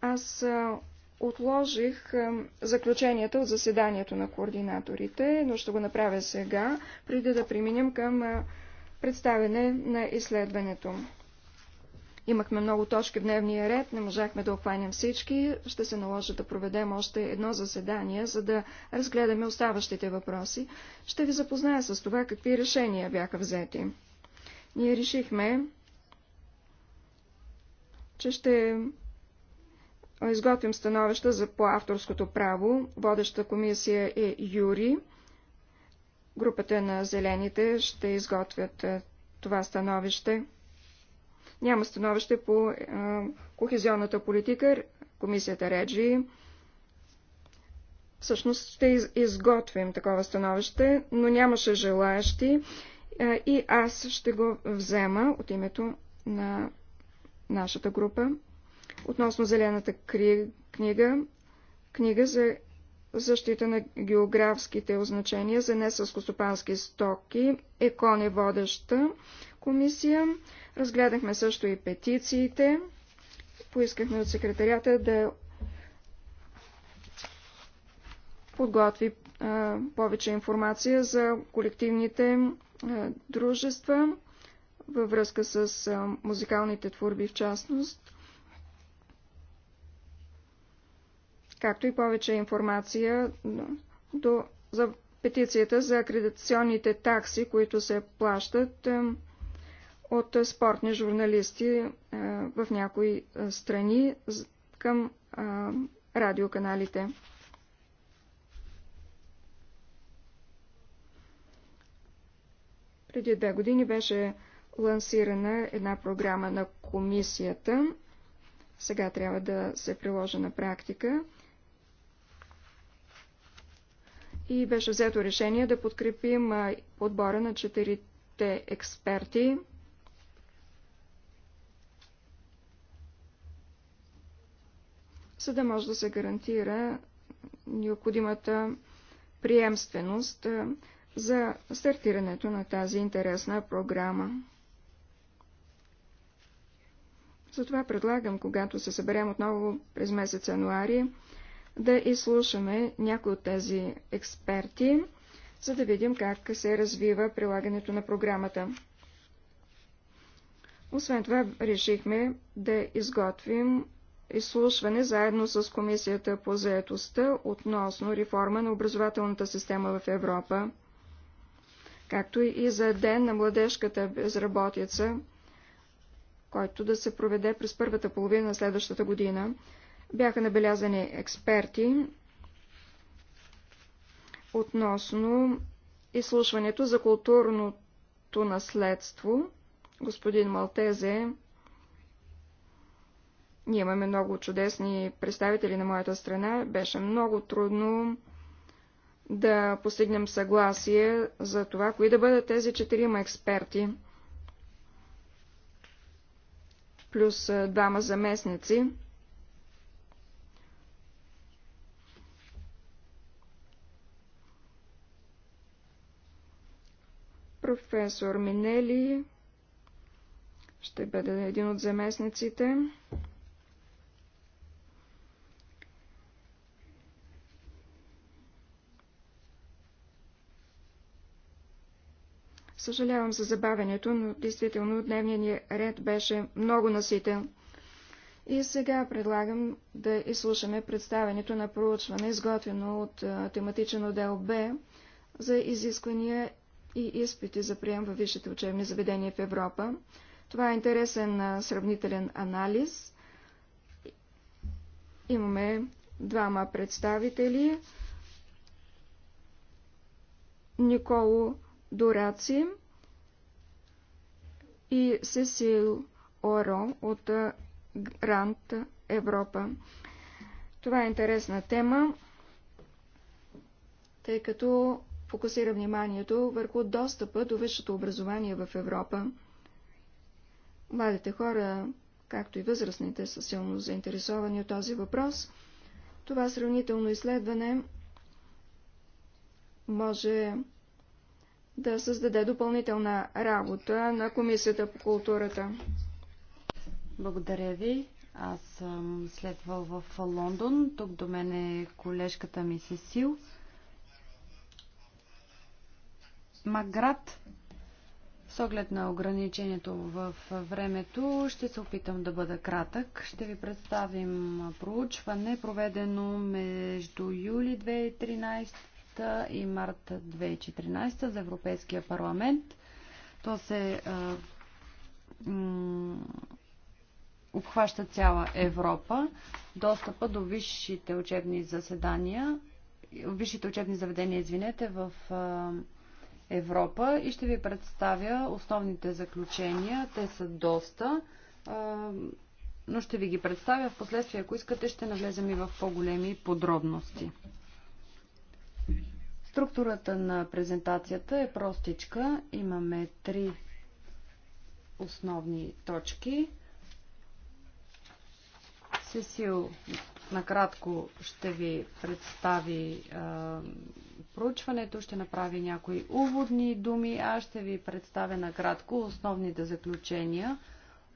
Speaker 3: Аз отложих заключенията от заседанието на координаторите, но ще го направя сега, преди да преминем към представяне на изследването. Имахме много точки в дневния ред, не можахме да обхванем всички. Ще се наложи да проведем още едно заседание, за да разгледаме оставащите въпроси. Ще ви запозная с това, какви решения бяха взети. Ние решихме, че ще изготвим становища за по авторското право. Водеща комисия е Юри. Групата на зелените ще изготвят е, това становище. Няма становище по кохезионната политика. Комисията Реджи всъщност ще изготвим такова становище, но нямаше желаящи и аз ще го взема от името на нашата група. Относно зелената книга, книга за защита на географските означения за несъскостопански стоки. ЕКОН коне водеща комисия. Разгледахме също и петициите. Поискахме от секретарията да подготви а, повече информация за колективните а, дружества във връзка с а, музикалните творби в частност. както и повече информация до, за петицията за акредитационните такси, които се плащат от спортни журналисти е, в някои е, страни към радиоканалите. Преди две години беше лансирана една програма на комисията. Сега трябва да се приложи на практика и беше взето решение да подкрепим отбора на четирите експерти. за да може да се гарантира необходимата приемственост за стартирането на тази интересна програма. Затова предлагам, когато се съберем отново през месец януари, да изслушаме някои от тези експерти, за да видим как се развива прилагането на програмата. Освен това, решихме да изготвим изслушване заедно с Комисията по заетостта относно реформа на образователната система в Европа, както и за Ден на младежката безработица, който да се проведе през първата половина на следващата година. Бяха набелязани експерти относно изслушването за културното наследство. Господин Малтезе, ние имаме много чудесни представители на моята страна. Беше много трудно да постигнем съгласие за това, кои да бъдат тези четирима експерти, плюс двама заместници. Професор Минели ще бъде един от заместниците. Съжалявам за забавянето, но действително дневният ни ред беше много наситен. И сега предлагам да изслушаме представенето на проучване, изготвено от тематичен отдел Б за изисквания и изпити за прием във висшите учебни заведения в Европа. Това е интересен сравнителен анализ. Имаме двама представители. Николо Дораци и Сесил Оро от Грант Европа. Това е интересна тема, тъй като фокусира вниманието върху достъпа до висшето образование в Европа. Младите хора, както и възрастните, са силно заинтересовани от този въпрос. Това сравнително изследване може да създаде допълнителна работа на Комисията по културата. Благодаря ви.
Speaker 4: Аз съм следвал в Лондон. Тук до мен е колежката ми Сесил. Маград. С оглед на ограничението в времето, ще се опитам да бъда кратък. Ще ви представим проучване, проведено между юли 2013 и март 2014 за Европейския парламент. То се а, обхваща цяла Европа. Достъпа до висшите учебни заседания, висшите учебни заведения, извинете, в а, Европа и ще ви представя основните заключения. Те са доста, но ще ви ги представя. В последствие, ако искате, ще навлезем и в по-големи подробности. Структурата на презентацията е простичка. Имаме три основни точки. Сесил накратко ще ви представи проучването, ще направя някои уводни думи, а ще ви представя накратко основните заключения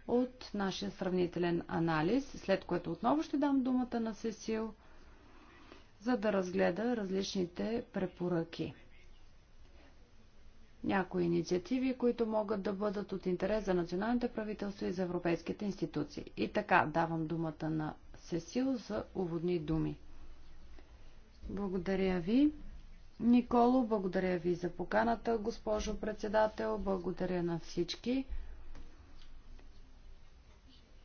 Speaker 4: от нашия сравнителен анализ, след което отново ще дам думата на Сесил, за да разгледа различните препоръки. Някои инициативи, които могат да бъдат от интерес за националните правителства и за европейските институции. И така, давам думата на Сесил за уводни думи. Благодаря ви. Николо, благодаря ви за поканата, госпожо председател. Благодаря на всички.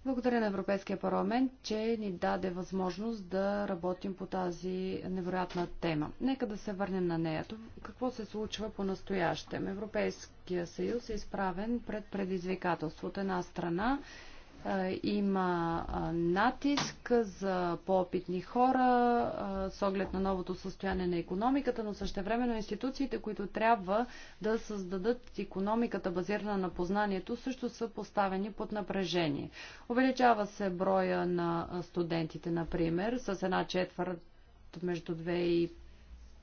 Speaker 4: Благодаря на Европейския парламент, че ни даде възможност да работим по тази невероятна тема. Нека да се върнем на нея. Какво се случва по-настоящем? Европейския съюз е изправен пред предизвикателство от една страна има натиск за по-опитни хора с оглед на новото състояние на економиката, но същевременно институциите, които трябва да създадат економиката базирана на познанието, също са поставени под напрежение. Увеличава се броя на студентите, например, с една четвърт между 2 и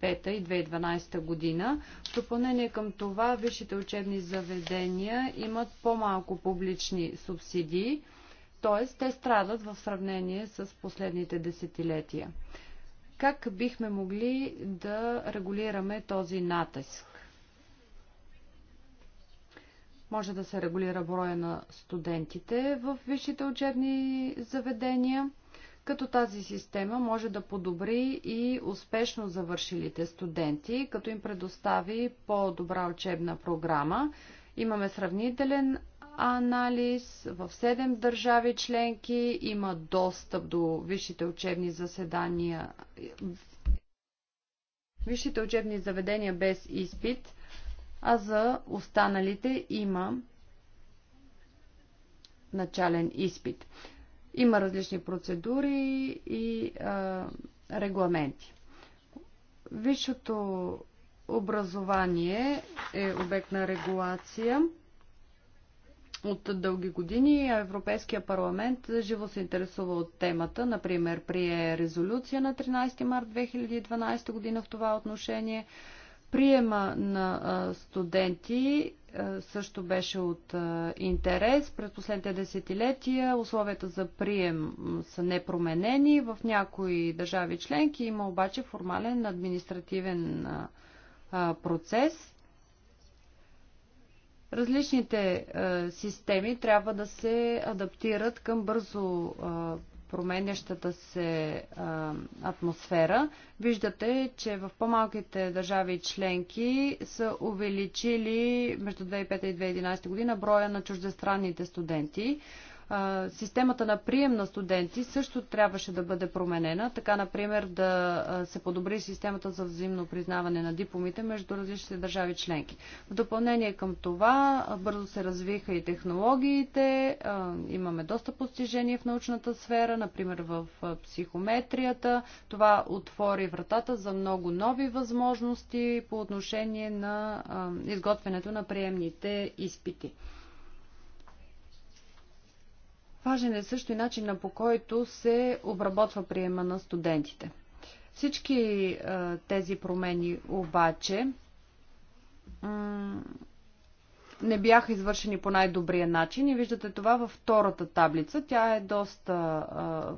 Speaker 4: 2005 и 2012 година. В допълнение към това, висшите учебни заведения имат по-малко публични субсидии т.е. те страдат в сравнение с последните десетилетия. Как бихме могли да регулираме този натиск? Може да се регулира броя на студентите в висшите учебни заведения, като тази система може да подобри и успешно завършилите студенти, като им предостави по-добра учебна програма. Имаме сравнителен анализ в 7 държави членки, има достъп до висшите учебни заседания, висшите учебни заведения без изпит, а за останалите има начален изпит. Има различни процедури и а, регламенти. Висшето образование е обект на регулация. От дълги години Европейския парламент живо се интересува от темата. Например, при резолюция на 13 март 2012 година в това отношение. Приема на студенти също беше от интерес. През последните десетилетия условията за прием са непроменени. В някои държави членки има обаче формален административен процес – Различните а, е, системи трябва да се адаптират към бързо а, е, променящата се а, е, атмосфера. Виждате, че в по-малките държави членки са увеличили между 2005 и 2011 година броя на чуждестранните студенти системата на прием на студенти също трябваше да бъде променена. Така, например, да се подобри системата за взаимно признаване на дипломите между различните държави членки. В допълнение към това, бързо се развиха и технологиите. имаме доста постижения в научната сфера, например в психометрията. Това отвори вратата за много нови възможности по отношение на изготвянето на приемните изпити. Важен е също и начина по който се обработва приема на студентите. Всички тези промени обаче не бяха извършени по най-добрия начин и виждате това във втората таблица. Тя е доста,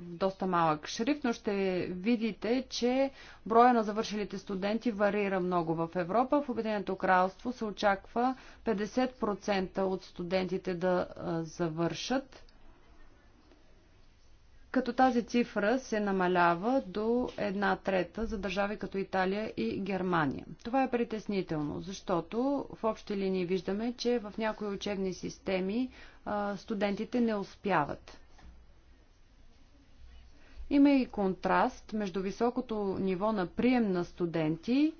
Speaker 4: доста малък шрифт, но ще видите, че броя на завършилите студенти варира много в Европа. В Обединеното кралство се очаква 50% от студентите да завършат като тази цифра се намалява до една трета за държави като Италия и Германия. Това е притеснително, защото в общи линии виждаме, че в някои учебни системи студентите не успяват. Има и контраст между високото ниво на прием на студенти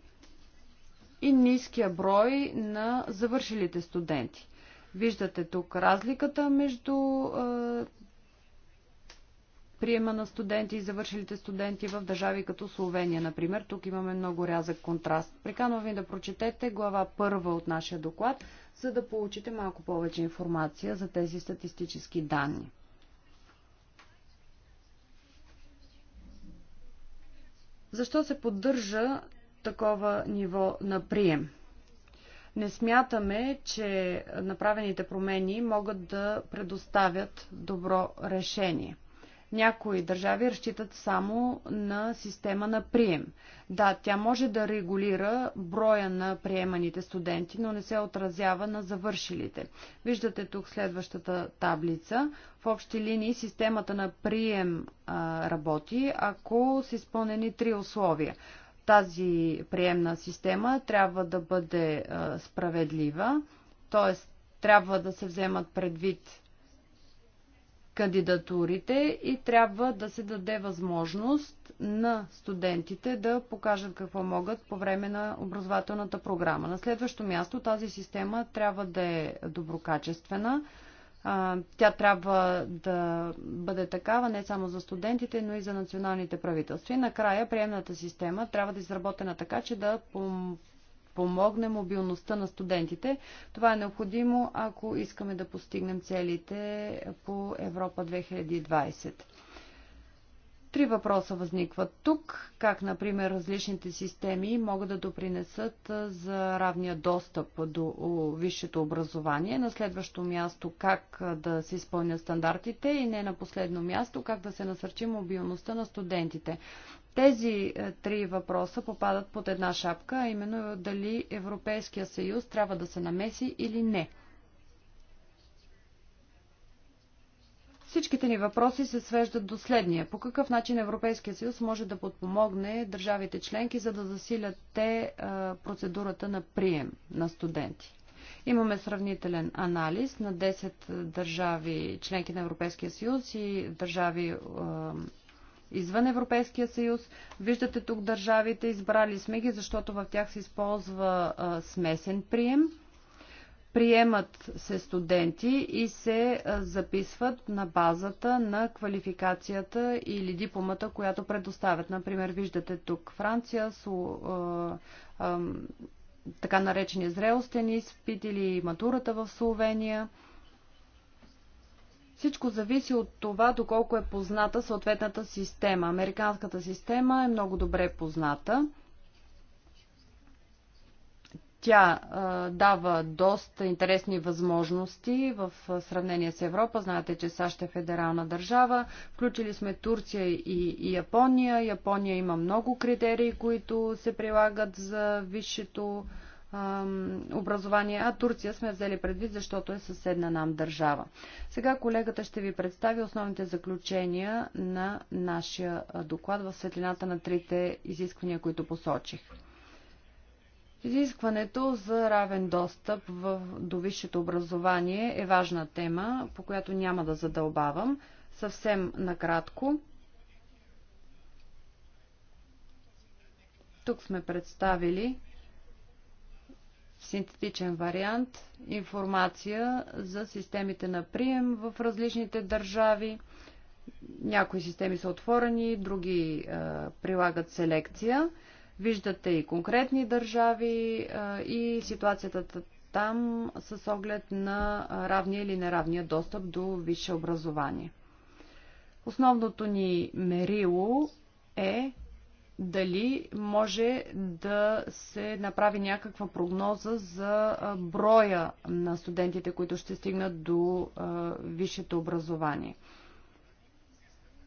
Speaker 4: и ниския брой на завършилите студенти. Виждате тук разликата между приема на студенти и завършилите студенти в държави като Словения, например. Тук имаме много рязък контраст. Приканвам ви да прочетете глава първа от нашия доклад, за да получите малко повече информация за тези статистически данни. Защо се поддържа такова ниво на прием? Не смятаме, че направените промени могат да предоставят добро решение – някои държави разчитат само на система на прием. Да, тя може да регулира броя на приеманите студенти, но не се отразява на завършилите. Виждате тук следващата таблица. В общи линии системата на прием а, работи, ако са изпълнени три условия. Тази приемна система трябва да бъде а, справедлива, т.е. трябва да се вземат предвид кандидатурите и трябва да се даде възможност на студентите да покажат какво могат по време на образователната програма. На следващо място тази система трябва да е доброкачествена. Тя трябва да бъде такава не само за студентите, но и за националните правителства. И накрая приемната система трябва да е изработена така, че да подпомогне мобилността на студентите. Това е необходимо, ако искаме да постигнем целите по Европа 2020. Три въпроса възникват тук, как, например, различните системи могат да допринесат за равния достъп до висшето образование. На следващо място, как да се изпълнят стандартите и не на последно място, как да се насърчи мобилността на студентите. Тези е, три въпроса попадат под една шапка, а именно дали Европейския съюз трябва да се намеси или не. Всичките ни въпроси се свеждат до следния. По какъв начин Европейския съюз може да подпомогне държавите членки, за да засилят те е, процедурата на прием на студенти? Имаме сравнителен анализ на 10 държави членки на Европейския съюз и държави е, извън Европейския съюз. Виждате тук държавите, избрали сме ги, защото в тях се използва а, смесен прием. Приемат се студенти и се а, записват на базата на квалификацията или дипломата, която предоставят. Например, виждате тук Франция, Су, а, така наречения зрелостен изпит или матурата в Словения – всичко зависи от това, доколко е позната съответната система. Американската система е много добре позната. Тя а, дава доста интересни възможности в сравнение с Европа. Знаете, че САЩ е федерална държава. Включили сме Турция и, и Япония. Япония има много критерии, които се прилагат за висшето образование, а Турция сме взели предвид, защото е съседна нам държава. Сега колегата ще ви представи основните заключения на нашия доклад в светлината на трите изисквания, които посочих. Изискването за равен достъп в, до висшето образование е важна тема, по която няма да задълбавам. Съвсем накратко. Тук сме представили синтетичен вариант информация за системите на прием в различните държави. Някои системи са отворени, други е, прилагат селекция. Виждате и конкретни държави е, и ситуацията там с оглед на равния или неравния достъп до висше образование. Основното ни мерило е дали може да се направи някаква прогноза за броя на студентите, които ще стигнат до висшето образование.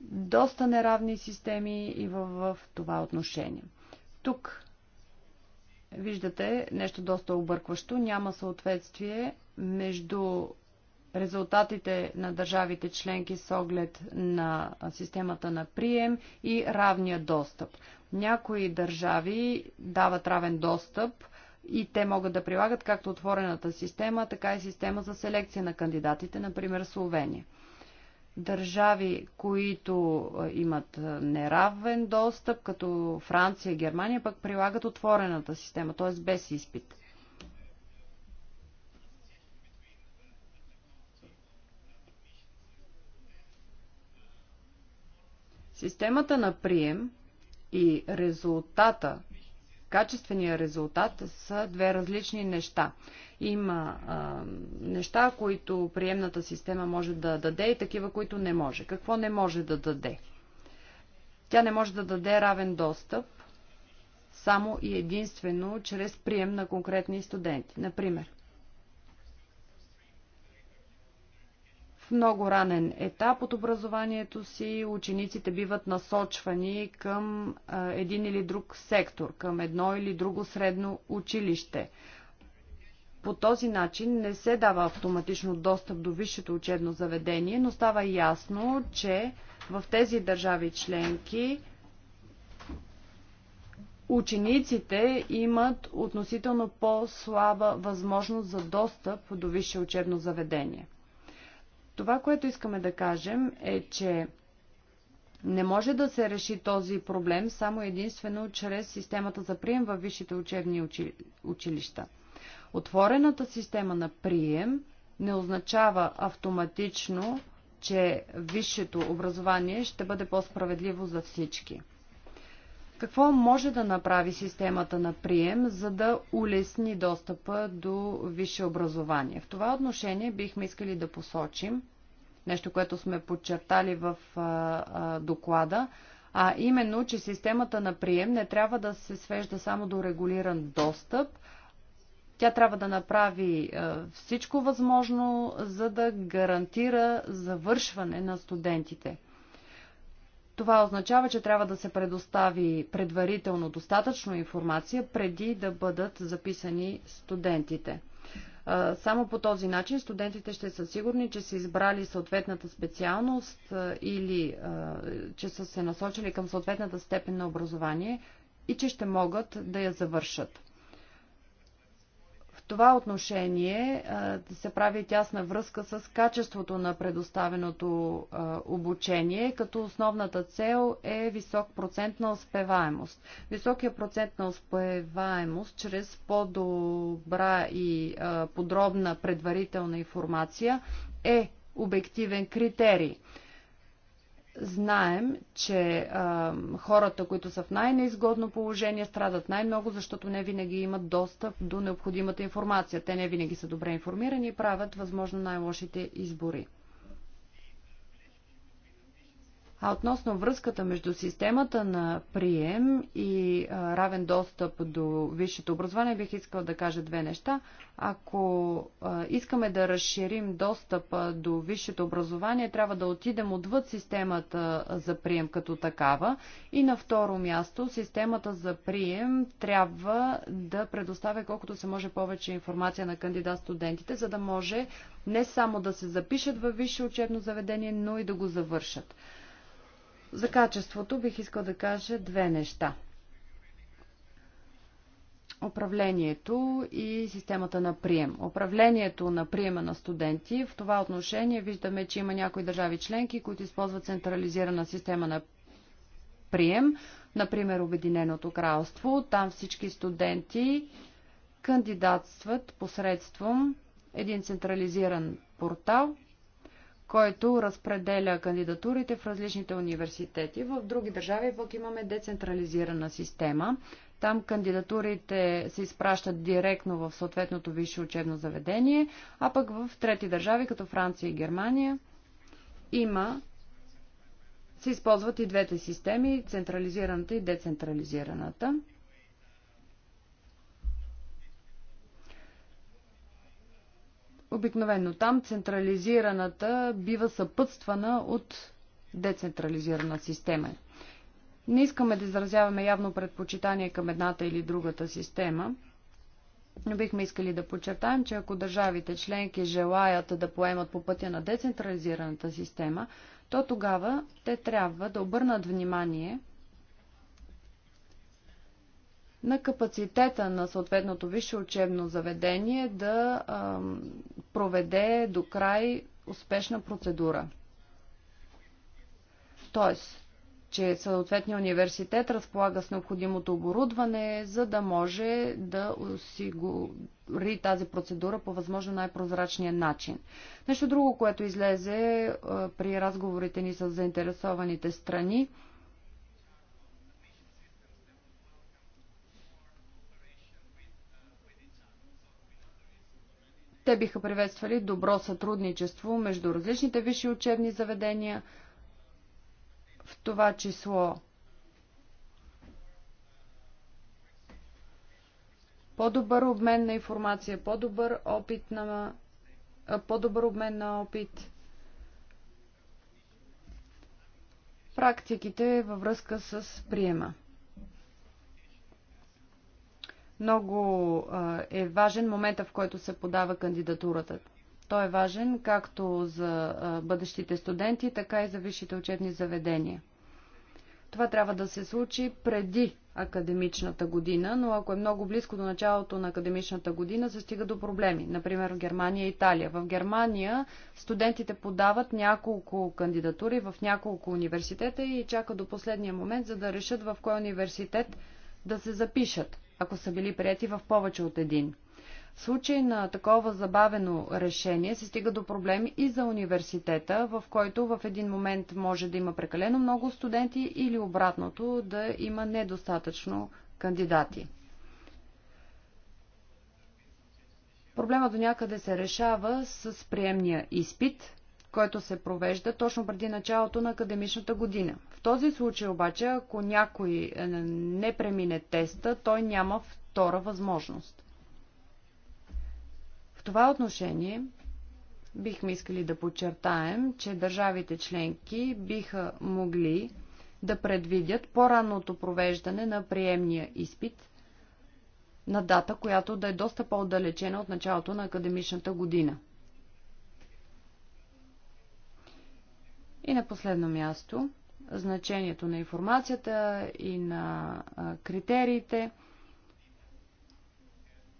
Speaker 4: Доста неравни системи и в, в това отношение. Тук виждате нещо доста объркващо. Няма съответствие между резултатите на държавите членки с оглед на системата на прием и равния достъп. Някои държави дават равен достъп и те могат да прилагат както отворената система, така и система за селекция на кандидатите, например Словения. Държави, които имат неравен достъп, като Франция и Германия, пък прилагат отворената система, т.е. без изпит. Системата на прием и резултата, качествения резултат са две различни неща. Има а, неща, които приемната система може да даде и такива, които не може. Какво не може да даде? Тя не може да даде равен достъп само и единствено чрез прием на конкретни студенти. Например, много ранен етап от образованието си учениците биват насочвани към един или друг сектор, към едно или друго средно училище. По този начин не се дава автоматично достъп до висшето учебно заведение, но става ясно, че в тези държави членки учениците имат относително по-слаба възможност за достъп до висше учебно заведение. Това, което искаме да кажем е, че не може да се реши този проблем само единствено чрез системата за прием във висшите учебни училища. Отворената система на прием не означава автоматично, че висшето образование ще бъде по-справедливо за всички. Какво може да направи системата на прием, за да улесни достъпа до висше образование? В това отношение бихме искали да посочим нещо, което сме подчертали в а, а, доклада, а именно, че системата на прием не трябва да се свежда само до регулиран достъп. Тя трябва да направи а, всичко възможно, за да гарантира завършване на студентите – това означава, че трябва да се предостави предварително достатъчно информация, преди да бъдат записани студентите. Само по този начин студентите ще са сигурни, че са избрали съответната специалност или че са се насочили към съответната степен на образование и че ще могат да я завършат това отношение се прави тясна връзка с качеството на предоставеното обучение, като основната цел е висок процент на успеваемост. Високия процент на успеваемост чрез по-добра и подробна предварителна информация е обективен критерий. Знаем, че а, хората, които са в най-неизгодно положение, страдат най-много, защото не винаги имат достъп до необходимата информация. Те не винаги са добре информирани и правят възможно най-лошите избори. А относно връзката между системата на прием и а, равен достъп до висшето образование, бих искала да кажа две неща. Ако а, искаме да разширим достъпа до висшето образование, трябва да отидем отвъд системата за прием като такава. И на второ място, системата за прием трябва да предоставя колкото се може повече информация на кандидат-студентите, за да може не само да се запишат във висше учебно заведение, но и да го завършат. За качеството бих искал да кажа две неща. Управлението и системата на прием. Управлението на приема на студенти. В това отношение виждаме, че има някои държави членки, които използват централизирана система на прием. Например, Обединеното кралство. Там всички студенти кандидатстват посредством един централизиран портал – който разпределя кандидатурите в различните университети. В други държави пък имаме децентрализирана система. Там кандидатурите се изпращат директно в съответното висше учебно заведение, а пък в трети държави, като Франция и Германия, има се използват и двете системи, централизираната и децентрализираната. Обикновено там централизираната бива съпътствана от децентрализирана система. Не искаме да изразяваме явно предпочитание към едната или другата система, но бихме искали да подчертаем, че ако държавите членки желаят да поемат по пътя на децентрализираната система, то тогава те трябва да обърнат внимание на капацитета на съответното висше учебно заведение да а, проведе до край успешна процедура. Тоест, че съответният университет разполага с необходимото оборудване, за да може да осигури тази процедура по възможно най-прозрачния начин. Нещо друго, което излезе а, при разговорите ни с заинтересованите страни – Те биха приветствали добро сътрудничество между различните висши учебни заведения, в това число по-добър обмен на информация, по-добър опит на по-добър обмен на опит. Практиките във връзка с приема. Много е важен момента, в който се подава кандидатурата. Той е важен както за бъдещите студенти, така и за висшите учебни заведения. Това трябва да се случи преди академичната година, но ако е много близко до началото на академичната година, се стига до проблеми. Например, в Германия и Италия. В Германия студентите подават няколко кандидатури в няколко университета и чакат до последния момент, за да решат в кой университет да се запишат ако са били прияти в повече от един. В случай на такова забавено решение се стига до проблеми и за университета, в който в един момент може да има прекалено много студенти или обратното да има недостатъчно кандидати. Проблема до някъде се решава с приемния изпит, който се провежда точно преди началото на академичната година. В този случай обаче, ако някой е, не премине теста, той няма втора възможност. В това отношение бихме искали да подчертаем, че държавите членки биха могли да предвидят по-ранното провеждане на приемния изпит на дата, която да е доста по-отдалечена от началото на академичната година – И на последно място, значението на информацията и на критериите.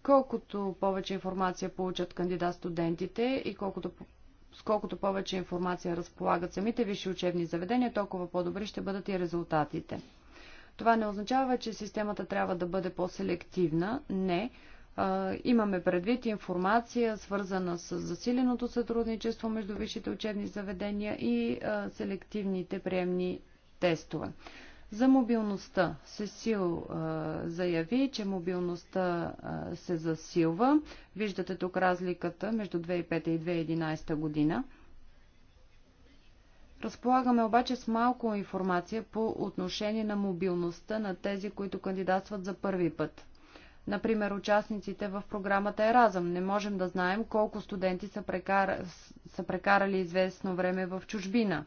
Speaker 4: Колкото повече информация получат кандидат-студентите и колкото с колкото повече информация разполагат самите висши учебни заведения, толкова по-добри ще бъдат и резултатите. Това не означава, че системата трябва да бъде по-селективна. Не. Имаме предвид информация, свързана с засиленото сътрудничество между висшите учебни заведения и селективните приемни тестове. За мобилността Сесил заяви, че мобилността се засилва. Виждате тук разликата между 2005 и 2011 година. Разполагаме обаче с малко информация по отношение на мобилността на тези, които кандидатстват за първи път. Например, участниците в програмата Еразъм. Не можем да знаем колко студенти са, прекар... са прекарали известно време в чужбина.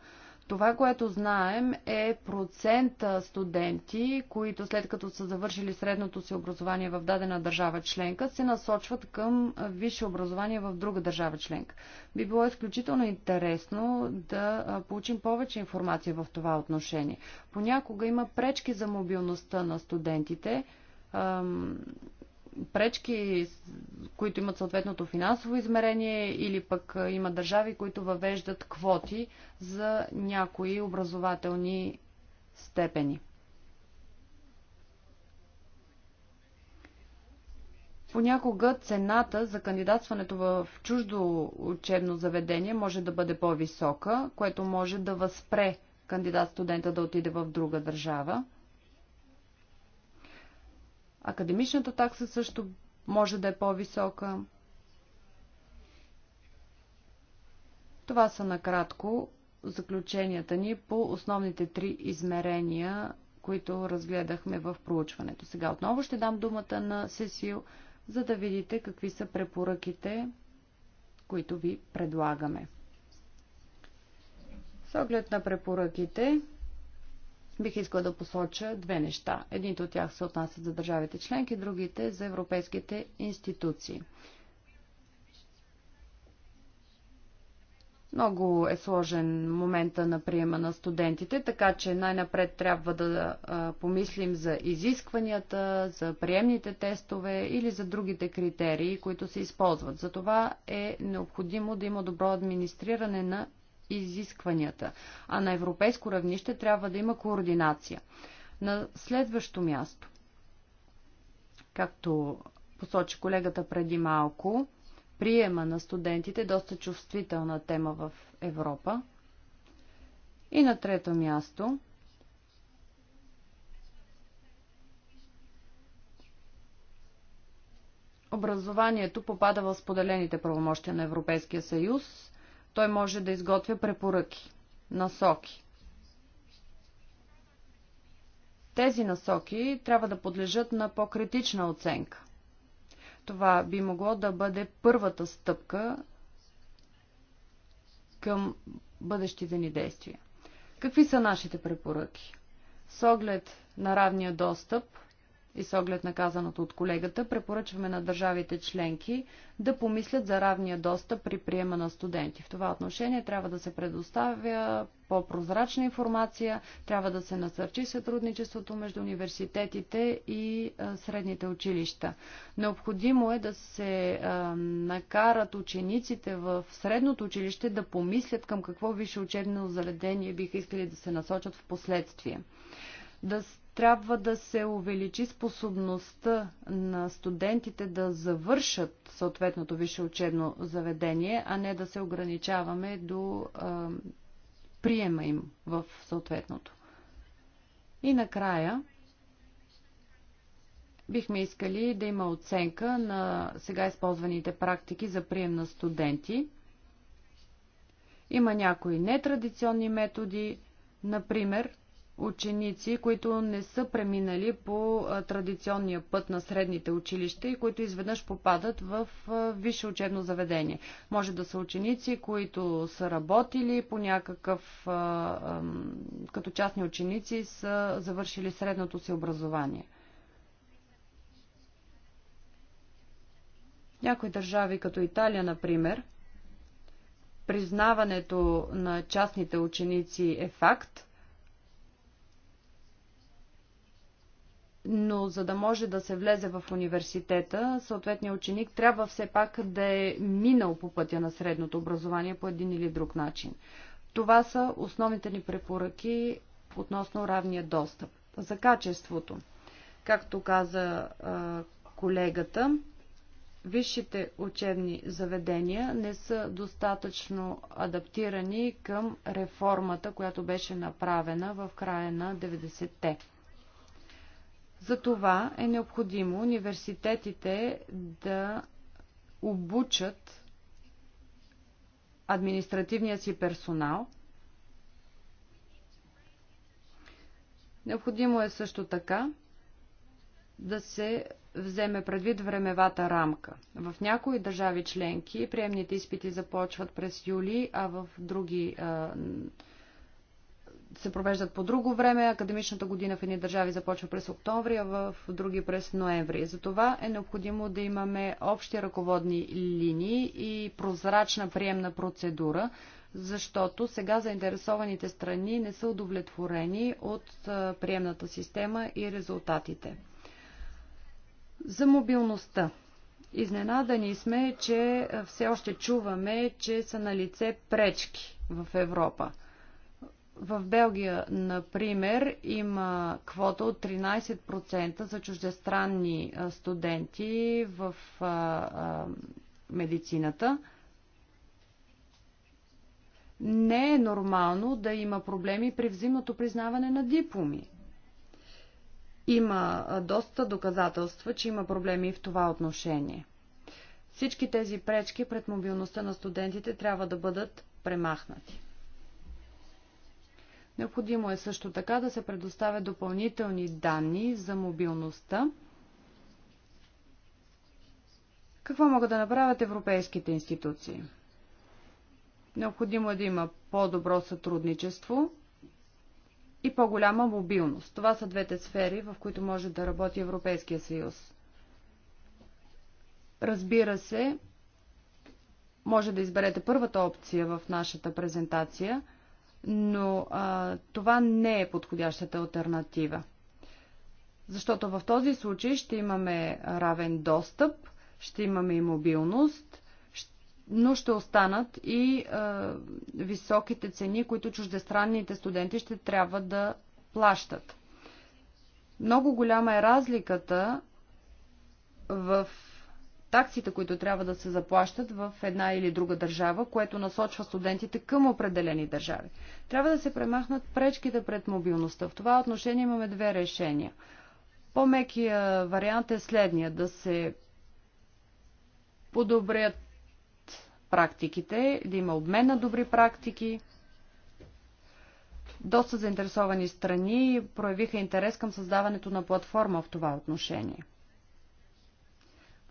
Speaker 4: Това, което знаем е процента студенти, които след като са завършили средното си образование в дадена държава членка, се насочват към висше образование в друга държава членка. Би било изключително интересно да получим повече информация в това отношение. Понякога има пречки за мобилността на студентите, пречки, които имат съответното финансово измерение или пък има държави, които въвеждат квоти за някои образователни степени. Понякога цената за кандидатстването в чуждо учебно заведение може да бъде по-висока, което може да възпре кандидат студента да отиде в друга държава. Академичната такса също може да е по-висока. Това са накратко заключенията ни по основните три измерения, които разгледахме в проучването. Сега отново ще дам думата на Сесил, за да видите какви са препоръките, които ви предлагаме. С оглед на препоръките, Бих искала да посоча две неща. Едните от тях се отнасят за държавите членки, другите за европейските институции. Много е сложен момента на приема на студентите, така че най-напред трябва да помислим за изискванията, за приемните тестове или за другите критерии, които се използват. За това е необходимо да има добро администриране на изискванията, а на европейско равнище трябва да има координация. На следващо място, както посочи колегата преди малко, приема на студентите е доста чувствителна тема в Европа. И на трето място, образованието попада в споделените правомощия на Европейския съюз – той може да изготвя препоръки, насоки. Тези насоки трябва да подлежат на по-критична оценка. Това би могло да бъде първата стъпка към бъдещите ни действия. Какви са нашите препоръки? С оглед на равния достъп и с оглед на казаното от колегата, препоръчваме на държавите членки да помислят за равния достъп при приема на студенти. В това отношение трябва да се предоставя по-прозрачна информация, трябва да се насърчи сътрудничеството между университетите и средните училища. Необходимо е да се накарат учениците в средното училище да помислят към какво висше учебно заведение биха искали да се насочат в последствие да трябва да се увеличи способността на студентите да завършат съответното висше учебно заведение, а не да се ограничаваме до а, приема им в съответното. И накрая бихме искали да има оценка на сега използваните практики за прием на студенти. Има някои нетрадиционни методи, например ученици, които не са преминали по традиционния път на средните училища и които изведнъж попадат в висше учебно заведение. Може да са ученици, които са работили по някакъв, като частни ученици, са завършили средното си образование. Някои държави, като Италия, например, признаването на частните ученици е факт – но за да може да се влезе в университета, съответният ученик трябва все пак да е минал по пътя на средното образование по един или друг начин. Това са основните ни препоръки относно равния достъп. За качеството, както каза а, колегата, висшите учебни заведения не са достатъчно адаптирани към реформата, която беше направена в края на 90-те. За това е необходимо университетите да обучат административния си персонал. Необходимо е също така да се вземе предвид времевата рамка. В някои държави членки приемните изпити започват през юли, а в други се провеждат по друго време. Академичната година в едни държави започва през октомври, а в други през ноември. Затова е необходимо да имаме общи ръководни линии и прозрачна приемна процедура, защото сега заинтересованите страни не са удовлетворени от приемната система и резултатите. За мобилността. Изненадани сме, че все още чуваме, че са на лице пречки в Европа – в Белгия, например, има квота от 13% за чуждестранни студенти в медицината. Не е нормално да има проблеми при взимато признаване на дипломи. Има доста доказателства, че има проблеми в това отношение. Всички тези пречки пред мобилността на студентите трябва да бъдат премахнати. Необходимо е също така да се предоставят допълнителни данни за мобилността. Какво могат да направят европейските институции? Необходимо е да има по-добро сътрудничество и по-голяма мобилност. Това са двете сфери, в които може да работи Европейския съюз. Разбира се, може да изберете първата опция в нашата презентация – но а, това не е подходящата альтернатива. Защото в този случай ще имаме равен достъп, ще имаме и мобилност, но ще останат и а, високите цени, които чуждестранните студенти ще трябва да плащат. Много голяма е разликата в таксите, които трябва да се заплащат в една или друга държава, което насочва студентите към определени държави. Трябва да се премахнат пречките пред мобилността. В това отношение имаме две решения. По-мекия вариант е следния да се подобрят практиките, да има обмен на добри практики. Доста заинтересовани страни проявиха интерес към създаването на платформа в това отношение.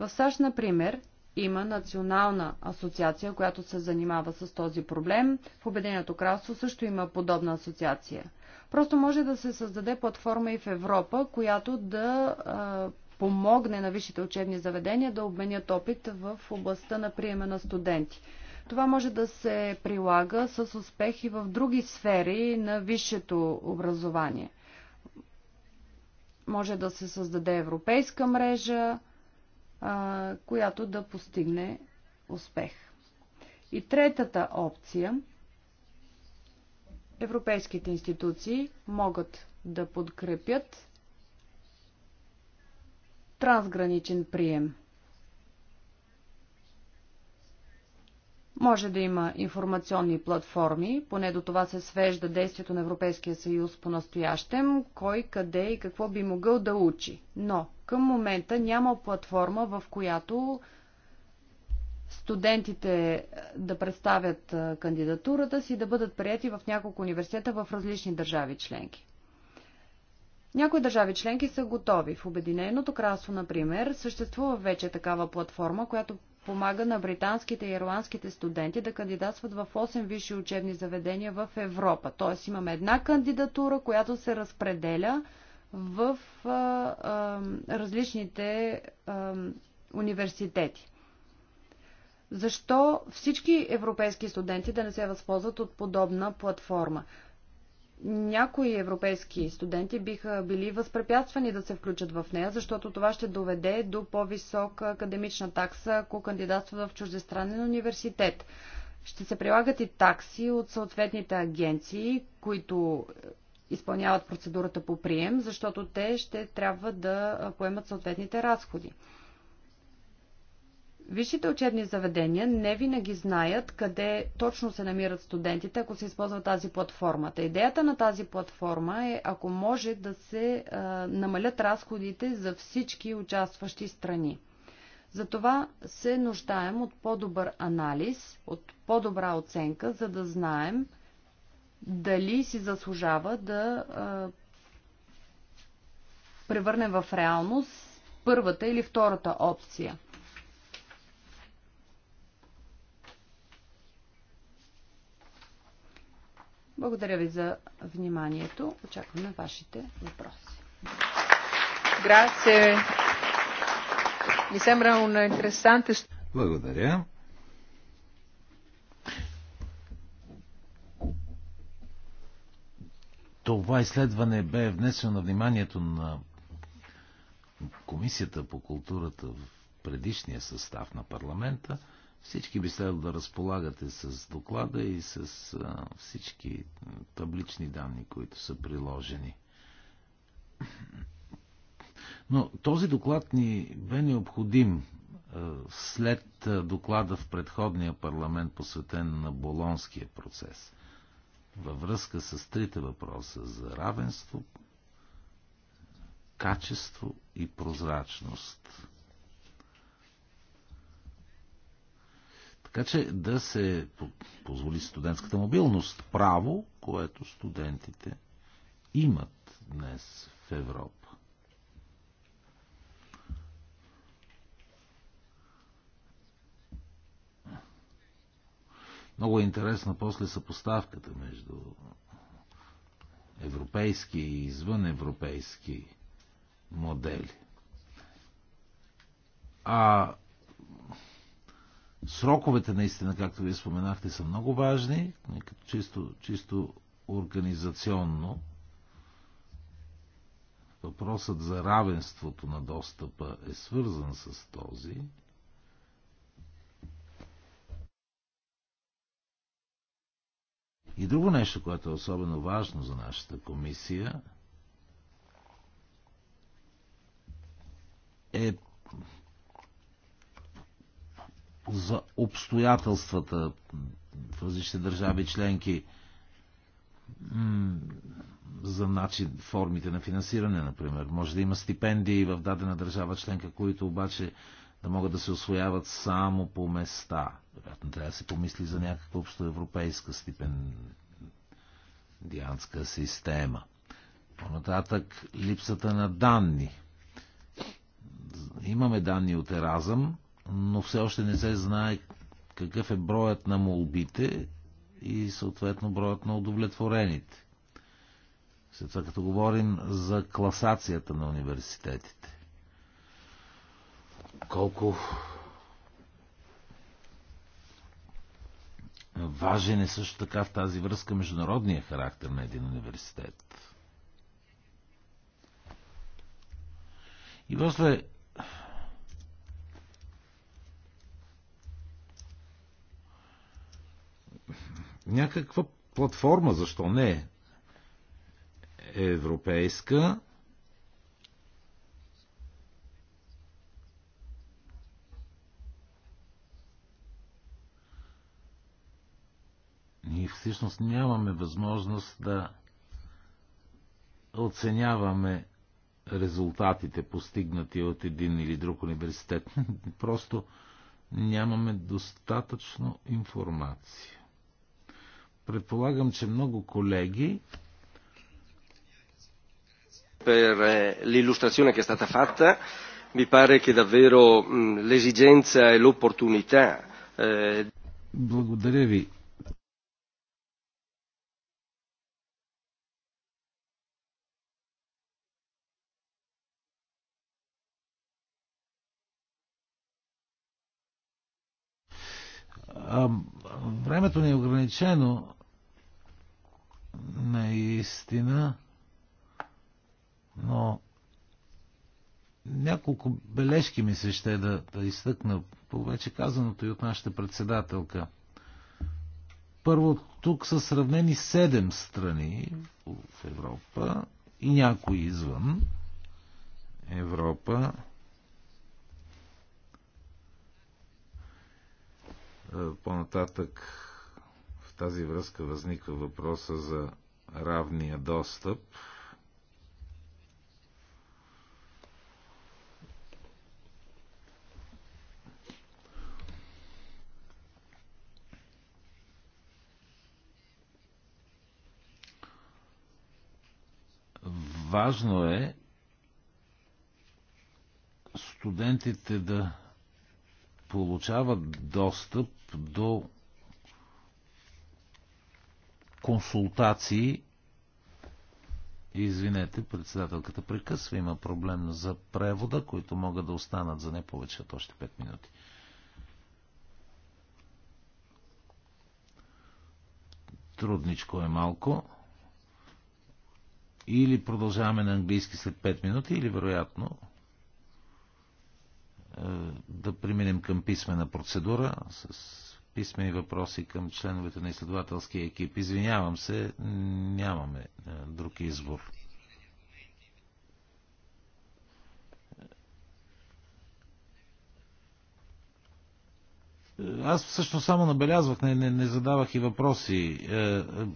Speaker 4: В САЩ, например, има национална асоциация, която се занимава с този проблем. В Обединеното кралство също има подобна асоциация. Просто може да се създаде платформа и в Европа, която да а, помогне на висшите учебни заведения да обменят опит в областта на приема на студенти. Това може да се прилага с успехи в други сфери на висшето образование. Може да се създаде европейска мрежа, която да постигне успех. И третата опция европейските институции могат да подкрепят трансграничен прием – Може да има информационни платформи, поне до това се свежда действието на Европейския съюз по настоящем, кой, къде и какво би могъл да учи. Но към момента няма платформа, в която студентите да представят кандидатурата си да бъдат прияти в няколко университета в различни държави членки. Някои държави членки са готови. В Обединеното кралство, например, съществува вече такава платформа, която помага на британските и ирландските студенти да кандидатстват в 8 висши учебни заведения в Европа. Тоест имаме една кандидатура, която се разпределя в а, а, различните а, университети. Защо всички европейски студенти да не се възползват от подобна платформа? някои европейски студенти биха били възпрепятствани да се включат в нея, защото това ще доведе до по-висока академична такса, ако кандидатства в чуждестранен университет. Ще се прилагат и такси от съответните агенции, които изпълняват процедурата по прием, защото те ще трябва да поемат съответните разходи. Висшите учебни заведения не винаги знаят къде точно се намират студентите, ако се използва тази платформа. Идеята на тази платформа е, ако може да се а, намалят разходите за всички участващи страни. Затова се нуждаем от по-добър анализ, от по-добра оценка, за да знаем дали си заслужава да а, превърнем в реалност първата или втората опция – Благодаря ви за вниманието. Очакваме вашите въпроси.
Speaker 2: Благодаря. Това изследване бе внесено на вниманието на Комисията по културата в предишния състав на парламента – всички би следвало да разполагате с доклада и с всички таблични данни, които са приложени. Но този доклад ни бе необходим след доклада в предходния парламент, посветен на Болонския процес, във връзка с трите въпроса за равенство, качество и прозрачност. Така че да се позволи студентската мобилност, право, което студентите имат днес в Европа. Много е интересна после съпоставката между европейски и извъневропейски модели. А Сроковете наистина, както вие споменахте, са много важни, чисто, чисто организационно. Въпросът за равенството на достъпа е свързан с този. И друго нещо, което е особено важно за нашата комисия, е за обстоятелствата в различни държави членки за начин, формите на финансиране, например. Може да има стипендии в дадена държава членка, които обаче да могат да се освояват само по места. Вероятно трябва да се помисли за някаква общоевропейска стипендианска система. По-нататък липсата на данни. Имаме данни от Еразъм, но все още не се знае какъв е броят на молбите и съответно броят на удовлетворените. След това като говорим за класацията на университетите. Колко важен е също така в тази връзка международния характер на един университет. И после някаква платформа, защо не европейска, Ние всъщност нямаме възможност да оценяваме резултатите, постигнати от един или друг университет. <laughs> Просто нямаме достатъчно информация. Предполагам, че много колеги
Speaker 6: per l'illustrazione che è stata fatta. Mi pare che davvero l'esigenza e l'opportunità.
Speaker 2: Благодаря Um, времето ни е ограничено. Наистина. Но няколко бележки ми се ще е да, да изтъкна по вече казаното и от нашата председателка. Първо, тук са сравнени седем страни в Европа и някои извън Европа. Е, по-нататък в тази връзка възниква въпроса за равния достъп. Важно е студентите да получават достъп до консултации. Извинете, председателката прекъсва. Има проблем за превода, които могат да останат за не повече от още 5 минути. Трудничко е малко. Или продължаваме на английски след 5 минути, или вероятно е, да преминем към писмена процедура с писмени въпроси към членовете на изследователския екип. Извинявам се, нямаме е, друг избор. Е, аз всъщност само набелязвах, не, не, не задавах и въпроси.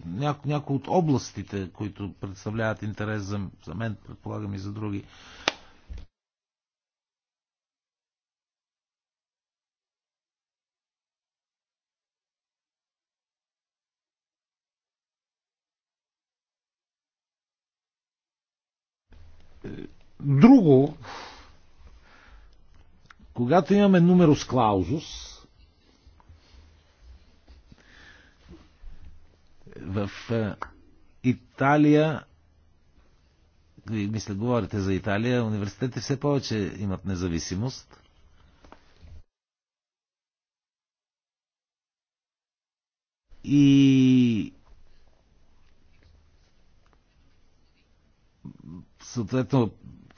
Speaker 2: Няко, някои от областите, които представляват интерес за, за мен, предполагам и за други, Друго, когато имаме нумерус клаузус, в е, Италия, мисля, говорите за Италия, университетите все повече имат независимост. И съответно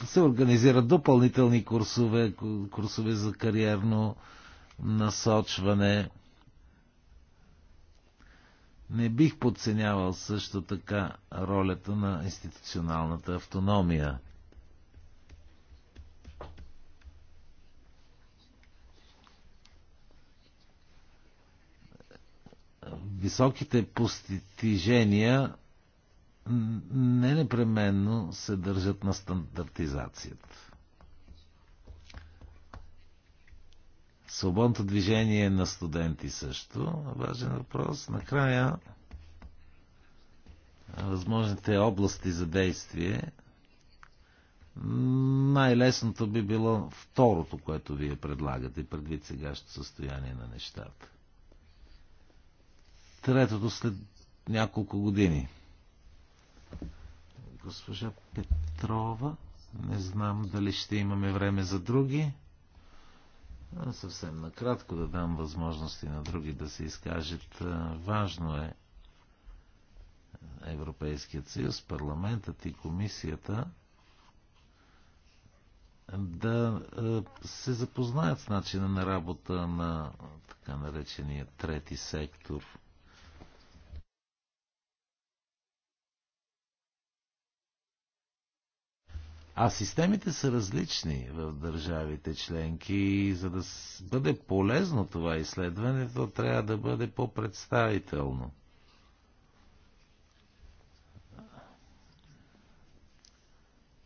Speaker 2: се организират допълнителни курсове, курсове за кариерно насочване. Не бих подценявал също така ролята на институционалната автономия. Високите постижения не непременно се държат на стандартизацията. Свободното движение на студенти също е важен въпрос. Накрая възможните области за действие. Най-лесното би било второто, което вие предлагате, предвид сегашното състояние на нещата. Третото след няколко години – Госпожа Петрова. Не знам дали ще имаме време за други. съвсем накратко да дам възможности на други да се изкажат. Важно е Европейският съюз, парламентът и комисията да се запознаят с начина на работа на така наречения трети сектор. А системите са различни в държавите членки и за да бъде полезно това изследване, то трябва да бъде по-представително.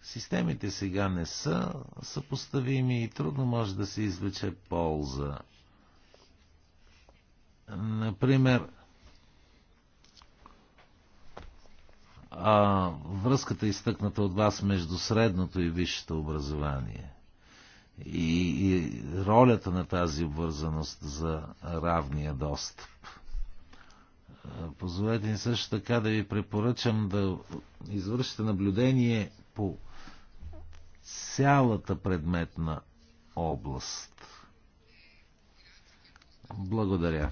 Speaker 2: Системите сега не са съпоставими и трудно може да се извлече полза. Например, а, връзката е изтъкната от вас между средното и висшето образование и, и ролята на тази обвързаност за равния достъп. Позволете ни също така да ви препоръчам да извършите наблюдение по цялата предметна област. Благодаря.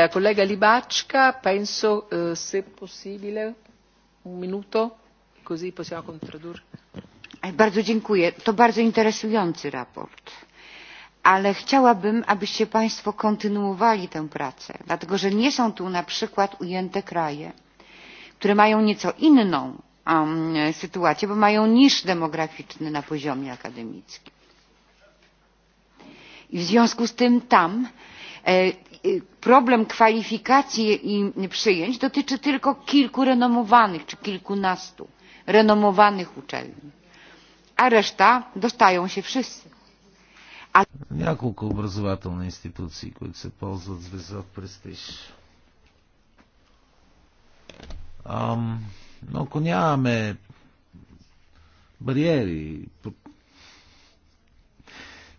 Speaker 1: La collega Libacca, penso, eh, se possibile, un minuto,
Speaker 4: così possiamo contraddurre. Bardzo dziękuję. To bardzo interesujący raport. Ale chciałabym, abyście Państwo kontynuowali tę pracę, dlatego że nie są tu na przykład ujęte kraje, które mają nieco inną sytuację, bo mają niż demograficzny na poziomie akademickim. I w związku z tym tam problem kwalifikacji i przyjęć dotyczy tylko kilku renomowanych czy kilkunastu renomowanych uczelni a reszta dostają się wszyscy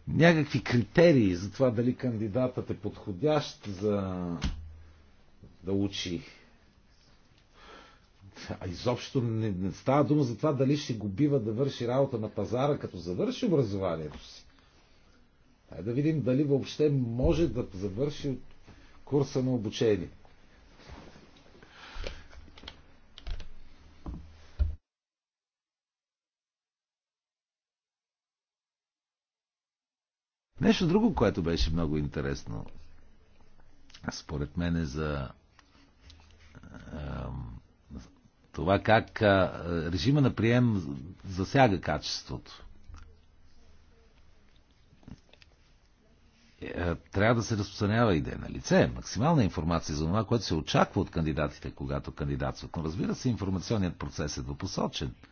Speaker 2: някакви критерии за това дали кандидатът е подходящ за да учи. А изобщо не, не става дума за това дали ще го бива да върши работа на пазара, като завърши образованието си. Ай да видим дали въобще може да завърши курса на обучение. Нещо друго, което беше много интересно, според мен е за е, това как е, режима на прием засяга качеството. Е, трябва да се разпространява и да е на лице максимална информация за това, което се очаква от кандидатите, когато кандидатстват. Но разбира се, информационният процес е двупосочен –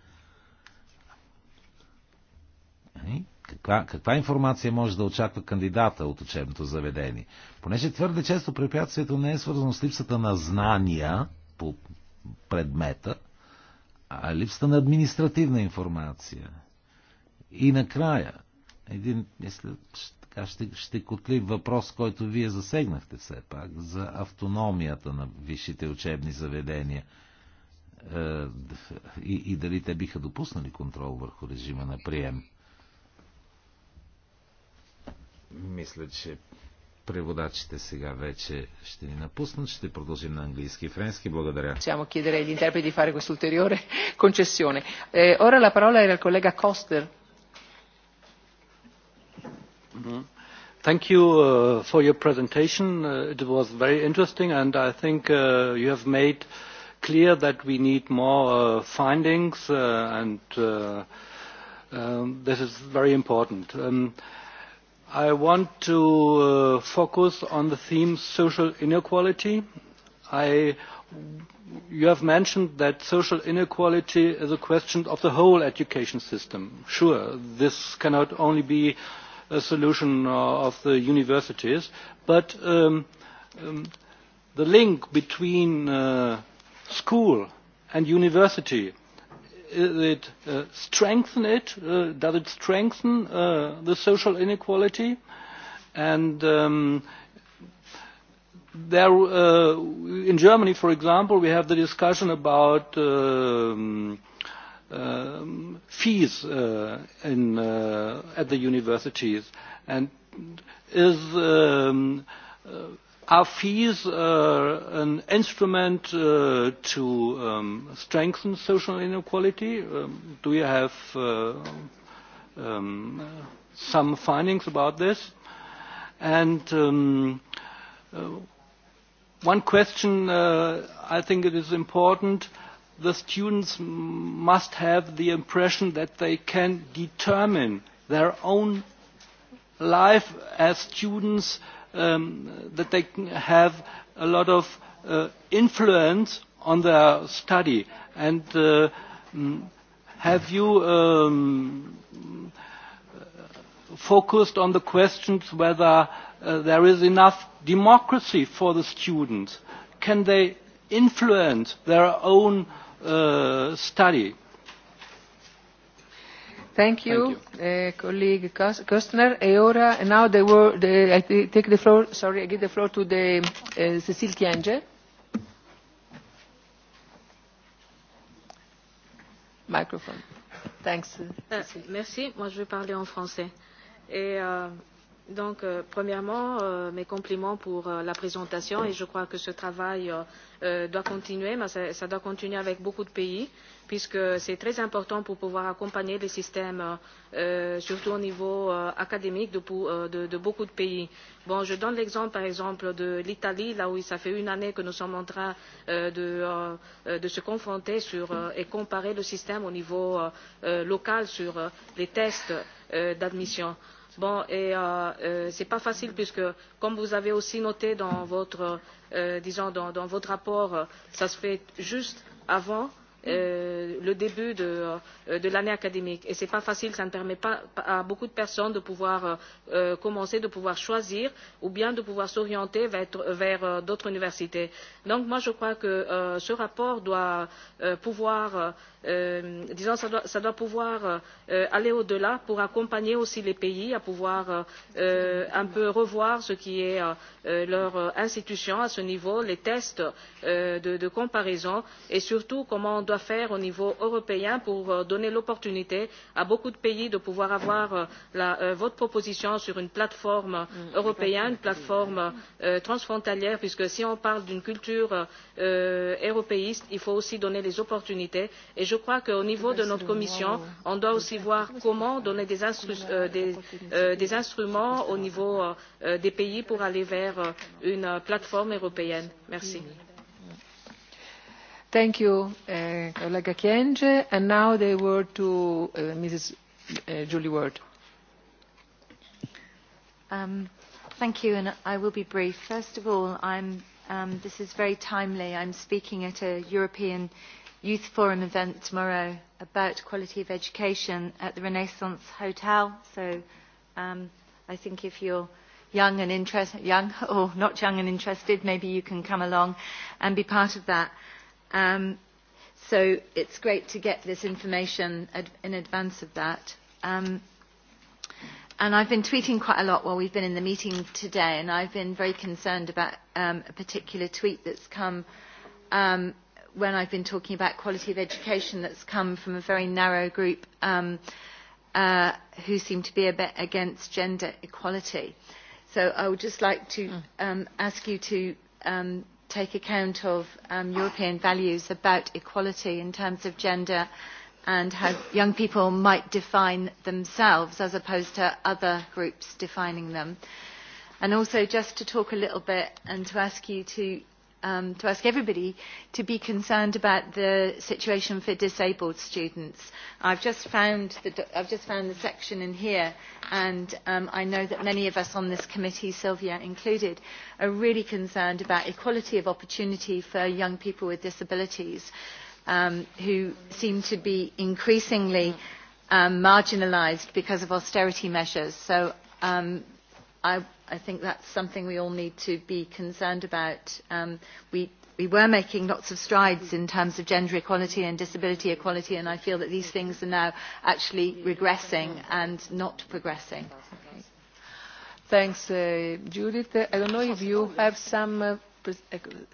Speaker 2: Нали? Каква, каква информация може да очаква кандидата от учебното заведение? Понеже твърде често препятствието не е свързано с липсата на знания по предмета, а липсата на административна информация. И накрая, един, мисля, така ще, ще котлив въпрос, който вие засегнахте все пак, за автономията на висшите учебни заведения е, и, и дали те биха допуснали контрол върху режима на прием. Мисля, че преводачите сега вече ще ни напуснат. Ще продължим на английски и френски. Благодаря.
Speaker 1: Possiamo chiedere agli interpreti di fare questa ulteriore concessione. Eh, ora la parola era al collega Koster.
Speaker 6: Thank you uh, for your presentation. Uh, it was very interesting and I think uh, you have made clear that we need more uh, findings uh, and uh, um, this is very important. Um, I want to focus on the theme social inequality. I, you have mentioned that social inequality is a question of the whole education system. Sure, this cannot only be a solution of the universities, but um, um, the link between uh, school and university it strengthen it? does it strengthen uh the social inequality? And um there, uh, in Germany, for example, we have the discussion about um, um, fees uh, in, uh, at the universities. And is um, uh, Are fees an instrument to strengthen social inequality? do you have some findings about this? And one question I think it is important the students must have the impression that they can determine their own life as students that they have a lot of uh, influence on their study. And uh, have you um, focused on the questions whether uh, there is enough democracy for the students? Can they influence their own uh, study?
Speaker 1: Thank you, uh, colleague Kostner. Eora, and now the word, uh, I take the floor, sorry, I give the floor to the uh, Cecile Kienge. Microphone. Thanks. Uh,
Speaker 7: merci. Moi, je vais parler en français. Et euh, Donc, euh, premièrement, euh, mes compliments pour euh, la présentation et je crois que ce travail euh, doit continuer, mais ça, ça doit continuer avec beaucoup de pays, puisque c'est très important pour pouvoir accompagner les systèmes, euh, surtout au niveau euh, académique de, de, de beaucoup de pays. Bon, je donne l'exemple, par exemple, de l'Italie, là où ça fait une année que nous sommes en train euh, de, euh, de se confronter sur, euh, et comparer le système au niveau euh, local sur euh, les tests euh, d'admission. Euh, Bon, et euh, c'est pas facile puisque, comme vous avez aussi noté dans votre, disons dans, dans votre rapport, ça se fait juste avant le début de, l'année académique. Et ce n'est pas facile, ça ne permet pas à beaucoup de personnes de pouvoir commencer, de pouvoir choisir ou bien de pouvoir s'orienter vers, d'autres universités. Donc moi je crois que ce rapport doit pouvoir, disons, ça doit, ça doit pouvoir aller au-delà pour accompagner aussi les pays à pouvoir un peu revoir ce qui est leur institution à ce niveau, les tests de, de comparaison et surtout comment on doit faire au niveau européen pour donner l'opportunité à beaucoup de pays de pouvoir avoir votre proposition sur une plateforme européenne, une plateforme transfrontalière, puisque si on parle d'une culture européiste, il faut aussi donner les opportunités. Et je crois qu'au niveau de notre commission, on doit aussi voir comment donner des, instruments au niveau des pays pour aller vers une plateforme européenne. Merci.
Speaker 1: Thank you, uh, collega Kienge. And now the word to uh, Mrs. Julie Ward.
Speaker 5: Um, thank you, and I will be brief. First of all, I'm, um, this is very timely. I'm speaking at a European Youth Forum event tomorrow about quality of education at the Renaissance Hotel. So um, I think if you're young and interested, young or not young and interested, maybe you can come along and be part of that. Um, so it's great to get this information ad in advance of that. Um, and I've been tweeting quite a lot while we've been in the meeting today, and I've been very concerned about um, a particular tweet that's come um, when I've been talking about quality of education that's come from a very narrow group um, uh, who seem to be a bit against gender equality. So I would just like to um, ask you to um, take account of um, European values about equality in terms of gender and how young people might define themselves as opposed to other groups defining them. And also just to talk a little bit and to ask you to um, to ask everybody to be concerned about the situation for disabled students. I've just found the, I've just found the section in here, and um, I know that many of us on this committee, Sylvia included, are really concerned about equality of opportunity for young people with disabilities um, who seem to be increasingly um, marginalised because of austerity measures. So um, I, I think that's something we all need to be concerned about. Um, we, we were making lots of strides in terms of gender equality and disability equality, and I feel that these things are now actually regressing and not progressing. Thanks, uh, Judith. I don't know if you have some, uh,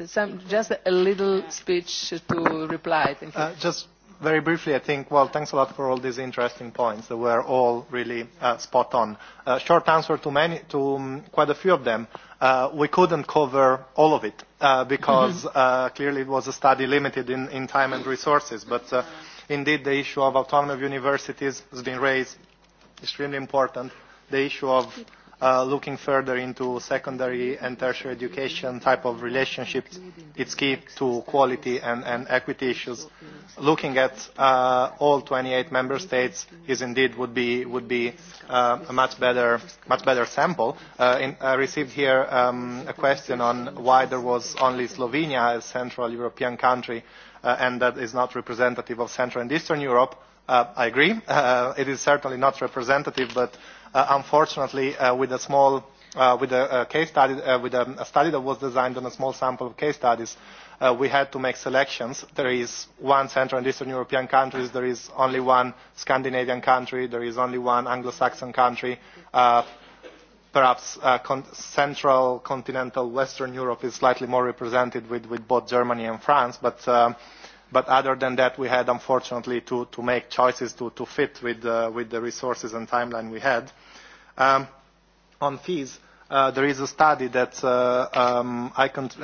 Speaker 5: some
Speaker 1: just
Speaker 8: a little speech to reply. Thank you. Uh, just very briefly, I think, well, thanks a lot for all these interesting points that were all really uh, spot on. Uh, short answer to many, to um, quite a few of them. Uh, we couldn't cover all of it uh, because uh, clearly it was a study limited in, in time and resources. But uh, indeed, the issue of autonomy of universities has been raised, extremely important. The issue of looking further into secondary and tertiary education type of relationships, it's key to quality and, and equity issues. Looking at uh, all 28 member states is indeed would be would be uh, a much better much better sample. Uh, in, I received here um, a question on why there was only Slovenia as Central European country uh, and that is not representative of Central and Eastern Europe. Uh, I agree. Uh, it is certainly not representative, but uh, unfortunately, uh, with a small uh, with a, a case study, uh, with a, a study that was designed on a small sample of case studies, uh, we had to make selections. There is one Central and Eastern European country, there is only one Scandinavian country, there is only one Anglo-Saxon country. Uh, perhaps uh, con Central, Continental, Western Europe is slightly more represented with, with both Germany and France, but uh, but other than that, we had unfortunately to, to make choices to, to fit with, uh, with the resources and timeline we had. Um, on fees, uh, there is a study that uh, um,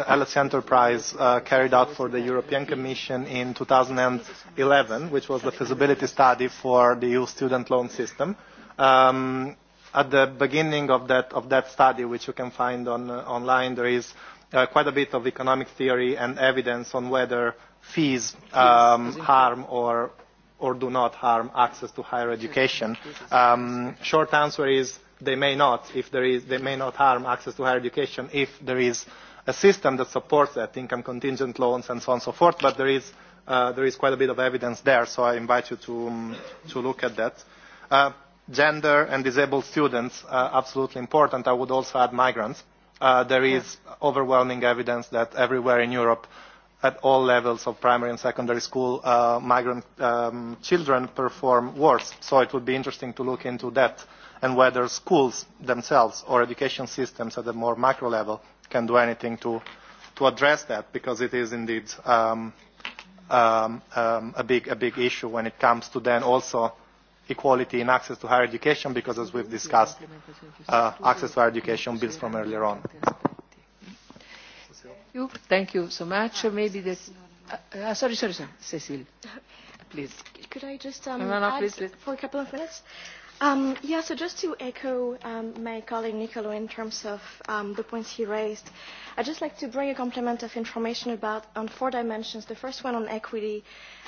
Speaker 8: Alice Enterprise uh, carried out for the European Commission in 2011, which was the feasibility study for the EU student loan system. Um, at the beginning of that, of that study, which you can find on, uh, online, there is uh, quite a bit of economic theory and evidence on whether fees um, harm or, or do not harm access to higher education. Um, short answer is they may not if there is they may not harm access to higher education if there is a system that supports that income contingent loans and so on and so forth but there is uh, there is quite a bit of evidence there so i invite you to um, to look at that uh, gender and disabled students uh, absolutely important i would also add migrants uh, there is overwhelming evidence that everywhere in europe at all levels of primary and secondary school, uh, migrant um, children perform worse. So it would be interesting to look into that and whether schools themselves or education systems at a more macro level can do anything to, to address that because it is indeed um, um, um, a, big, a big issue when it comes to then also equality in access to higher education because as we've discussed, uh, access to higher education builds from earlier on.
Speaker 1: You, thank you so much. Uh, Maybe this, uh, sorry, sorry, sorry, Cecile, please.
Speaker 9: Could I just um, no, no, no, add please, please. for a couple of minutes? Um, yeah, so just to echo um, my colleague Nicolo in terms of um, the points he raised, I'd just like to bring a complement of information about on four dimensions. The first one on equity,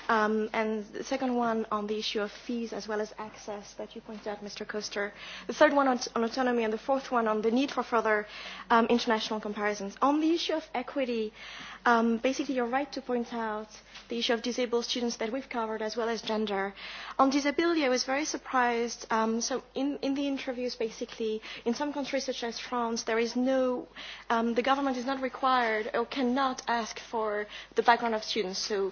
Speaker 9: Um, and the second one on the issue of fees as well as access that you pointed out, Mr. Koester. The third one on, on autonomy and the fourth one on the need for further um, international comparisons. On the issue of equity, um, basically you're right to point out the issue of disabled students that we've covered as well as gender. On disability, I was very surprised. Um, so in, in the interviews, basically, in some countries such as France, there is no, um, the government is not required or cannot ask for the background of students. So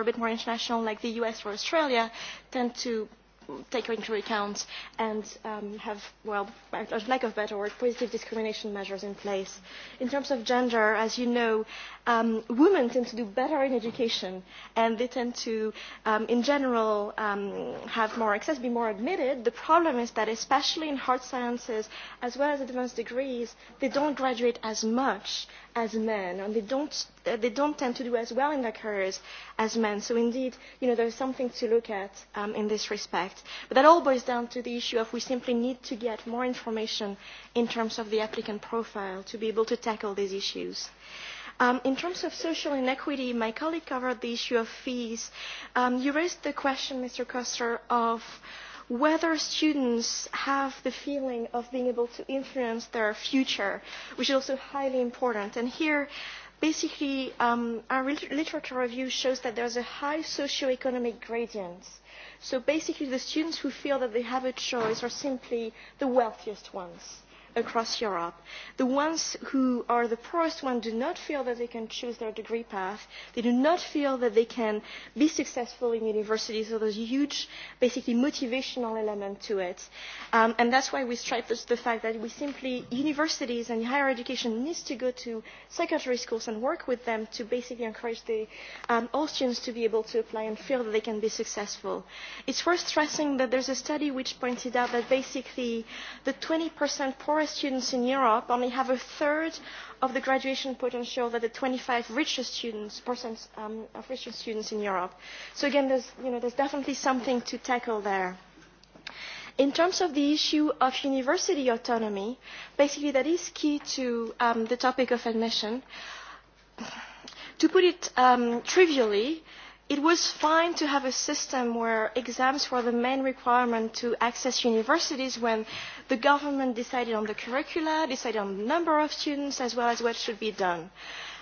Speaker 9: are a bit more international, like the US or Australia, tend to take into account and um, have, well, lack of better word, positive discrimination measures in place. In terms of gender, as you know, um, women tend to do better in education and they tend to, um, in general, um, have more access, be more admitted. The problem is that especially in hard sciences, as well as advanced degrees, they don't graduate as much as men and they don't they don't tend to do as well in their careers as men. So indeed, you know, there's something to look at um, in this respect. But that all boils down to the issue of we simply need to get more information in terms of the applicant profile to be able to tackle these issues. Um, in terms of social inequity, my colleague covered the issue of fees. Um, you raised the question, Mr. Koster, of whether students have the feeling of being able to influence their future, which is also highly important. And here, Basically, um, our literature review shows that there's a high socio-economic gradient. So basically, the students who feel that they have a choice are simply the wealthiest ones across Europe. The ones who are the poorest ones do not feel that they can choose their degree path. They do not feel that they can be successful in university. So there's a huge, basically, motivational element to it. Um, and that's why we strive the fact that we simply, universities and higher education needs to go to secondary schools and work with them to basically encourage the, um, all students to be able to apply and feel that they can be successful. It's worth stressing that there's a study which pointed out that basically the 20% poorest students in Europe only have a third of the graduation potential that the 25 richest students, percent um, of richest students in Europe. So again, there's, you know, there's definitely something to tackle there. In terms of the issue of university autonomy, basically that is key to um, the topic of admission. To put it um, trivially, it was fine to have a system where exams were the main requirement to access universities when the government decided on the curricula, decided on the number of students, as well as what should be done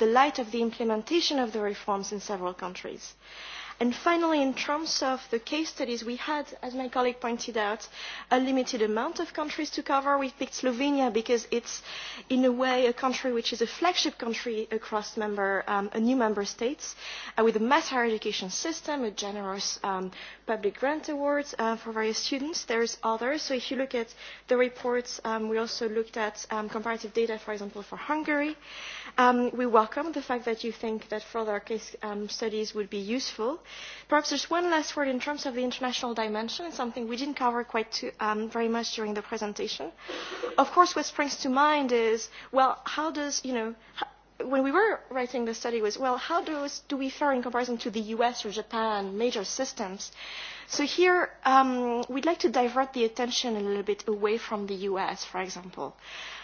Speaker 9: the light of the implementation of the reforms in several countries. And finally, in terms of the case studies, we had, as my colleague pointed out, a limited amount of countries to cover. We picked Slovenia because it is, in a way, a country which is a flagship country across member, um, a new member states, uh, with a mass higher education system, a generous um, public grant awards uh, for various students. There is others. So if you look at the reports, um, we also looked at um, comparative data, for example, for Hungary. Um, we welcome the fact that you think that further case um, studies would be useful Perhaps there's one last word in terms of the international dimension, something we didn't cover quite too, um, very much during the presentation. Of course, what springs to mind is, well, how does, you know, when we were writing the study was, well, how does, do we fare in comparison to the US or Japan, major systems? So here, um, we'd like to divert the attention a little bit away from the US, for example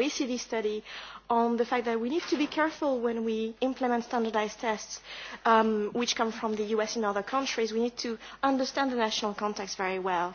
Speaker 9: OECD study on the fact that we need to be careful when we implement standardized tests um, which come from the US and other countries. We need to understand the national context very well.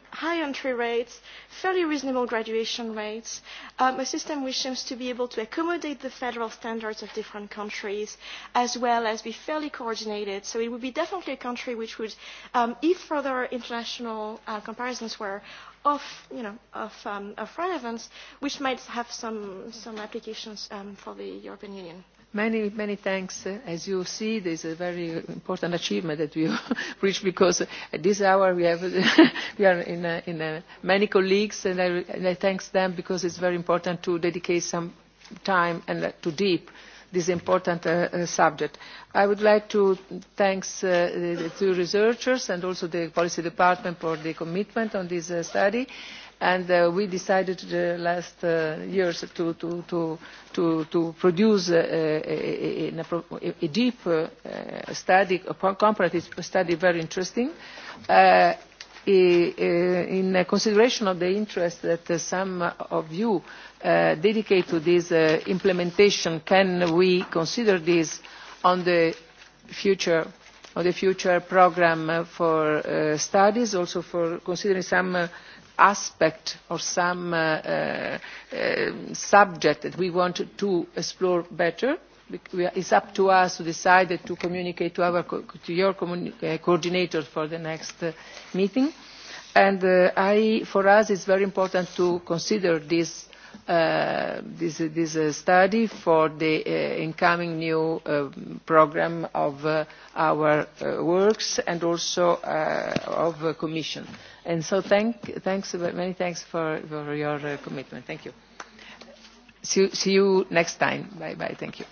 Speaker 9: high entry rates, fairly reasonable graduation rates, um, a system which seems to be able to accommodate the federal standards of different countries, as well as be fairly coordinated. So it would be definitely a country which would, um, if further international uh, comparisons were of, you know, of, um, of relevance, which might have some, some applications um, for the European Union
Speaker 1: Many, many thanks. As you see, this is a very important achievement that we reached because at this hour we, have, we are in, uh, in uh, many colleagues and I, and I thank them because it's very important to dedicate some time and to deep this important uh, subject. I would like to thank uh, the two researchers and also the policy department for the commitment on this uh, study and we decided the last uh years to to to to to produce a a deep study, a comparative study, very interesting, in consideration of the interest that some of you uh dedicate to this uh implementation, can we consider this on the future on the future program for uh, studies, also for considering some uh, aspect or some subject that we want to explore better. It is up to us to decide and to communicate to, our, to your coordinator for the next meeting. And I, for us, it's very important to consider this this, this uh, study for the uh, incoming new uh, program of uh, our uh, works and also uh, of the Commission And so thank, thanks, many thanks for, for your uh, commitment. Thank you. See, see you next time. Bye bye. Thank you.